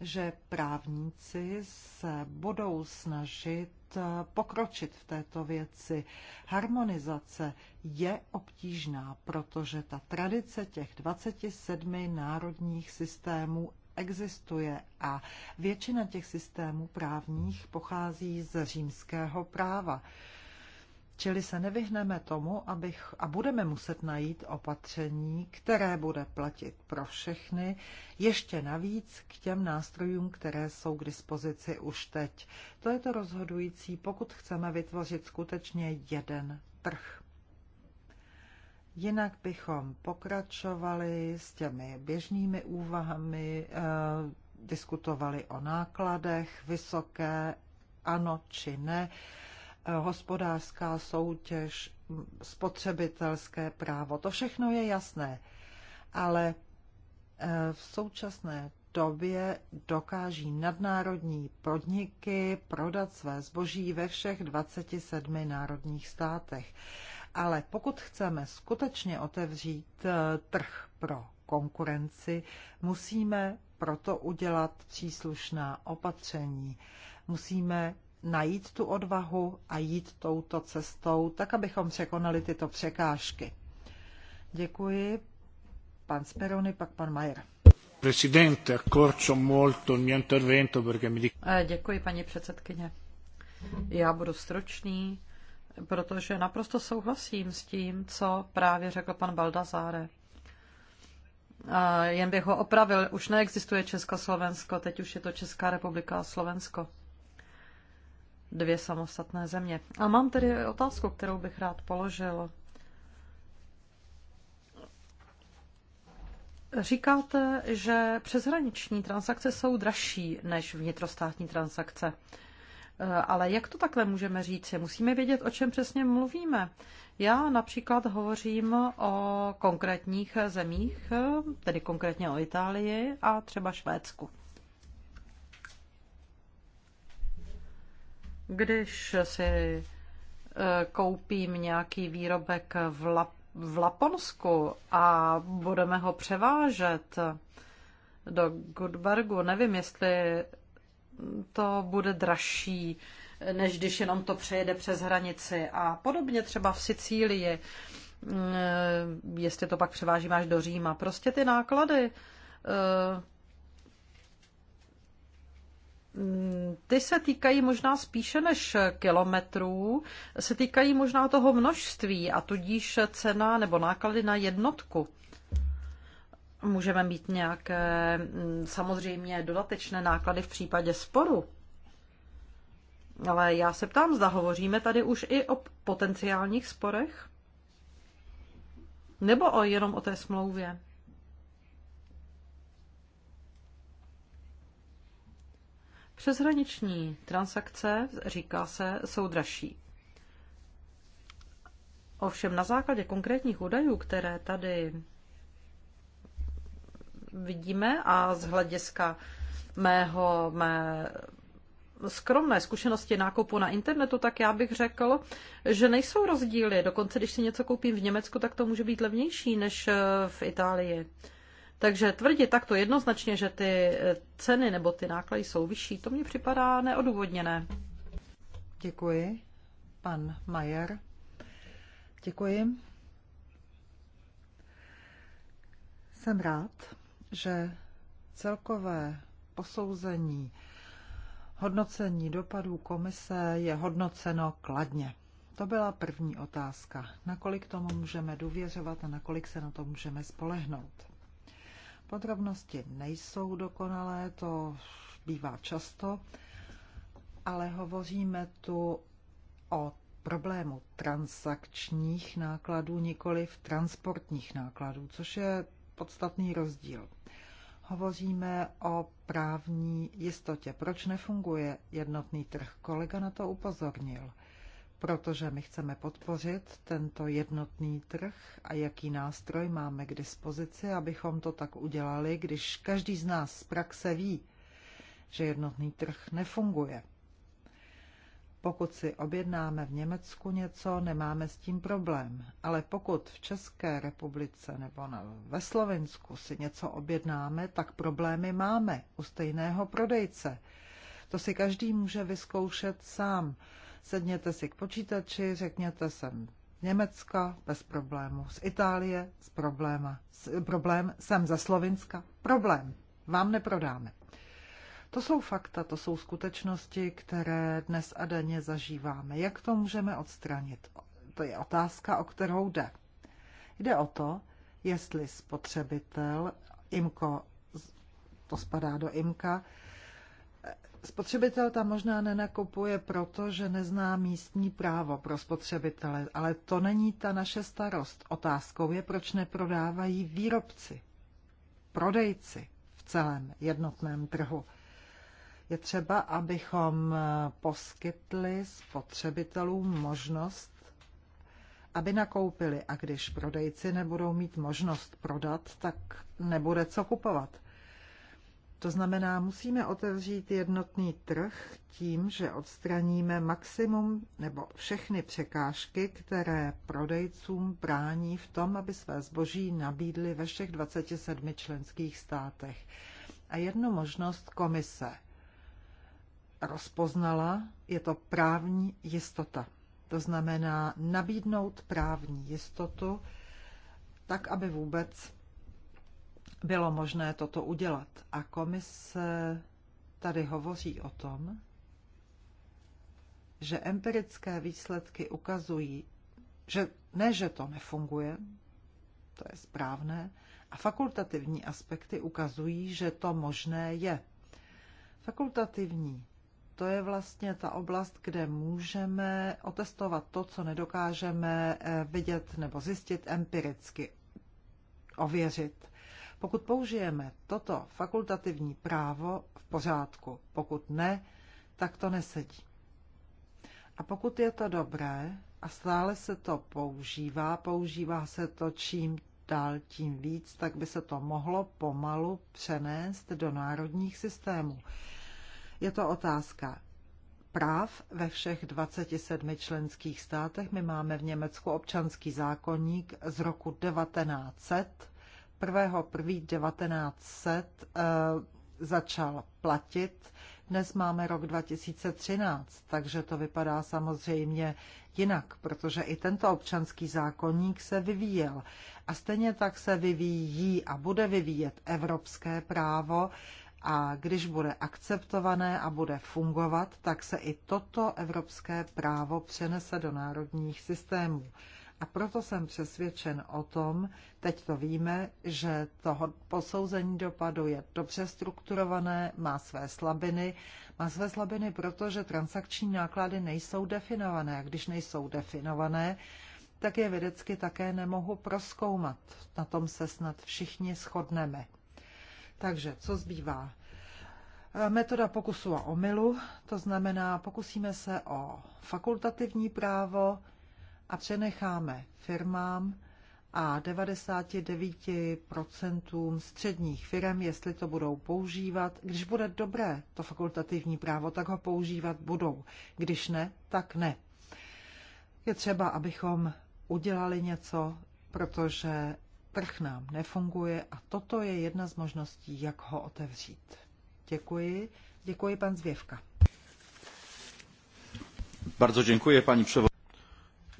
že právníci se budou snažit pokročit v této věci. Harmonizace je obtížná, protože ta tradice těch 27 národních systémů existuje a většina těch systémů právních pochází z římského práva. Čili se nevyhneme tomu, abych, a budeme muset najít opatření, které bude platit pro všechny, ještě navíc k těm nástrojům, které jsou k dispozici už teď. To je to rozhodující, pokud chceme vytvořit skutečně jeden trh. Jinak bychom pokračovali s těmi běžnými úvahami, eh, diskutovali o nákladech, vysoké, ano či ne. Eh, hospodářská soutěž, spotřebitelské právo. To všechno je jasné, ale eh, v současné době dokáží nadnárodní podniky prodat své zboží ve všech 27 národních státech. Ale pokud chceme skutečně otevřít eh, trh pro konkurenci, musíme proto udělat příslušná opatření. Musíme najít tu odvahu a jít touto cestou, tak abychom překonali tyto překážky. Děkuji. Pan Speroni, pak pan Majer. Presidente, accorcio molto il mio intervento perché mi dico... Eh, děkuji, paní předsedkyně. Já budu stručný, protože naprosto souhlasím s tím, co právě řekl pan Baldazáre. Eh, jen bych ho opravil, už neexistuje Československo, teď už je to Česká republika a Slovensko dvě samostatné země. A mám tedy otázku, kterou bych rád položil. Říkáte, že přeshraniční transakce jsou dražší než vnitrostátní transakce. Ale jak to takhle můžeme říct? Musíme vědět, o čem přesně mluvíme. Já například hovořím o konkrétních zemích, tedy konkrétně o Itálii a třeba Švédsku. Když si e, koupím nějaký výrobek v, La- v Laponsku a budeme ho převážet do Gudbergu, nevím, jestli to bude dražší, než když jenom to přejede přes hranici. A podobně třeba v Sicílii, e, jestli to pak převážím až do Říma. Prostě ty náklady e, Mm, ty se týkají možná spíše než kilometrů, se týkají možná toho množství a tudíž cena nebo náklady na jednotku. Můžeme mít nějaké mm, samozřejmě dodatečné náklady v případě sporu. Ale já se ptám, zda hovoříme tady už i o potenciálních sporech? Nebo o, jenom o té smlouvě? Přeshraniční transakce, říká se, jsou dražší. Ovšem na základě konkrétních údajů, které tady vidíme a z hlediska mého, mé skromné zkušenosti nákupu na internetu, tak já bych řekl, že nejsou rozdíly. Dokonce, když si něco koupím v Německu, tak to může být levnější než v Itálii. Takže tvrdit takto jednoznačně, že ty eh, ceny nebo ty náklady jsou vyšší, to mně připadá neodůvodněné. Děkuji. Pan Majer. Děkuji. Jsem rád, že celkové posouzení hodnocení dopadů komise je hodnoceno kladně. To byla první otázka. Nakolik tomu můžeme důvěřovat a nakolik se na to můžeme spolehnout? Podrobnosti nejsou dokonalé, to bývá často, ale hovoříme tu o problému transakčních nákladů, nikoli v transportních nákladů, což je podstatný rozdíl. Hovoříme o právní jistotě. Proč nefunguje jednotný trh? Kolega na to upozornil protože my chceme podpořit tento jednotný trh a jaký nástroj máme k dispozici, abychom to tak udělali, když každý z nás z praxe ví, že jednotný trh nefunguje. Pokud si objednáme v Německu něco, nemáme s tím problém. Ale pokud v České republice nebo na, ve Slovensku si něco objednáme, tak problémy máme u stejného prodejce. To si každý může vyzkoušet sám. Sedněte si k počítači, řekněte jsem Německa bez problému, z Itálie s probléma, s, problém, jsem ze Slovinska, problém, vám neprodáme. To jsou fakta, to jsou skutečnosti, které dnes a denně zažíváme. Jak to můžeme odstranit? To je otázka, o kterou jde. Jde o to, jestli spotřebitel, IMKO, to spadá do IMKA, Spotřebitel tam možná nenakupuje proto, že nezná místní právo pro spotřebitele, ale to není ta naše starost. Otázkou je, proč neprodávají výrobci, prodejci v celém jednotném trhu. Je třeba, abychom poskytli spotřebitelům možnost, aby nakoupili. A když prodejci nebudou mít možnost prodat, tak nebude co kupovat. To znamená, musíme otevřít jednotný trh tím, že odstraníme maximum nebo všechny překážky, které prodejcům brání v tom, aby své zboží nabídli ve všech 27 členských státech. A jednu možnost komise rozpoznala, je to právní jistota. To znamená nabídnout právní jistotu, tak aby vůbec bylo možné toto udělat. A komise tady hovoří o tom, že empirické výsledky ukazují, že ne, že to nefunguje, to je správné, a fakultativní aspekty ukazují, že to možné je. Fakultativní to je vlastně ta oblast, kde můžeme otestovat to, co nedokážeme eh, vidět nebo zjistit empiricky, ověřit. Pokud použijeme toto fakultativní právo v pořádku, pokud ne, tak to nesedí. A pokud je to dobré a stále se to používá, používá se to čím dál tím víc, tak by se to mohlo pomalu přenést do národních systémů. Je to otázka práv ve všech 27 členských státech. My máme v Německu občanský zákonník z roku 1900, 1.1.1900 eh, začal platit. Dnes máme rok 2013, takže to vypadá samozřejmě jinak, protože i tento občanský zákonník se vyvíjel. A stejně tak se vyvíjí a bude vyvíjet evropské právo. A když bude akceptované a bude fungovat, tak se i toto evropské právo přenese do národních systémů. A proto jsem přesvědčen o tom, teď to víme, že toho posouzení dopadu je dobře strukturované, má své slabiny. Má své slabiny, protože transakční náklady nejsou definované. A když nejsou definované, tak je vědecky také nemohu proskoumat. Na tom se snad všichni shodneme. Takže co zbývá? Eh, metoda pokusu a omylu, to znamená, pokusíme se o fakultativní právo, a přenecháme firmám a 99% středních firm, jestli to budou používat. Když bude dobré to fakultativní právo, tak ho používat budou. Když ne, tak ne. Je třeba, abychom udělali něco, protože trh nám nefunguje a toto je jedna z možností, jak ho otevřít. Děkuji. Děkuji, pan Zvěvka. Bardzo dziękuję, pani przewodnicząca.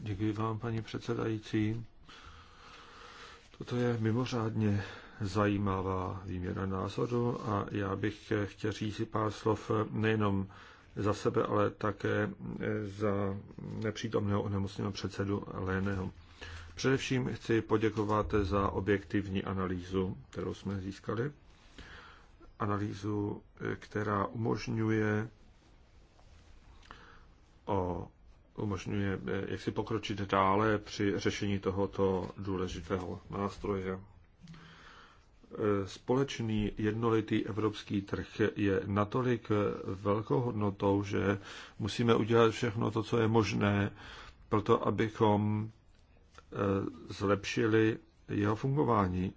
Děkuji vám, paní předsedající. Toto je mimořádně zajímavá výměna názoru a já bych chtěl říct si pár slov nejenom za sebe, ale také za nepřítomného onemocněného předsedu Léného. Především chci poděkovat za objektivní analýzu, kterou jsme získali. Analýzu, která umožňuje o umožňuje eh, jak si pokročit dále při řešení tohoto důležitého nástroje. Eh, společný jednolitý evropský trh je natolik eh, velkou hodnotou, že musíme udělat všechno to, co je možné, proto abychom zlepšili jeho fungování.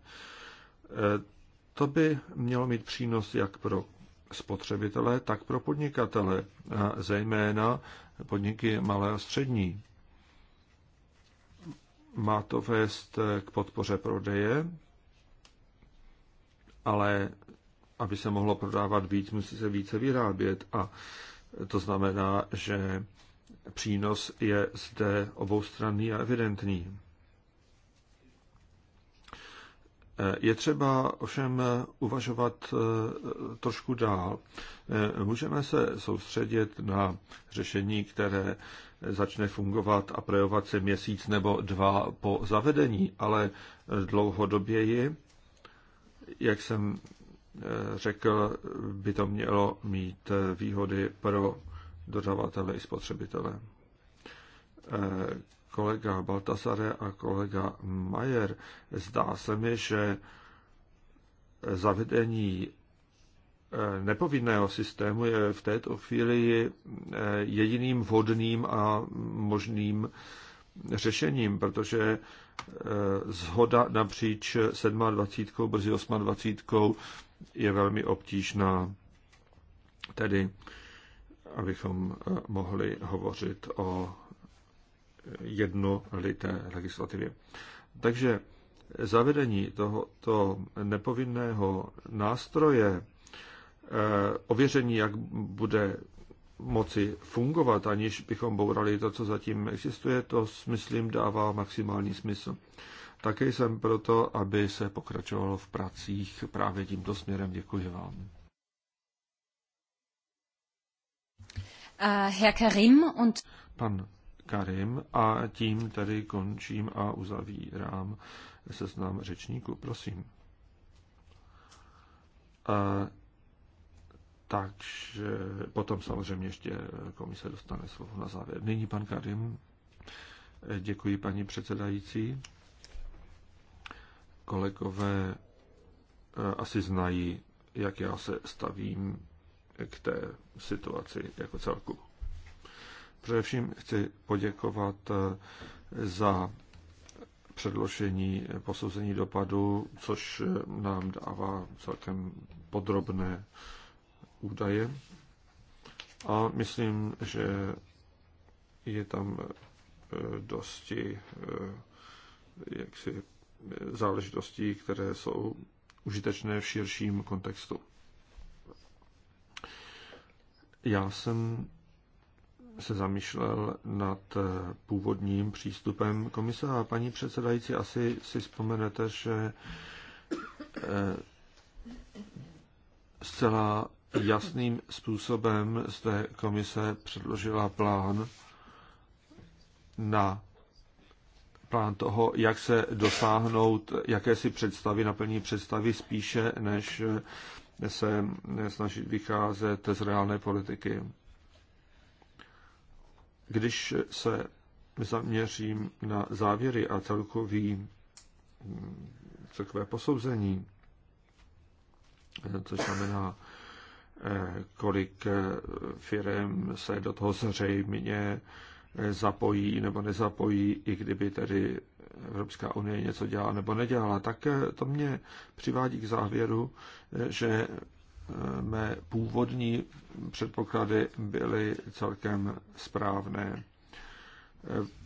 To by mělo mít přínos jak pro spotřebitele, tak pro podnikatele, zejména podniky malé a střední. Má to vést k podpoře prodeje, ale aby se mohlo prodávat víc, musí se více vyrábět a to znamená, že přínos je zde oboustranný a evidentní. Je třeba ovšem uvažovat eh, trošku dál. Eh, můžeme se soustředit na řešení, které začne fungovat a projevovat se měsíc nebo dva po zavedení, ale dlouhodoběji, jak jsem eh, řekl, by to mělo mít výhody pro dodavatele i spotřebitele kolega Baltasare a kolega Majer. Zdá se mi, že zavedení eh, nepovinného systému je v této chvíli eh, jediným vhodným a možným řešením, protože zhoda eh, napříč 27. brzy 28. je velmi obtížná. Tedy abychom mohli hovořit o lité legislativě. Takže zavedení tohoto nepovinného nástroje, eh, ověření, jak bude moci fungovat, aniž bychom bourali to, co zatím existuje, to, myslím, dává maximální smysl. Také jsem proto, aby se pokračovalo v pracích právě tímto směrem. Děkuji vám. Uh, Herr Karim und... Pan Karim a tím tady končím a uzavírám seznam řečníků. Prosím. E, takže potom samozřejmě ještě komise dostane slovo na závěr. Nyní pan Karim. Děkuji paní předsedající. Kolegové e, asi znají, jak já se stavím k té situaci jako celku. Především chci poděkovat eh, za předložení eh, posouzení dopadu, což eh, nám dává celkem podrobné údaje. A myslím, že je tam dosti jaksi záležitostí, které jsou užitečné v širším kontextu. Já jsem se zamýšlel nad eh, původním přístupem komise a paní předsedající asi si vzpomenete, že eh, zcela jasným způsobem zde komise předložila plán na plán toho, jak se dosáhnout jakési představy, naplní představy spíše, než eh, se snažit vycházet z reálné politiky. Když se zaměřím na závěry a celkový mm, celkové posouzení, eh, což znamená, eh, kolik eh, firm se do toho zřejmě zapojí nebo nezapojí, i kdyby tedy Evropská unie něco dělala nebo nedělala, tak to mě přivádí k závěru, že mé původní předpoklady byly celkem správné.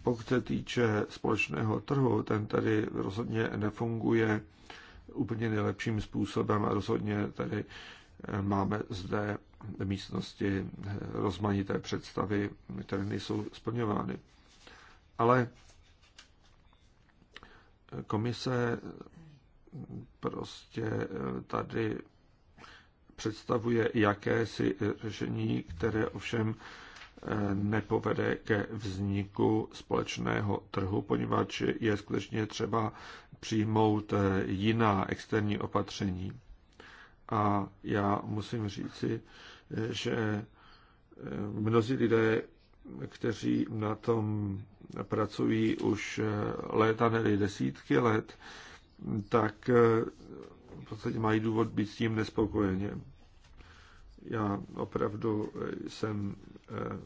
Pokud se týče společného trhu, ten tady rozhodně nefunguje úplně nejlepším způsobem a rozhodně tady eh, máme zde místnosti eh, rozmanité představy, které nejsou splňovány. Ale eh, komise prostě tady představuje jakési eh, řešení, které ovšem eh, nepovede ke vzniku společného trhu, poněvadž je skutečně třeba přijmout eh, jiná externí opatření. A já musím říci, že mnozí lidé, kteří na tom pracují už léta, nebo desítky let, tak v podstatě mají důvod být s tím nespokojeně. Já opravdu jsem eh,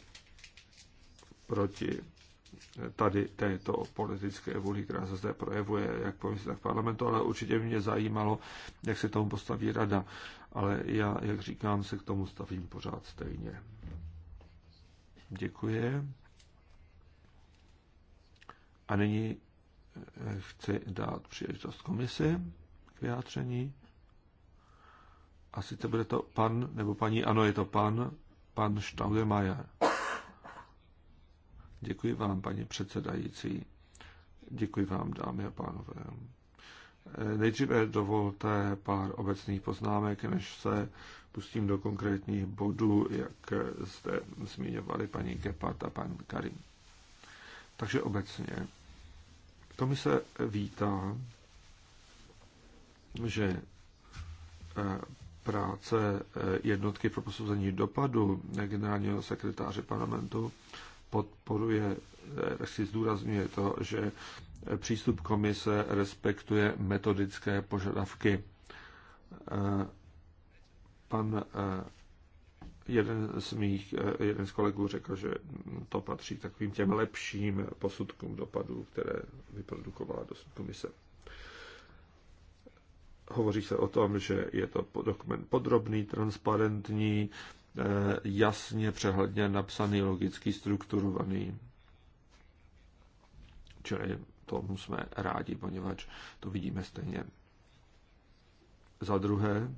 proti eh, tady této politické vůli, která se zde projevuje, jak komise, tak parlamentu, ale určitě mě zajímalo, jak se tomu postaví rada. Ale já, jak říkám, se k tomu stavím pořád stejně. Děkuji. A nyní eh, chci dát příležitost komisi vyjádření. Asi to bude to pan, nebo paní, ano, je to pan, pan Staudemeyer. Děkuji vám, paní předsedající. Děkuji vám, dámy a pánové. Nejdříve dovolte pár obecných poznámek, než se pustím do konkrétních bodů, jak jste zmiňovali paní Gepard a pan Karim. Takže obecně. Komise vítá že e, práce e, jednotky pro posouzení dopadu generálního sekretáře parlamentu podporuje, e, si zdůrazňuje to, že přístup komise respektuje metodické požadavky. Pan jeden z mých, jeden z kolegů řekl, že to patří takovým těm lepším posudkům dopadů, které vyprodukovala dosud komise. Hovoří se o tom, že je to dokument podrobný, transparentní, eh, jasně přehledně napsaný, logicky strukturovaný. Čili tomu jsme rádi, poněvadž to vidíme stejně. Za druhé,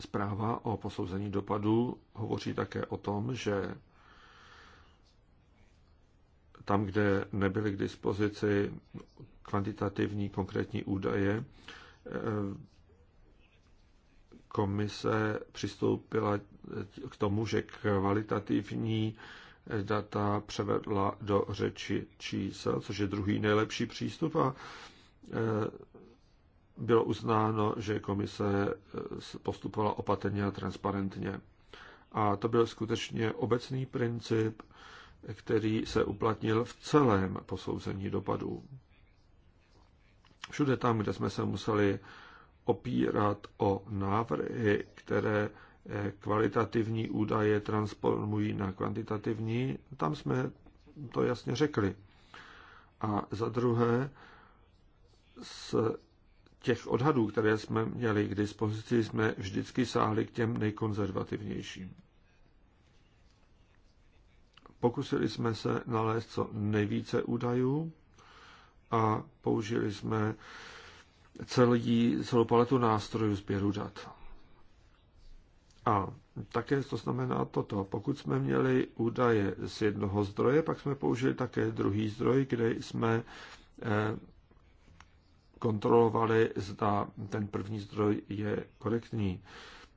zpráva o posouzení dopadu hovoří také o tom, že tam, kde nebyly k dispozici kvantitativní konkrétní údaje, komise přistoupila k tomu, že kvalitativní data převedla do řeči čísel, což je druhý nejlepší přístup a e, bylo uznáno, že komise postupovala opatrně a transparentně. A to byl skutečně obecný princip, který se uplatnil v celém posouzení dopadů. Všude tam, kde jsme se museli opírat o návrhy, které eh, kvalitativní údaje transformují na kvantitativní, tam jsme to jasně řekli. A za druhé, z těch odhadů, které jsme měli k dispozici, jsme vždycky sáhli k těm nejkonzervativnějším. Pokusili jsme se nalézt co nejvíce údajů a použili jsme celý, celou paletu nástrojů sběru dat. A také to znamená toto. Pokud jsme měli údaje z jednoho zdroje, pak jsme použili také druhý zdroj, kde jsme eh, kontrolovali, zda ten první zdroj je korektní.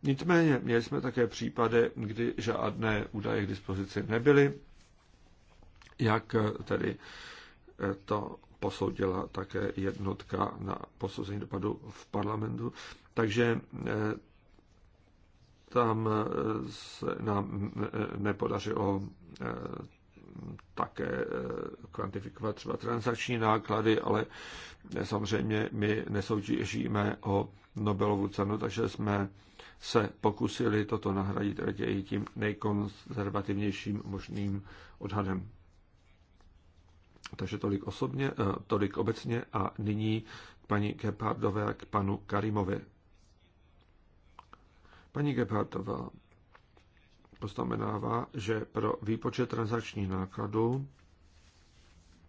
Nicméně měli jsme také případy, kdy žádné údaje k dispozici nebyly, jak eh, tedy eh, to posoudila také jednotka na posouzení dopadu v parlamentu. Takže eh, tam eh, se nám eh, nepodařilo také kvantifikovat třeba transakční náklady, ale samozřejmě my nesoutěžíme o Nobelovu cenu, takže jsme se pokusili toto nahradit raději tím nejkonzervativnějším možným odhadem. Takže tolik osobně, eh, tolik obecně a nyní k paní Gebhardové a k panu Karimovi. Paní Gebhardová postamenává, že pro výpočet transakčních nákladů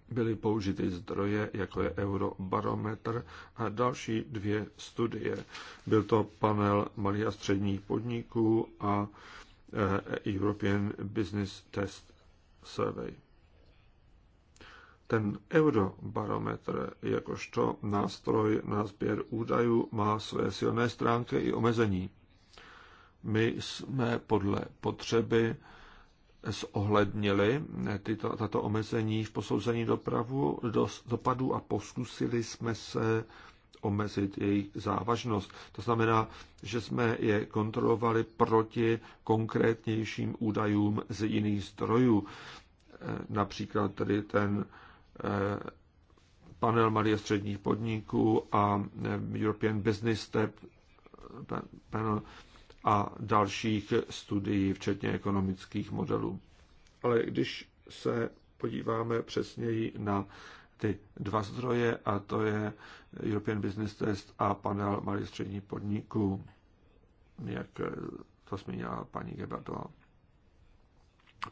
byly použity zdroje, jako je Eurobarometr a další dvě studie. Byl to panel malých a středních podniků a eh, European Business Test Survey. Ten eurobarometr jakožto nástroj na sběr údajů má své silné stránky i omezení. My jsme podle potřeby zohlednili tyto, tato omezení v posouzení dopravu, do, dopadu a poskusili jsme se omezit jejich závažnost. To znamená, že jsme je kontrolovali proti konkrétnějším údajům z jiných zdrojů, e, například tedy ten Eh, panel malých a středních podniků a eh, European Business Step panel a dalších studií, včetně ekonomických modelů. Ale když se podíváme přesněji na ty dva zdroje, a to je European Business Test a panel malých středních podniků, jak eh, to zmínila paní Gebardová.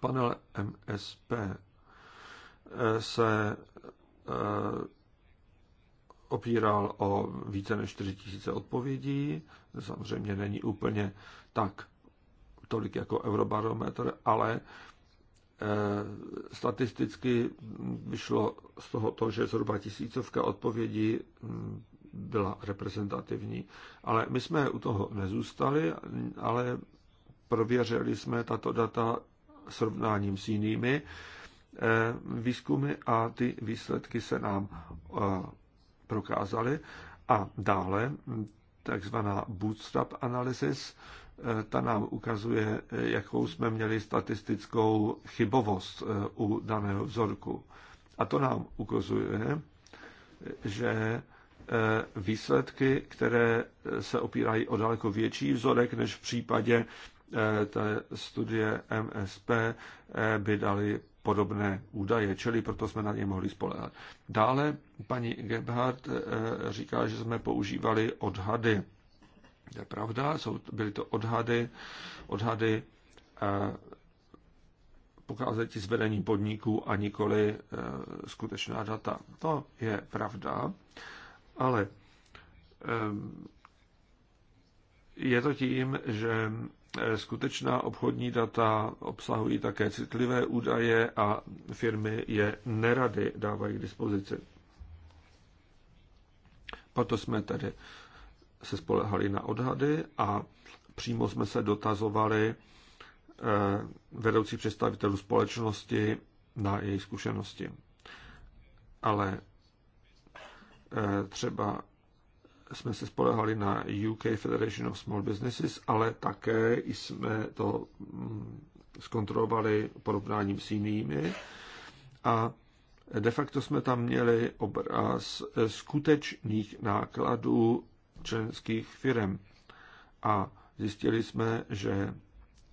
Panel MSP se eh, opíral o více než 4 000 odpovědí. Samozřejmě není úplně tak tolik jako Eurobarometr, ale eh, statisticky vyšlo z toho to, že zhruba tisícovka odpovědí hm, byla reprezentativní. Ale my jsme u toho nezůstali, ale prověřili jsme tato data srovnáním s jinými Eh, výzkumy a ty výsledky se nám eh, prokázaly. A dále takzvaná bootstrap analysis, eh, ta nám ukazuje, jakou jsme měli statistickou chybovost u daného vzorku. A to nám ukazuje, že výsledky, které se opírají o daleko větší vzorek než v případě té studie MSP, by daly podobné údaje, čili proto jsme na ně mohli spolehat. Dále paní Gebhardt eh, říká, že jsme používali odhady. To je pravda, jsou, byly to odhady, odhady eh, pocházející z vedení podniků a nikoli eh, skutečná data. To je pravda, ale ehm, je to tím, že Eh, skutečná obchodní data obsahují také citlivé údaje a firmy je nerady dávají k dispozici. Proto jsme tedy se spolehali na odhady a přímo jsme se dotazovali eh, vedoucí představitelů společnosti na jejich zkušenosti. Ale eh, třeba jsme se spolehali na UK Federation of Small Businesses, ale také jsme to mm, zkontrolovali porovnáním s jinými a de facto jsme tam měli obraz skutečných nákladů členských firm a zjistili jsme, že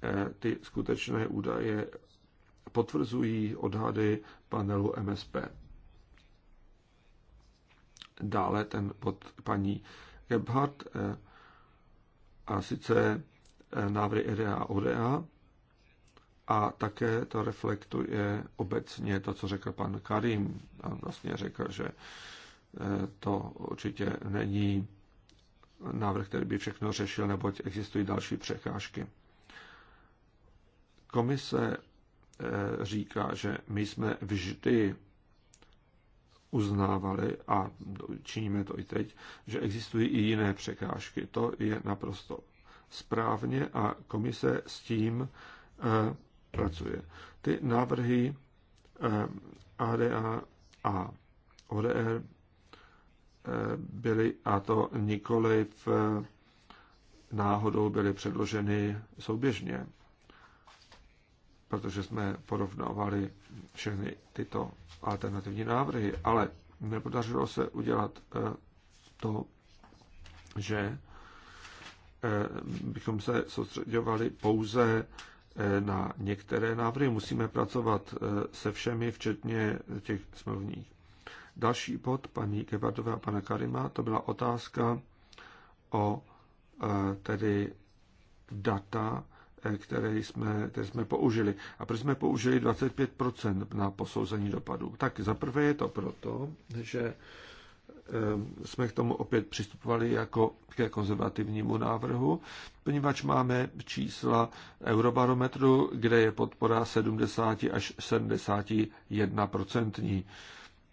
eh, ty skutečné údaje potvrzují odhady panelu MSP dále ten bod paní Gebhardt, eh, a sice eh, návrhy EDA a ODA, a také to reflektuje obecně to, co řekl pan Karim. A vlastně řekl, že eh, to určitě není návrh, který by všechno řešil, neboť existují další překážky. Komise říká, že my jsme vždy uznávali, a činíme to i teď, že existují i jiné překážky. To je naprosto správně a komise s tím eh, pracuje. Ty návrhy ADA eh, a ODR eh, byly, a to nikoli v náhodou byly předloženy souběžně protože jsme porovnávali všechny tyto alternativní návrhy, ale nepodařilo se udělat eh, to, že eh, bychom se soustředovali pouze eh, na některé návrhy. Musíme pracovat se všemi, včetně těch smluvních. Další bod paní Gebardové a pana Karima, to byla otázka o tedy data Eh, které jsme, které jsme použili. A proč jsme použili 25% na posouzení dopadů? Tak zaprvé je to proto, že eh, jsme k tomu opět přistupovali jako ke konzervativnímu návrhu, poněvadž máme čísla eurobarometru, kde je podpora 70 až 71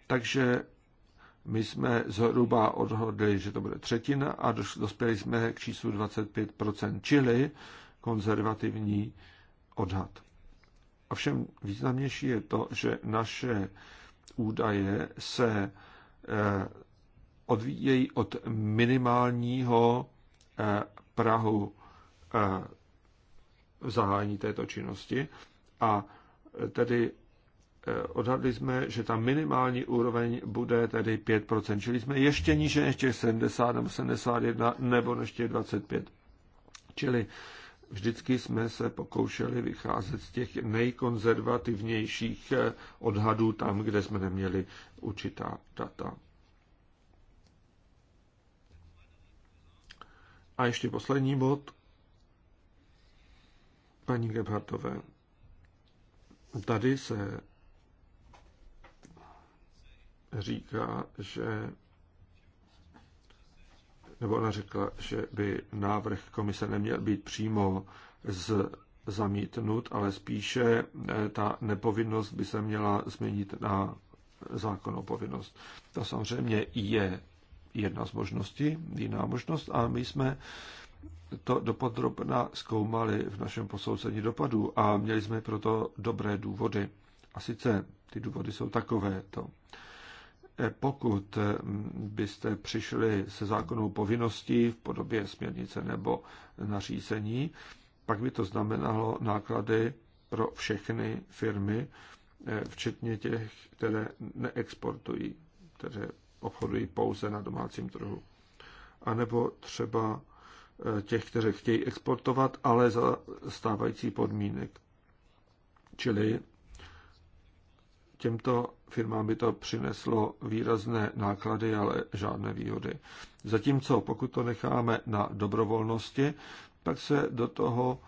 Takže my jsme zhruba odhodli, že to bude třetina a dospěli jsme k číslu 25 čili konzervativní odhad. Ovšem významnější je to, že naše údaje se eh, odvíjejí od minimálního eh, Prahu eh, zahájení této činnosti a tedy odhadli jsme, že ta minimální úroveň bude tedy 5%, čili jsme ještě níže než těch 70 nebo 71 nebo než těch 25. Čili Vždycky jsme se pokoušeli vycházet z těch nejkonzervativnějších eh, odhadů tam, kde jsme neměli určitá data. A ještě poslední bod. Paní Gebhartové, tady se říká, že nebo ona řekla, že by návrh komise neměl být přímo z zamítnut, ale spíše eh, ta nepovinnost by se měla změnit na zákonnou povinnost. To samozřejmě je jedna z možností, jiná možnost a my jsme to dopodrobna zkoumali v našem posouzení dopadů a měli jsme proto dobré důvody. A sice ty důvody jsou takové to pokud mm, byste přišli se zákonnou povinností v podobě směrnice nebo nařízení, pak by to znamenalo náklady pro všechny firmy, eh, včetně těch, které neexportují, které obchodují pouze na domácím trhu. A nebo třeba eh, těch, které chtějí exportovat, ale za stávající podmínek. Čili těmto firmám by to přineslo výrazné náklady, ale žádné výhody. Zatímco pokud to necháme na dobrovolnosti, pak se do toho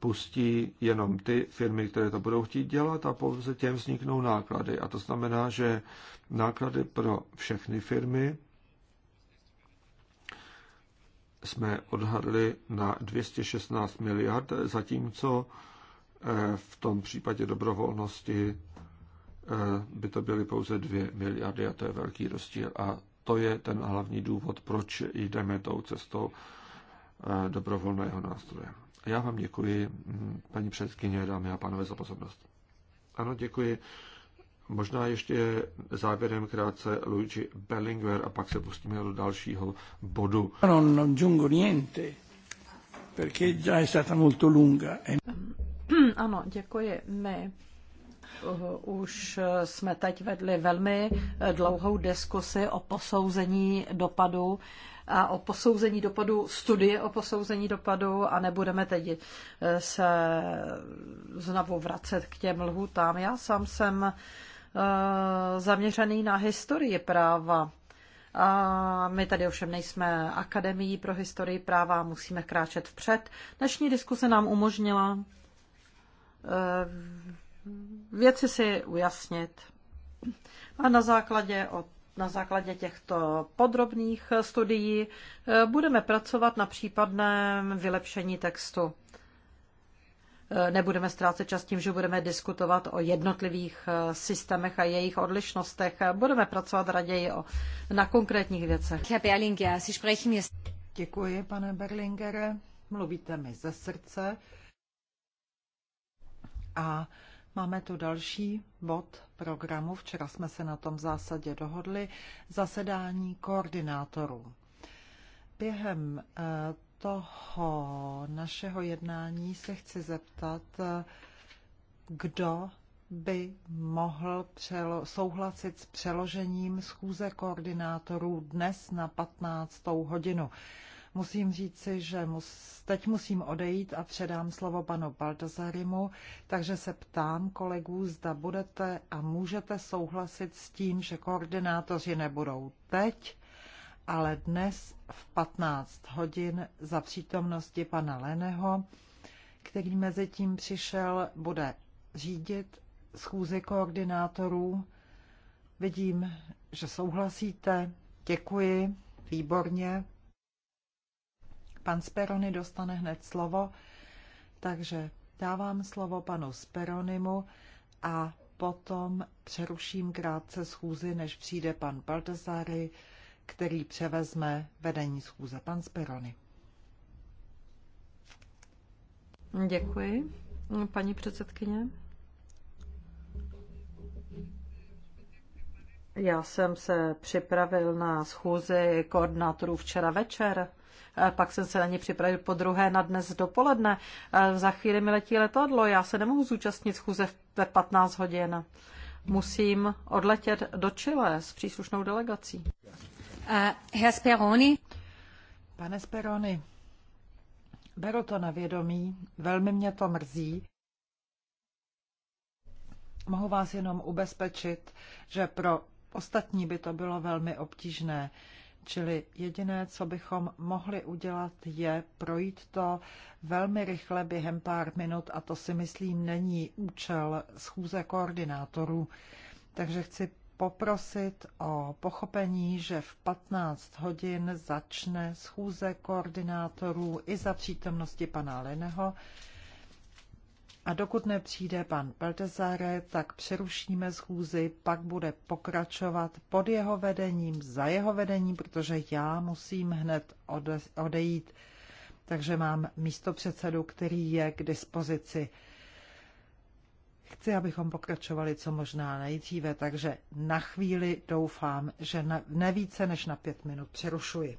pustí jenom ty firmy, které to budou chtít dělat a pouze těm vzniknou náklady. A to znamená, že náklady pro všechny firmy jsme odhadli na 216 miliard, zatímco eh, v tom případě dobrovolnosti Eh, by to byly pouze 2 miliardy a to je velký rozdíl. A to je ten hlavní důvod, proč jdeme tou cestou eh, dobrovolného nástroje. Já vám děkuji, hm, paní předkyně, dámy a pánové, za pozornost. Ano, děkuji. Možná ještě závěrem krátce Luigi Bellinger a pak se pustíme do dalšího bodu. No, no, non, non aggiungo niente, perché già è stata molto lunga. Eh. Ano, děkuji. My už jsme teď vedli velmi dlouhou diskusi o posouzení dopadu a o posouzení dopadu, studie o posouzení dopadu a nebudeme teď se znovu vracet k těm lhůtám. Já sám jsem eh, zaměřený na historii práva. A my tady ovšem nejsme akademií pro historii práva, musíme kráčet vpřed. Dnešní diskuse nám umožnila eh, věci si ujasnit. A na základě, od, na základě těchto podrobných studií eh, budeme pracovat na případném vylepšení textu. Eh, nebudeme ztrácet čas tím, že budeme diskutovat o jednotlivých eh, systémech a jejich odlišnostech. Budeme pracovat raději o, na konkrétních věcech. Děkuji, pane Berlingere. Mluvíte mi ze srdce. A Máme tu další bod programu. Včera jsme se na tom v zásadě dohodli. Zasedání koordinátorů. Během eh, toho našeho jednání se chci zeptat, eh, kdo by mohl přelo- souhlasit s přeložením schůze koordinátorů dnes na 15. hodinu. Musím říci, že mus, teď musím odejít a předám slovo panu Baldazarimu, takže se ptám kolegů, zda budete a můžete souhlasit s tím, že koordinátoři nebudou teď, ale dnes v 15 hodin za přítomnosti pana Leného, který mezi tím přišel, bude řídit schůzi koordinátorů. Vidím, že souhlasíte. Děkuji, výborně. Pan Speroni dostane hned slovo, takže dávám slovo panu Speronimu a potom přeruším krátce schůzi, než přijde pan Baldessari, který převezme vedení schůze. Pan Sperony. Děkuji, paní předsedkyně. Já jsem se připravil na schůzi koordinátorů včera večer Eh, pak jsem se na ně připravil po druhé na dnes dopoledne. Eh, za chvíli mi letí letadlo, já se nemohu zúčastnit schůze ve 15 hodin. Musím odletět do Chile s příslušnou delegací. Eh, Herr Speroni. Pane Speroni, beru to na vědomí, velmi mě to mrzí. Mohu vás jenom ubezpečit, že pro ostatní by to bylo velmi obtížné. Čili jediné, co bychom mohli udělat, je projít to velmi rychle během pár minut a to si myslím není účel schůze koordinátorů. Takže chci poprosit o pochopení, že v 15 hodin začne schůze koordinátorů i za přítomnosti pana Leneho. A dokud nepřijde pan Peltezare, tak přerušíme schůzi, pak bude pokračovat pod jeho vedením, za jeho vedením, protože já musím hned odejít. Takže mám místo předsedu, který je k dispozici. Chci, abychom pokračovali co možná nejdříve, takže na chvíli doufám, že ne více než na pět minut přerušuji.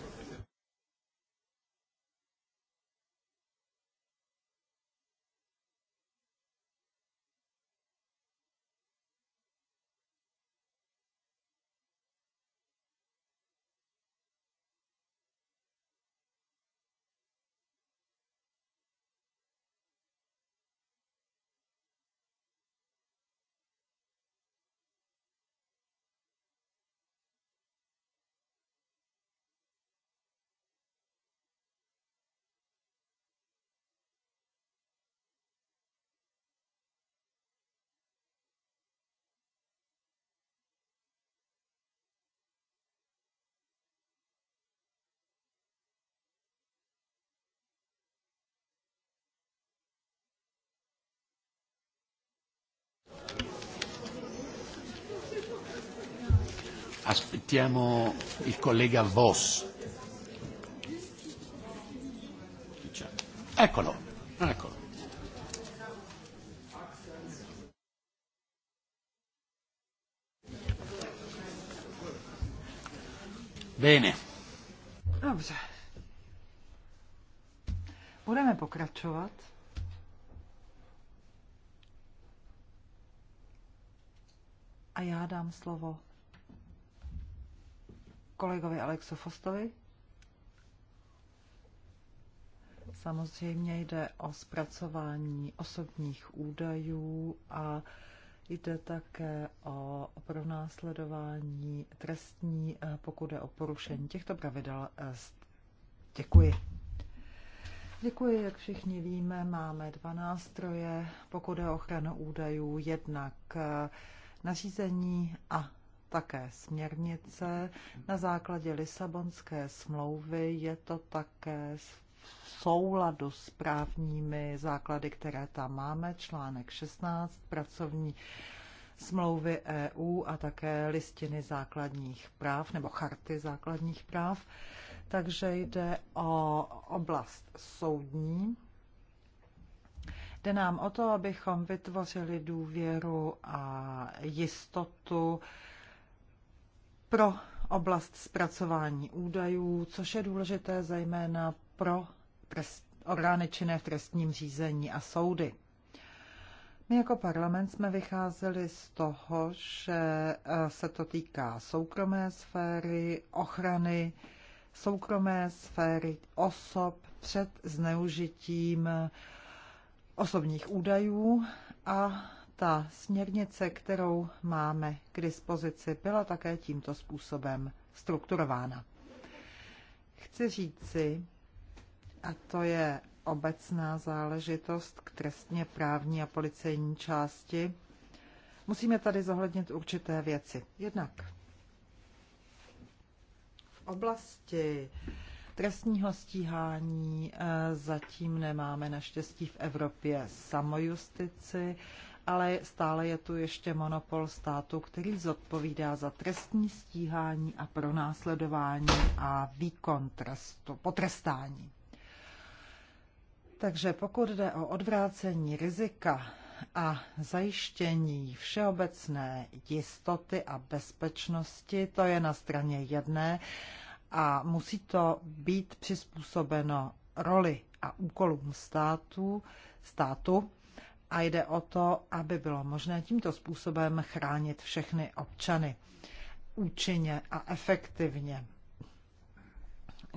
Aspettiamo il collega Voss. Eccolo, eccolo. Bene. Dobře. Budeme pokračovat. A já dám slovo kolegovi Alexu Fostovi. Samozřejmě jde o zpracování osobních údajů a jde také o pronásledování trestní, eh, pokud je o porušení těchto pravidel. Eh, děkuji. Děkuji, jak všichni víme, máme dva nástroje, pokud je o ochranu údajů, jednak eh, nařízení a také směrnice. Na základě Lisabonské smlouvy je to také v souladu s právními základy, které tam máme, článek 16, pracovní smlouvy EU a také listiny základních práv nebo charty základních práv. Takže jde o oblast soudní. Jde nám o to, abychom vytvořili důvěru a jistotu pro oblast zpracování údajů, což je důležité zejména pro trest, orgány činné v trestním řízení a soudy. My jako parlament jsme vycházeli z toho, že e, se to týká soukromé sféry, ochrany soukromé sféry osob před zneužitím e, osobních údajů a ta směrnice, kterou máme k dispozici, byla také tímto způsobem strukturována. Chci říci, a to je obecná záležitost k trestně právní a policejní části, musíme tady zohlednit určité věci. Jednak v oblasti trestního stíhání eh, zatím nemáme naštěstí v Evropě samojustici ale stále je tu ještě monopol státu, který zodpovídá za trestní stíhání a pronásledování a výkon trestu, potrestání. Takže pokud jde o odvrácení rizika a zajištění všeobecné jistoty a bezpečnosti, to je na straně jedné a musí to být přizpůsobeno roli a úkolům státu, státu a jde o to, aby bylo možné tímto způsobem chránit všechny občany účinně a efektivně.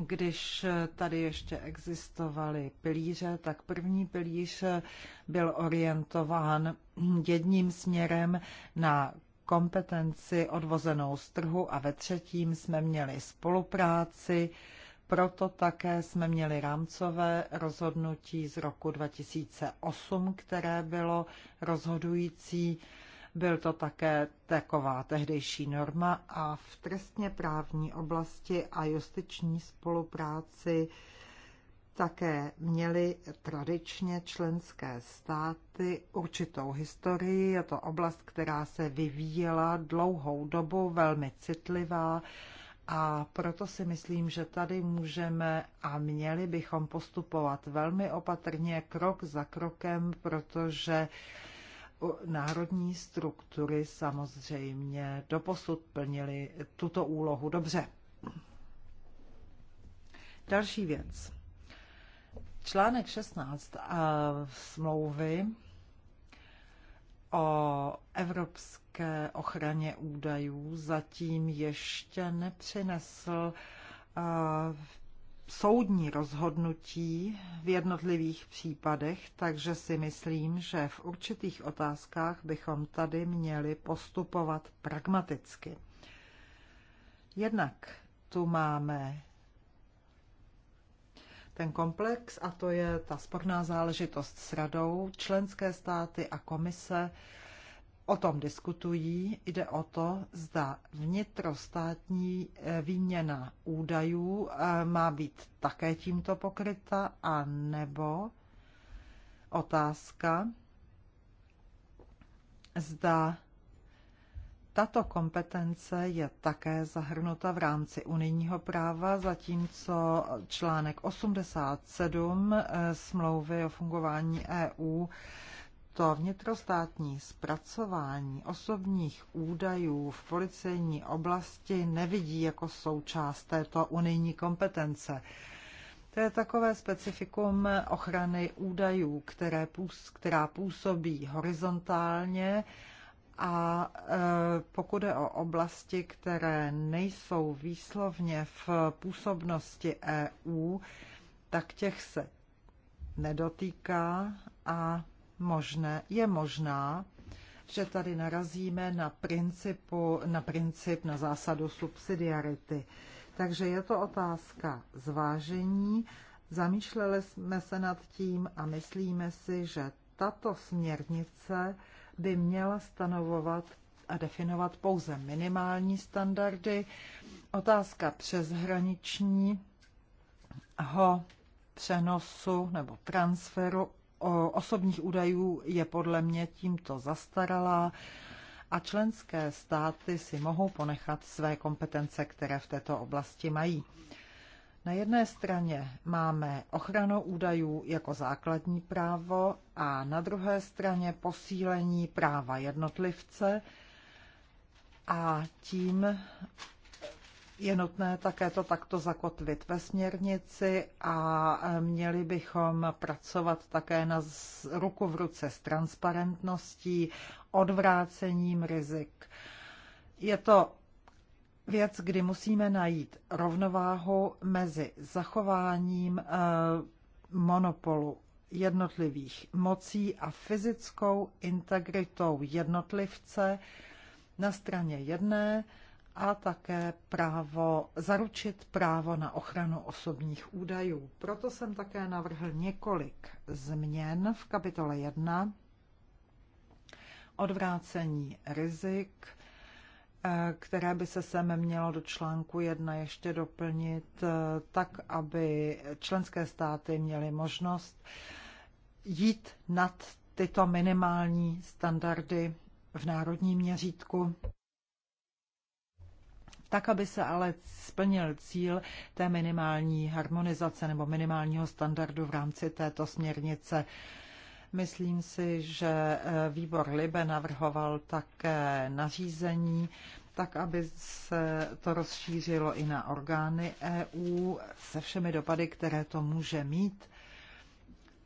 Když tady ještě existovaly pilíře, tak první pilíř byl orientován jedním směrem na kompetenci odvozenou z trhu a ve třetím jsme měli spolupráci proto také jsme měli rámcové rozhodnutí z roku 2008, které bylo rozhodující. Byl to také taková tehdejší norma a v trestně právní oblasti a justiční spolupráci také měly tradičně členské státy určitou historii. Je to oblast, která se vyvíjela dlouhou dobu, velmi citlivá a proto si myslím, že tady můžeme a měli bychom postupovat velmi opatrně, krok za krokem, protože národní struktury samozřejmě doposud plnily tuto úlohu dobře. Další věc. Článek 16 a eh, smlouvy o evropské ochraně údajů zatím ještě nepřinesl eh, soudní rozhodnutí v jednotlivých případech, takže si myslím, že v určitých otázkách bychom tady měli postupovat pragmaticky. Jednak tu máme ten komplex a to je ta sporná záležitost s radou. Členské státy a komise o tom diskutují. Jde o to, zda vnitrostátní eh, výměna údajů eh, má být také tímto pokryta a nebo otázka, zda tato kompetence je také zahrnuta v rámci unijního práva, zatímco článek 87 eh, smlouvy o fungování EU to vnitrostátní zpracování osobních údajů v policejní oblasti nevidí jako součást této unijní kompetence. To je takové specifikum ochrany údajů, které, která působí horizontálně a e, pokud je o oblasti, které nejsou výslovně v působnosti EU, tak těch se nedotýká a možné, je možná, že tady narazíme na, principu, na princip, na zásadu subsidiarity. Takže je to otázka zvážení. Zamýšleli jsme se nad tím a myslíme si, že tato směrnice by měla stanovovat a definovat pouze minimální standardy. Otázka přeshraničního přenosu nebo transferu osobních údajů je podle mě tímto zastaralá a členské státy si mohou ponechat své kompetence, které v této oblasti mají. Na jedné straně máme ochranu údajů jako základní právo a na druhé straně posílení práva jednotlivce a tím je nutné také to takto zakotvit ve směrnici a měli bychom pracovat také na ruku v ruce s transparentností, odvrácením rizik. Je to věc, kdy musíme najít rovnováhu mezi zachováním eh, monopolu jednotlivých mocí a fyzickou integritou jednotlivce na straně jedné a také právo zaručit právo na ochranu osobních údajů. Proto jsem také navrhl několik změn v kapitole 1. Odvrácení rizik, Eh, které by se sem mělo do článku 1 ještě doplnit, eh, tak aby členské státy měly možnost jít nad tyto minimální standardy v národním měřítku, tak aby se ale splnil cíl té minimální harmonizace nebo minimálního standardu v rámci této směrnice. Myslím si, že eh, výbor Libe navrhoval také nařízení, tak aby se to rozšířilo i na orgány EU se všemi dopady, které to může mít.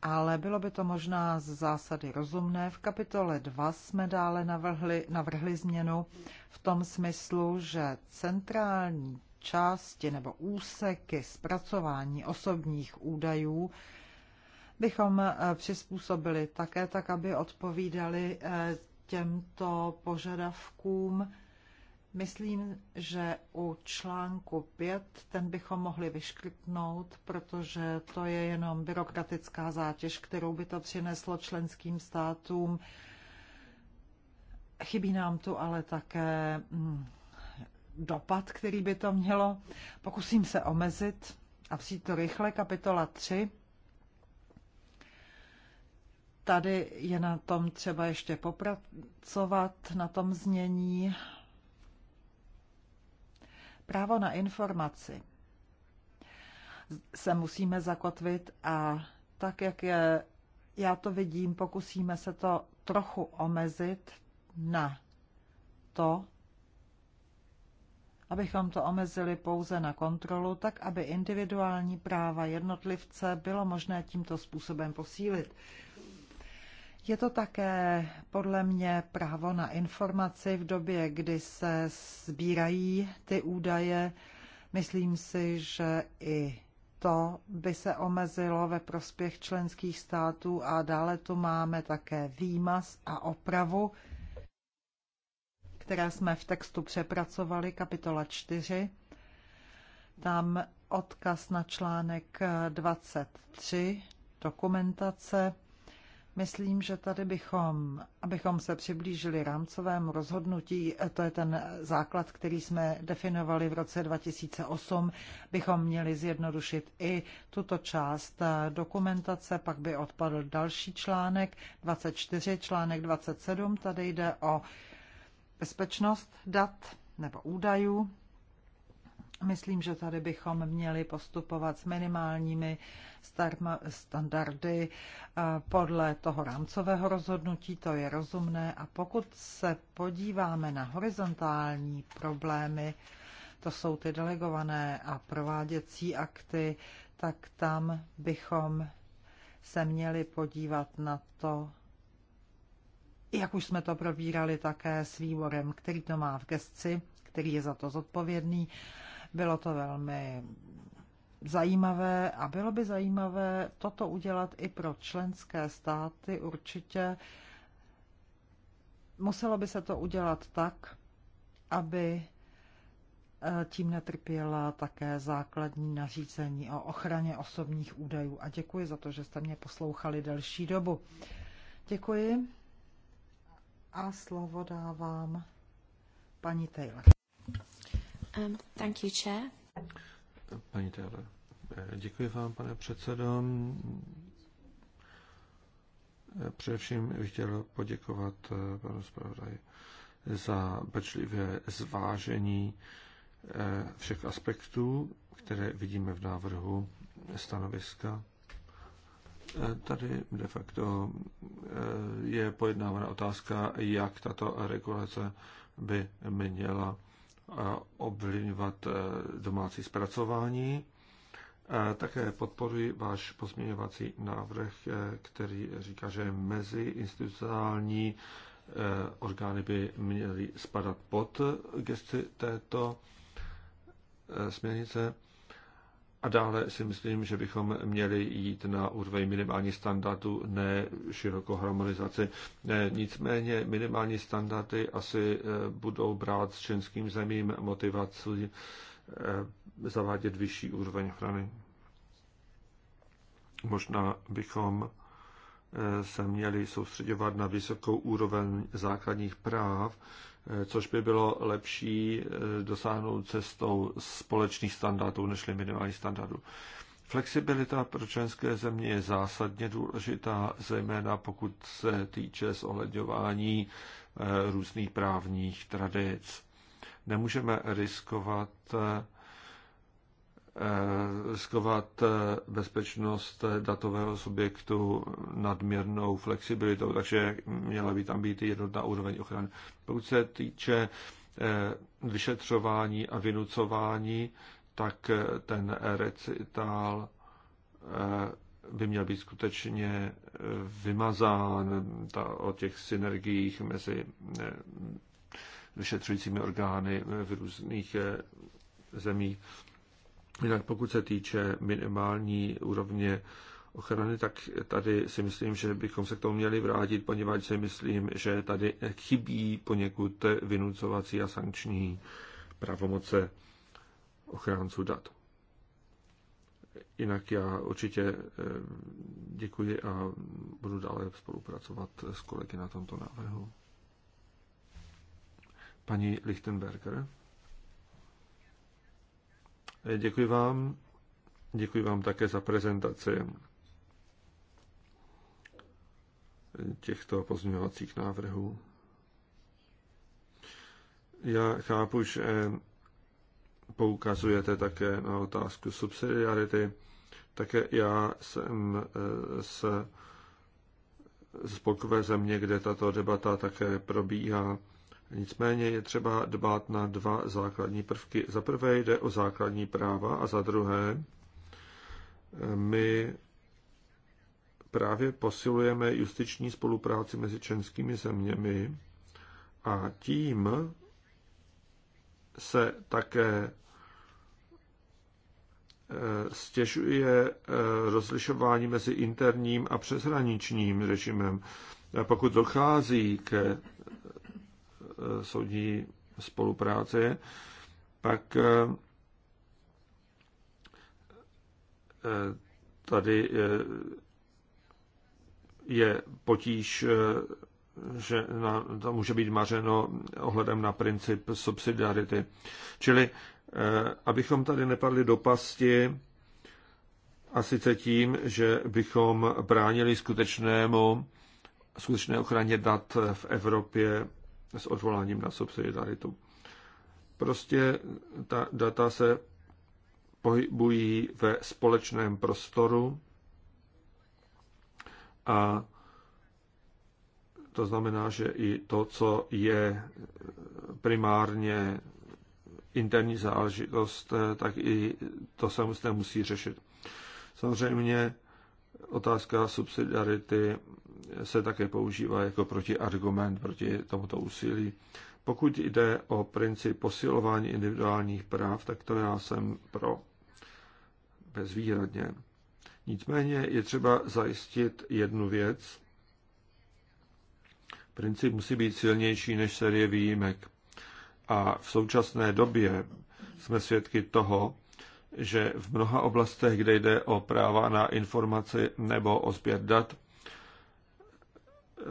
Ale bylo by to možná z zásady rozumné. V kapitole 2 jsme dále navrhli, navrhli změnu v tom smyslu, že centrální části nebo úseky zpracování osobních údajů bychom eh, přizpůsobili také tak, aby odpovídali eh, těmto požadavkům. Myslím, že u článku 5 ten bychom mohli vyškrtnout, protože to je jenom byrokratická zátěž, kterou by to přineslo členským státům. Chybí nám tu ale také mm, dopad, který by to mělo. Pokusím se omezit a přijít to rychle. Kapitola 3. Tady je na tom třeba ještě popracovat, na tom znění. Právo na informaci se musíme zakotvit a tak, jak je, já to vidím, pokusíme se to trochu omezit na to, abychom to omezili pouze na kontrolu, tak aby individuální práva jednotlivce bylo možné tímto způsobem posílit. Je to také podle mě právo na informaci v době, kdy se sbírají ty údaje. Myslím si, že i to by se omezilo ve prospěch členských států a dále tu máme také výmaz a opravu, které jsme v textu přepracovali, kapitola 4. Tam odkaz na článek 23 dokumentace Myslím, že tady bychom, abychom se přiblížili rámcovému rozhodnutí, to je ten základ, který jsme definovali v roce 2008, bychom měli zjednodušit i tuto část dokumentace, pak by odpadl další článek 24, článek 27, tady jde o bezpečnost dat nebo údajů. Myslím, že tady bychom měli postupovat s minimálními standardy eh, podle toho rámcového rozhodnutí, to je rozumné. A pokud se podíváme na horizontální problémy, to jsou ty delegované a prováděcí akty, tak tam bychom se měli podívat na to, jak už jsme to probírali také s výborem, který to má v gesci, který je za to zodpovědný, bylo to velmi zajímavé a bylo by zajímavé toto udělat i pro členské státy určitě. Muselo by se to udělat tak, aby eh, tím netrpěla také základní nařízení o ochraně osobních údajů. A děkuji za to, že jste mě poslouchali delší dobu. Děkuji a slovo dávám paní Taylor. Um, thank you, chair. Paní Taylor, eh, děkuji vám, pane předsedo. Eh, především bych chtěl poděkovat eh, panu zpravodaji za pečlivé zvážení všech aspektů, které vidíme v návrhu stanoviska. Tady de facto je pojednávána otázka, jak tato regulace by měla ovlivňovat eh, domácí zpracování. Také podporuji váš pozměňovací návrh, eh, který říká, že mezi institucionální eh, orgány by měly spadat pod gesty této směrnice. A dále si myslím, že bychom měli jít na úroveň minimální standardu, ne širokou harmonizaci. E, nicméně minimální standardy asi e, budou brát s členským zemím motivaci e, zavádět vyšší úroveň ochrany. Možná bychom se měli soustředovat na vysokou úroveň základních práv, Eh, což by bylo lepší eh, dosáhnout cestou společných standardů než minimálních standardů. Flexibilita pro členské země je zásadně důležitá, zejména pokud se týče zohledňování eh, různých právních tradic. Nemůžeme riskovat Eh, skovat eh, bezpečnost datového subjektu nadměrnou flexibilitou, takže měla by tam být jednotná úroveň ochrany. Pokud se týče eh, vyšetřování a vynucování, tak ten recital by měl být skutečně vymazán ta, o těch synergiích mezi vyšetřujícími orgány v různých zemích. Jinak pokud se týče minimální úrovně ochrany, tak tady si myslím, že bychom se k tomu měli vrátit, poněvadž si myslím, že tady chybí poněkud vynucovací a sankční pravomoce ochránců dat. Jinak já určitě eh, děkuji a budu dále spolupracovat s kolegy na tomto návrhu. Paní Lichtenberger. Děkuji vám. Děkuji vám také za prezentaci těchto pozměňovacích návrhů. Já chápu, že poukazujete také na otázku subsidiarity. Také já jsem eh, se z země, kde tato debata také probíhá Nicméně je třeba dbát na dva základní prvky. Za prvé jde o základní práva a za druhé eh, my právě posilujeme justiční spolupráci mezi členskými zeměmi a tím se také eh, stěžuje eh, rozlišování mezi interním a přeshraničním režimem. Pokud dochází ke Eh, soudní spolupráce, pak eh, eh, tady je potíž, že na, to může být mařeno ohledem na princip subsidiarity. Čili abychom tady nepadli do pasti, a sice tím, že bychom bránili skutečnému, skutečné ochraně dat v Evropě s odvoláním na subsidiaritu. Prostě ta data se pohybují ve společném prostoru a to znamená, že i to, co je primárně interní záležitost, tak i to se musí řešit. Samozřejmě otázka subsidiarity se také používá jako protiargument proti tomuto úsilí. Pokud jde o princip posilování individuálních práv, tak to já jsem pro bezvýhradně. Nicméně je třeba zajistit jednu věc. Princip musí být silnější než série výjimek. A v současné době jsme svědky toho, že v mnoha oblastech, kde jde o práva na informaci nebo o sběr dat, eh,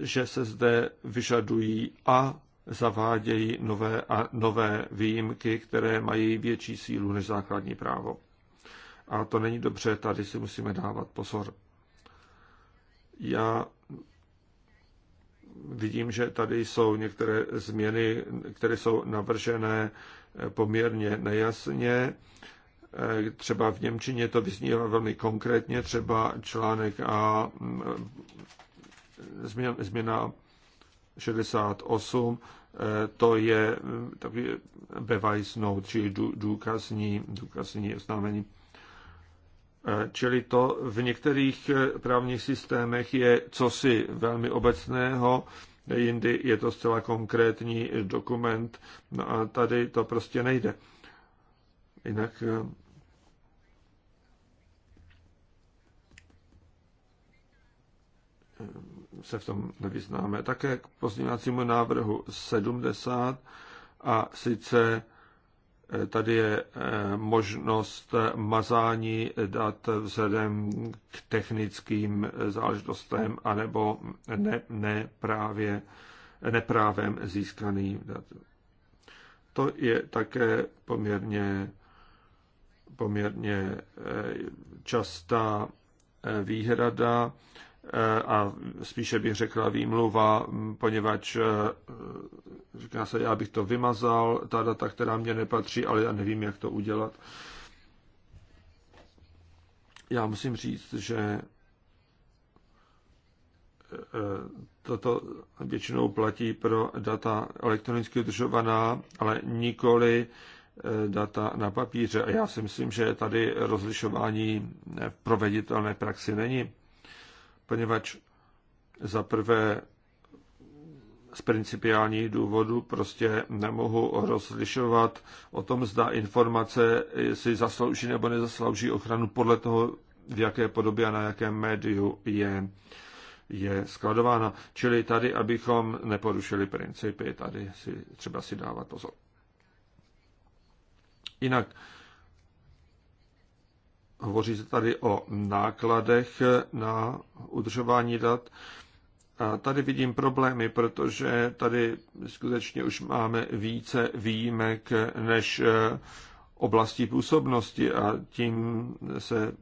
že se zde vyžadují a zavádějí nové a nové výjimky, které mají větší sílu než základní právo. A to není dobře, tady si musíme dávat pozor. Já vidím, že tady jsou některé změny, které jsou navržené poměrně nejasně. Eh, třeba v Němčině to vyznívá velmi konkrétně, třeba článek a mm, změna 68, eh, to je mm, takový bevice note, čili důkazní, důkazní oznámení. Eh, čili to v některých právních systémech je cosi velmi obecného, jindy je to zcela konkrétní dokument no a tady to prostě nejde. Jinak eh, eh, se v tom nevyznáme. Také k pozdějnácímu návrhu 70 a sice Tady je eh, možnost mazání dat vzhledem k technickým eh, záležitostem anebo ne, ne právě, neprávem získaným datům. To je také poměrně, poměrně eh, častá výhrada Eh, a spíše bych řekla výmluva, poněvadž eh, říká se, já bych to vymazal, ta data, která mě nepatří, ale já nevím, jak to udělat. Já musím říct, že eh, toto většinou platí pro data elektronicky udržovaná, ale nikoli data na papíře. A já si myslím, že tady rozlišování proveditelné praxi není poněvadž za prvé z principiálních důvodů prostě nemohu rozlišovat o tom, zda informace si zaslouží nebo nezaslouží ochranu podle toho, v jaké podobě a na jakém médiu je, je skladována. Čili tady, abychom neporušili principy, tady si třeba si dávat pozor. Jinak Hovoří se tady o nákladech na udržování dat. A tady vidím problémy, protože tady skutečně už máme více výjimek než eh, oblastí působnosti a tím se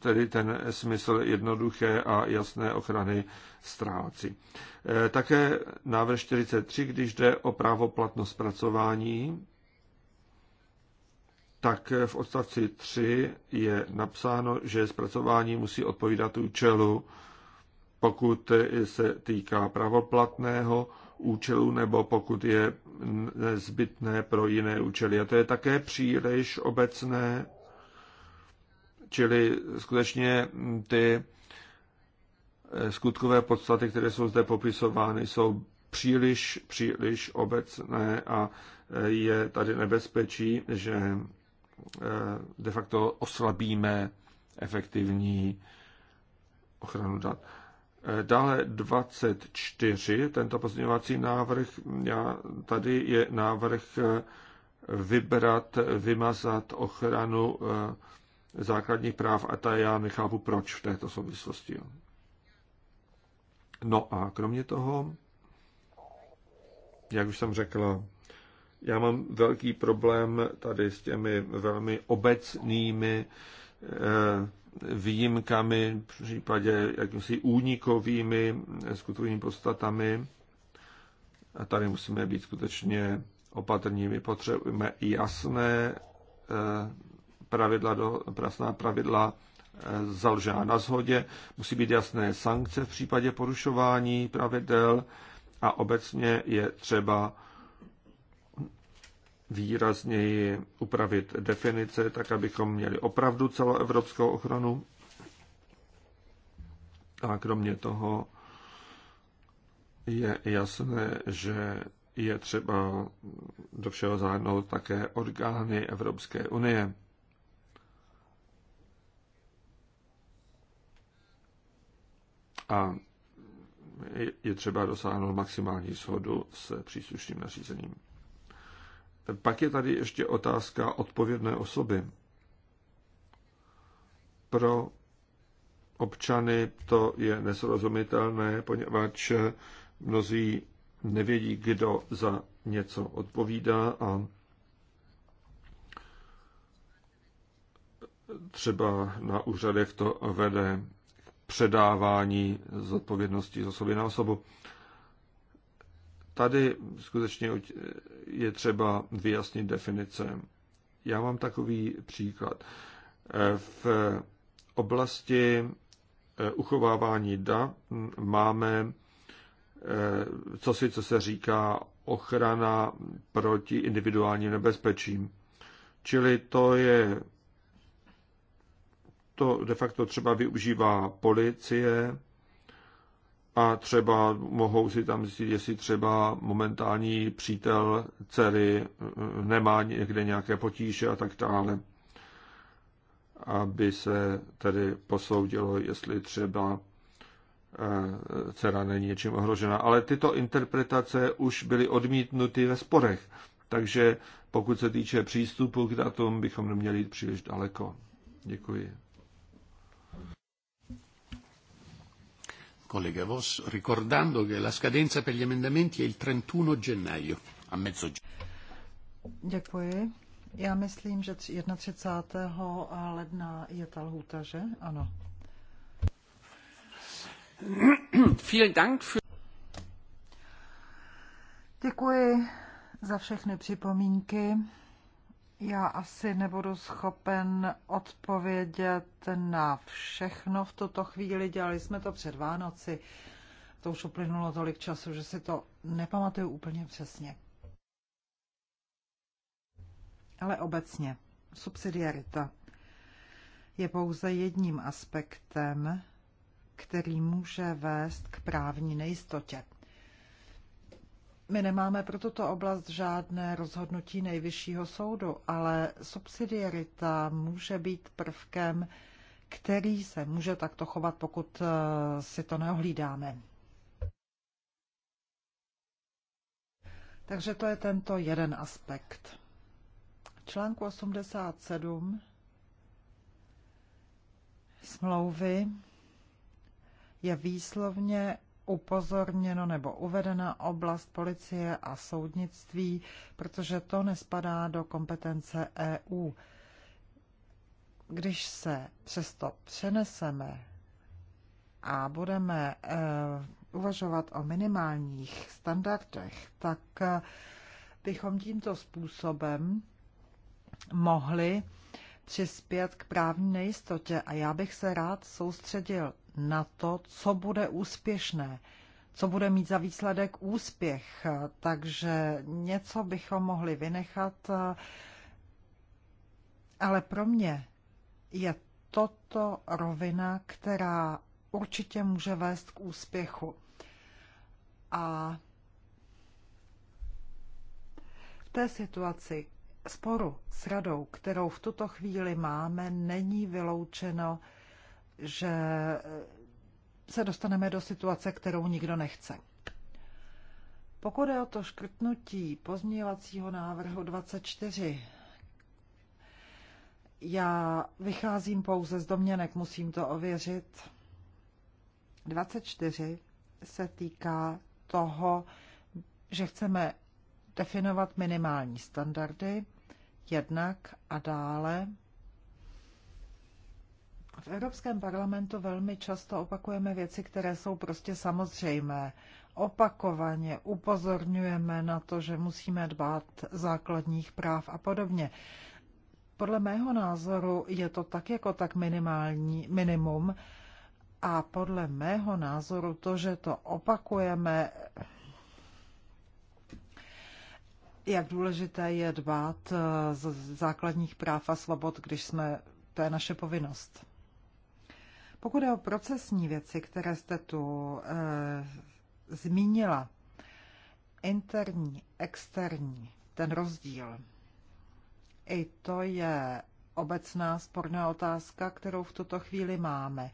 tedy ten smysl jednoduché a jasné ochrany ztrácí. Eh, také návrh 43, když jde o právoplatnost pracování, tak v odstavci 3 je napsáno, že zpracování musí odpovídat účelu, pokud se týká pravoplatného účelu nebo pokud je nezbytné pro jiné účely. A to je také příliš obecné, čili skutečně ty eh, skutkové podstaty, které jsou zde popisovány, jsou příliš, příliš obecné a eh, je tady nebezpečí, že Eh, de facto oslabíme efektivní ochranu dat. Eh, dále 24, tento pozměňovací návrh, já, tady je návrh eh, vybrat, vymazat ochranu základních práv a ta já nechápu proč v této souvislosti. No a kromě toho, jak už jsem řekla, já mám velký problém tady s těmi velmi obecnými eh, výjimkami, v případě jakýmsi únikovými eh, skutkovými podstatami. A tady musíme být skutečně opatrní. My potřebujeme jasné eh, pravidla, do, prasná pravidla založená na shodě, musí být jasné sankce v případě porušování pravidel a obecně je třeba výrazněji upravit definice, tak abychom měli opravdu celoevropskou ochranu. A kromě toho je jasné, že je třeba do všeho zahrnout také orgány Evropské unie. A je třeba dosáhnout maximální shodu s příslušným nařízením. Pak je tady ještě otázka odpovědné osoby. Pro občany to je nesrozumitelné, poněvadž mnozí nevědí, kdo za něco odpovídá a třeba na úřadech to vede k předávání zodpovědnosti z osoby na osobu tady skutečně je třeba vyjasnit definice. Já mám takový příklad. V oblasti eh, uchovávání dat máme eh, co si, co se říká ochrana proti individuálním nebezpečím. Čili to je, to de facto třeba využívá policie, a třeba mohou si tam zjistit, jestli třeba momentální přítel dcery eh, nemá někde nějaké potíže a tak dále, aby se tedy posoudilo, jestli třeba eh, dcera není něčím ohrožena. Ale tyto interpretace už byly odmítnuty ve sporech, takže pokud se týče přístupu k datům, bychom neměli jít příliš daleko. Děkuji. collega Voss, ricordando che la scadenza per gli emendamenti è il 31 gennaio a mezzogiorno. Děkuji. Já myslím, že 31. ledna je ta lhůta, že? Ano. Vielen Dank für... Děkuji za všechny připomínky. Já asi nebudu schopen odpovědět na všechno v tuto chvíli. Dělali jsme to před Vánoci. To už uplynulo tolik času, že si to nepamatuju úplně přesně. Ale obecně, subsidiarita je pouze jedním aspektem, který může vést k právní nejistotě. My nemáme pro tuto oblast žádné rozhodnutí nejvyššího soudu, ale subsidiarita může být prvkem, který se může takto chovat, pokud eh, si to neohlídáme. Takže to je tento jeden aspekt. Článku 87 smlouvy je výslovně upozorněno nebo uvedena oblast policie a soudnictví, protože to nespadá do kompetence EU. Když se přesto přeneseme a budeme eh, uvažovat o minimálních standardech, tak eh, bychom tímto způsobem mohli přispět k právní nejistotě a já bych se rád soustředil na to, co bude úspěšné, co bude mít za výsledek úspěch. Takže něco bychom mohli vynechat, ale pro mě je toto rovina, která určitě může vést k úspěchu. A v té situaci sporu s radou, kterou v tuto chvíli máme, není vyloučeno, že se dostaneme do situace, kterou nikdo nechce. Pokud je o to škrtnutí pozměňovacího návrhu 24, já vycházím pouze z domněnek, musím to ověřit. 24 se týká toho, že chceme definovat minimální standardy jednak a dále v Evropském parlamentu velmi často opakujeme věci, které jsou prostě samozřejmé. Opakovaně upozorňujeme na to, že musíme dbát základních práv a podobně. Podle mého názoru je to tak jako tak minimální minimum a podle mého názoru to, že to opakujeme, jak důležité je dbát eh, z základních práv a svobod, když jsme, to je naše povinnost. Pokud je o procesní věci, které jste tu e, zmínila, interní, externí, ten rozdíl, i to je obecná sporná otázka, kterou v tuto chvíli máme.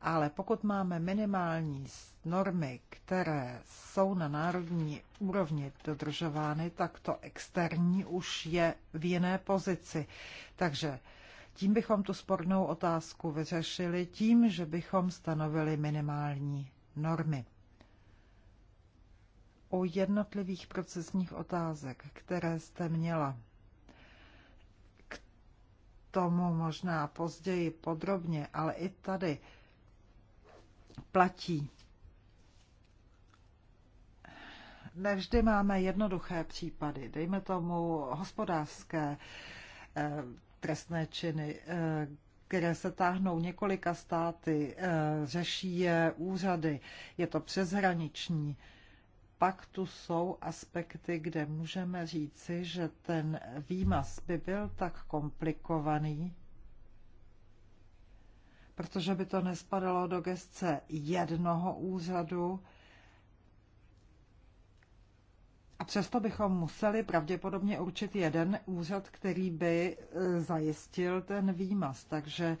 Ale pokud máme minimální normy, které jsou na národní úrovni dodržovány, tak to externí už je v jiné pozici. Takže tím bychom tu spornou otázku vyřešili tím, že bychom stanovili minimální normy. U jednotlivých procesních otázek, které jste měla, k tomu možná později podrobně, ale i tady platí. Nevždy máme jednoduché případy, dejme tomu hospodářské eh, trestné činy, eh, které se táhnou několika státy, eh, řeší je úřady, je to přeshraniční. Pak tu jsou aspekty, kde můžeme říci, že ten výmaz by byl tak komplikovaný, protože by to nespadalo do gestce jednoho úřadu, a přesto bychom museli pravděpodobně určit jeden úřad, který by e, zajistil ten výmaz. Takže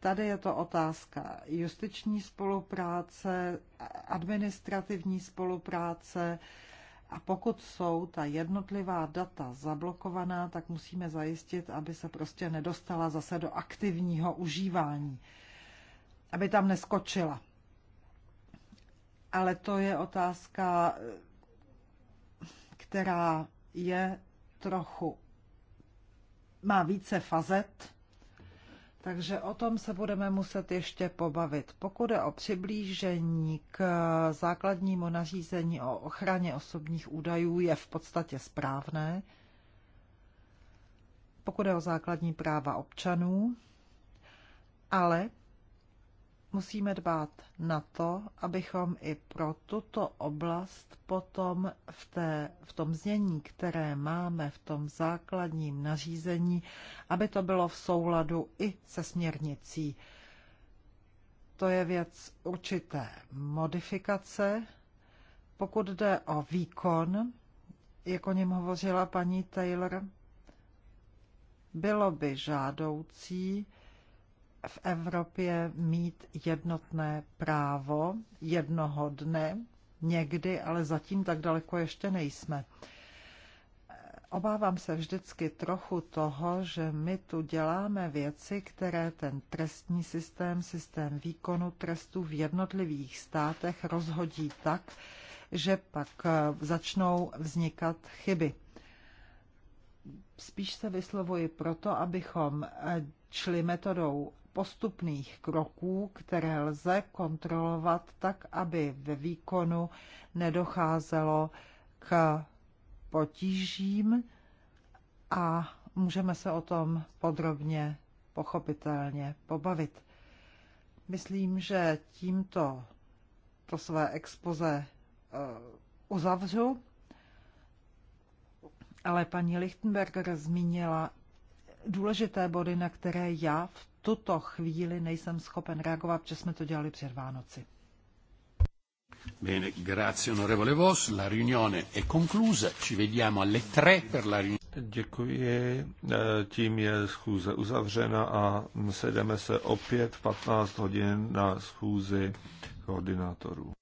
tady je to otázka justiční spolupráce, administrativní spolupráce. A pokud jsou ta jednotlivá data zablokovaná, tak musíme zajistit, aby se prostě nedostala zase do aktivního užívání, aby tam neskočila. Ale to je otázka která je trochu, má více fazet, takže o tom se budeme muset ještě pobavit. Pokud je o přiblížení k základnímu nařízení o ochraně osobních údajů, je v podstatě správné. Pokud je o základní práva občanů, ale musíme dbát na to, abychom i pro tuto oblast potom v, té, v tom znění, které máme v tom základním nařízení, aby to bylo v souladu i se směrnicí. To je věc určité modifikace. Pokud jde o výkon, jak o něm hovořila paní Taylor, bylo by žádoucí, v Evropě mít jednotné právo jednoho dne, někdy, ale zatím tak daleko ještě nejsme. Obávám se vždycky trochu toho, že my tu děláme věci, které ten trestní systém, systém výkonu trestů v jednotlivých státech rozhodí tak, že pak eh, začnou vznikat chyby. Spíš se vyslovuji proto, abychom eh, šli metodou postupných kroků, které lze kontrolovat tak, aby ve výkonu nedocházelo k potížím a můžeme se o tom podrobně pochopitelně pobavit. Myslím, že tímto to své expoze eh, uzavřu, ale paní Lichtenberger zmínila důležité body, na které já v tuto chvíli nejsem schopen reagovat, protože jsme to dělali před Vánoci. Bene, grazie onorevole Vos, la riunione è conclusa, ci vediamo alle tre per la riunione. Děkuji, e, tím je schůze uzavřena a sedeme se opět v 15 hodin na schůzi koordinátorů.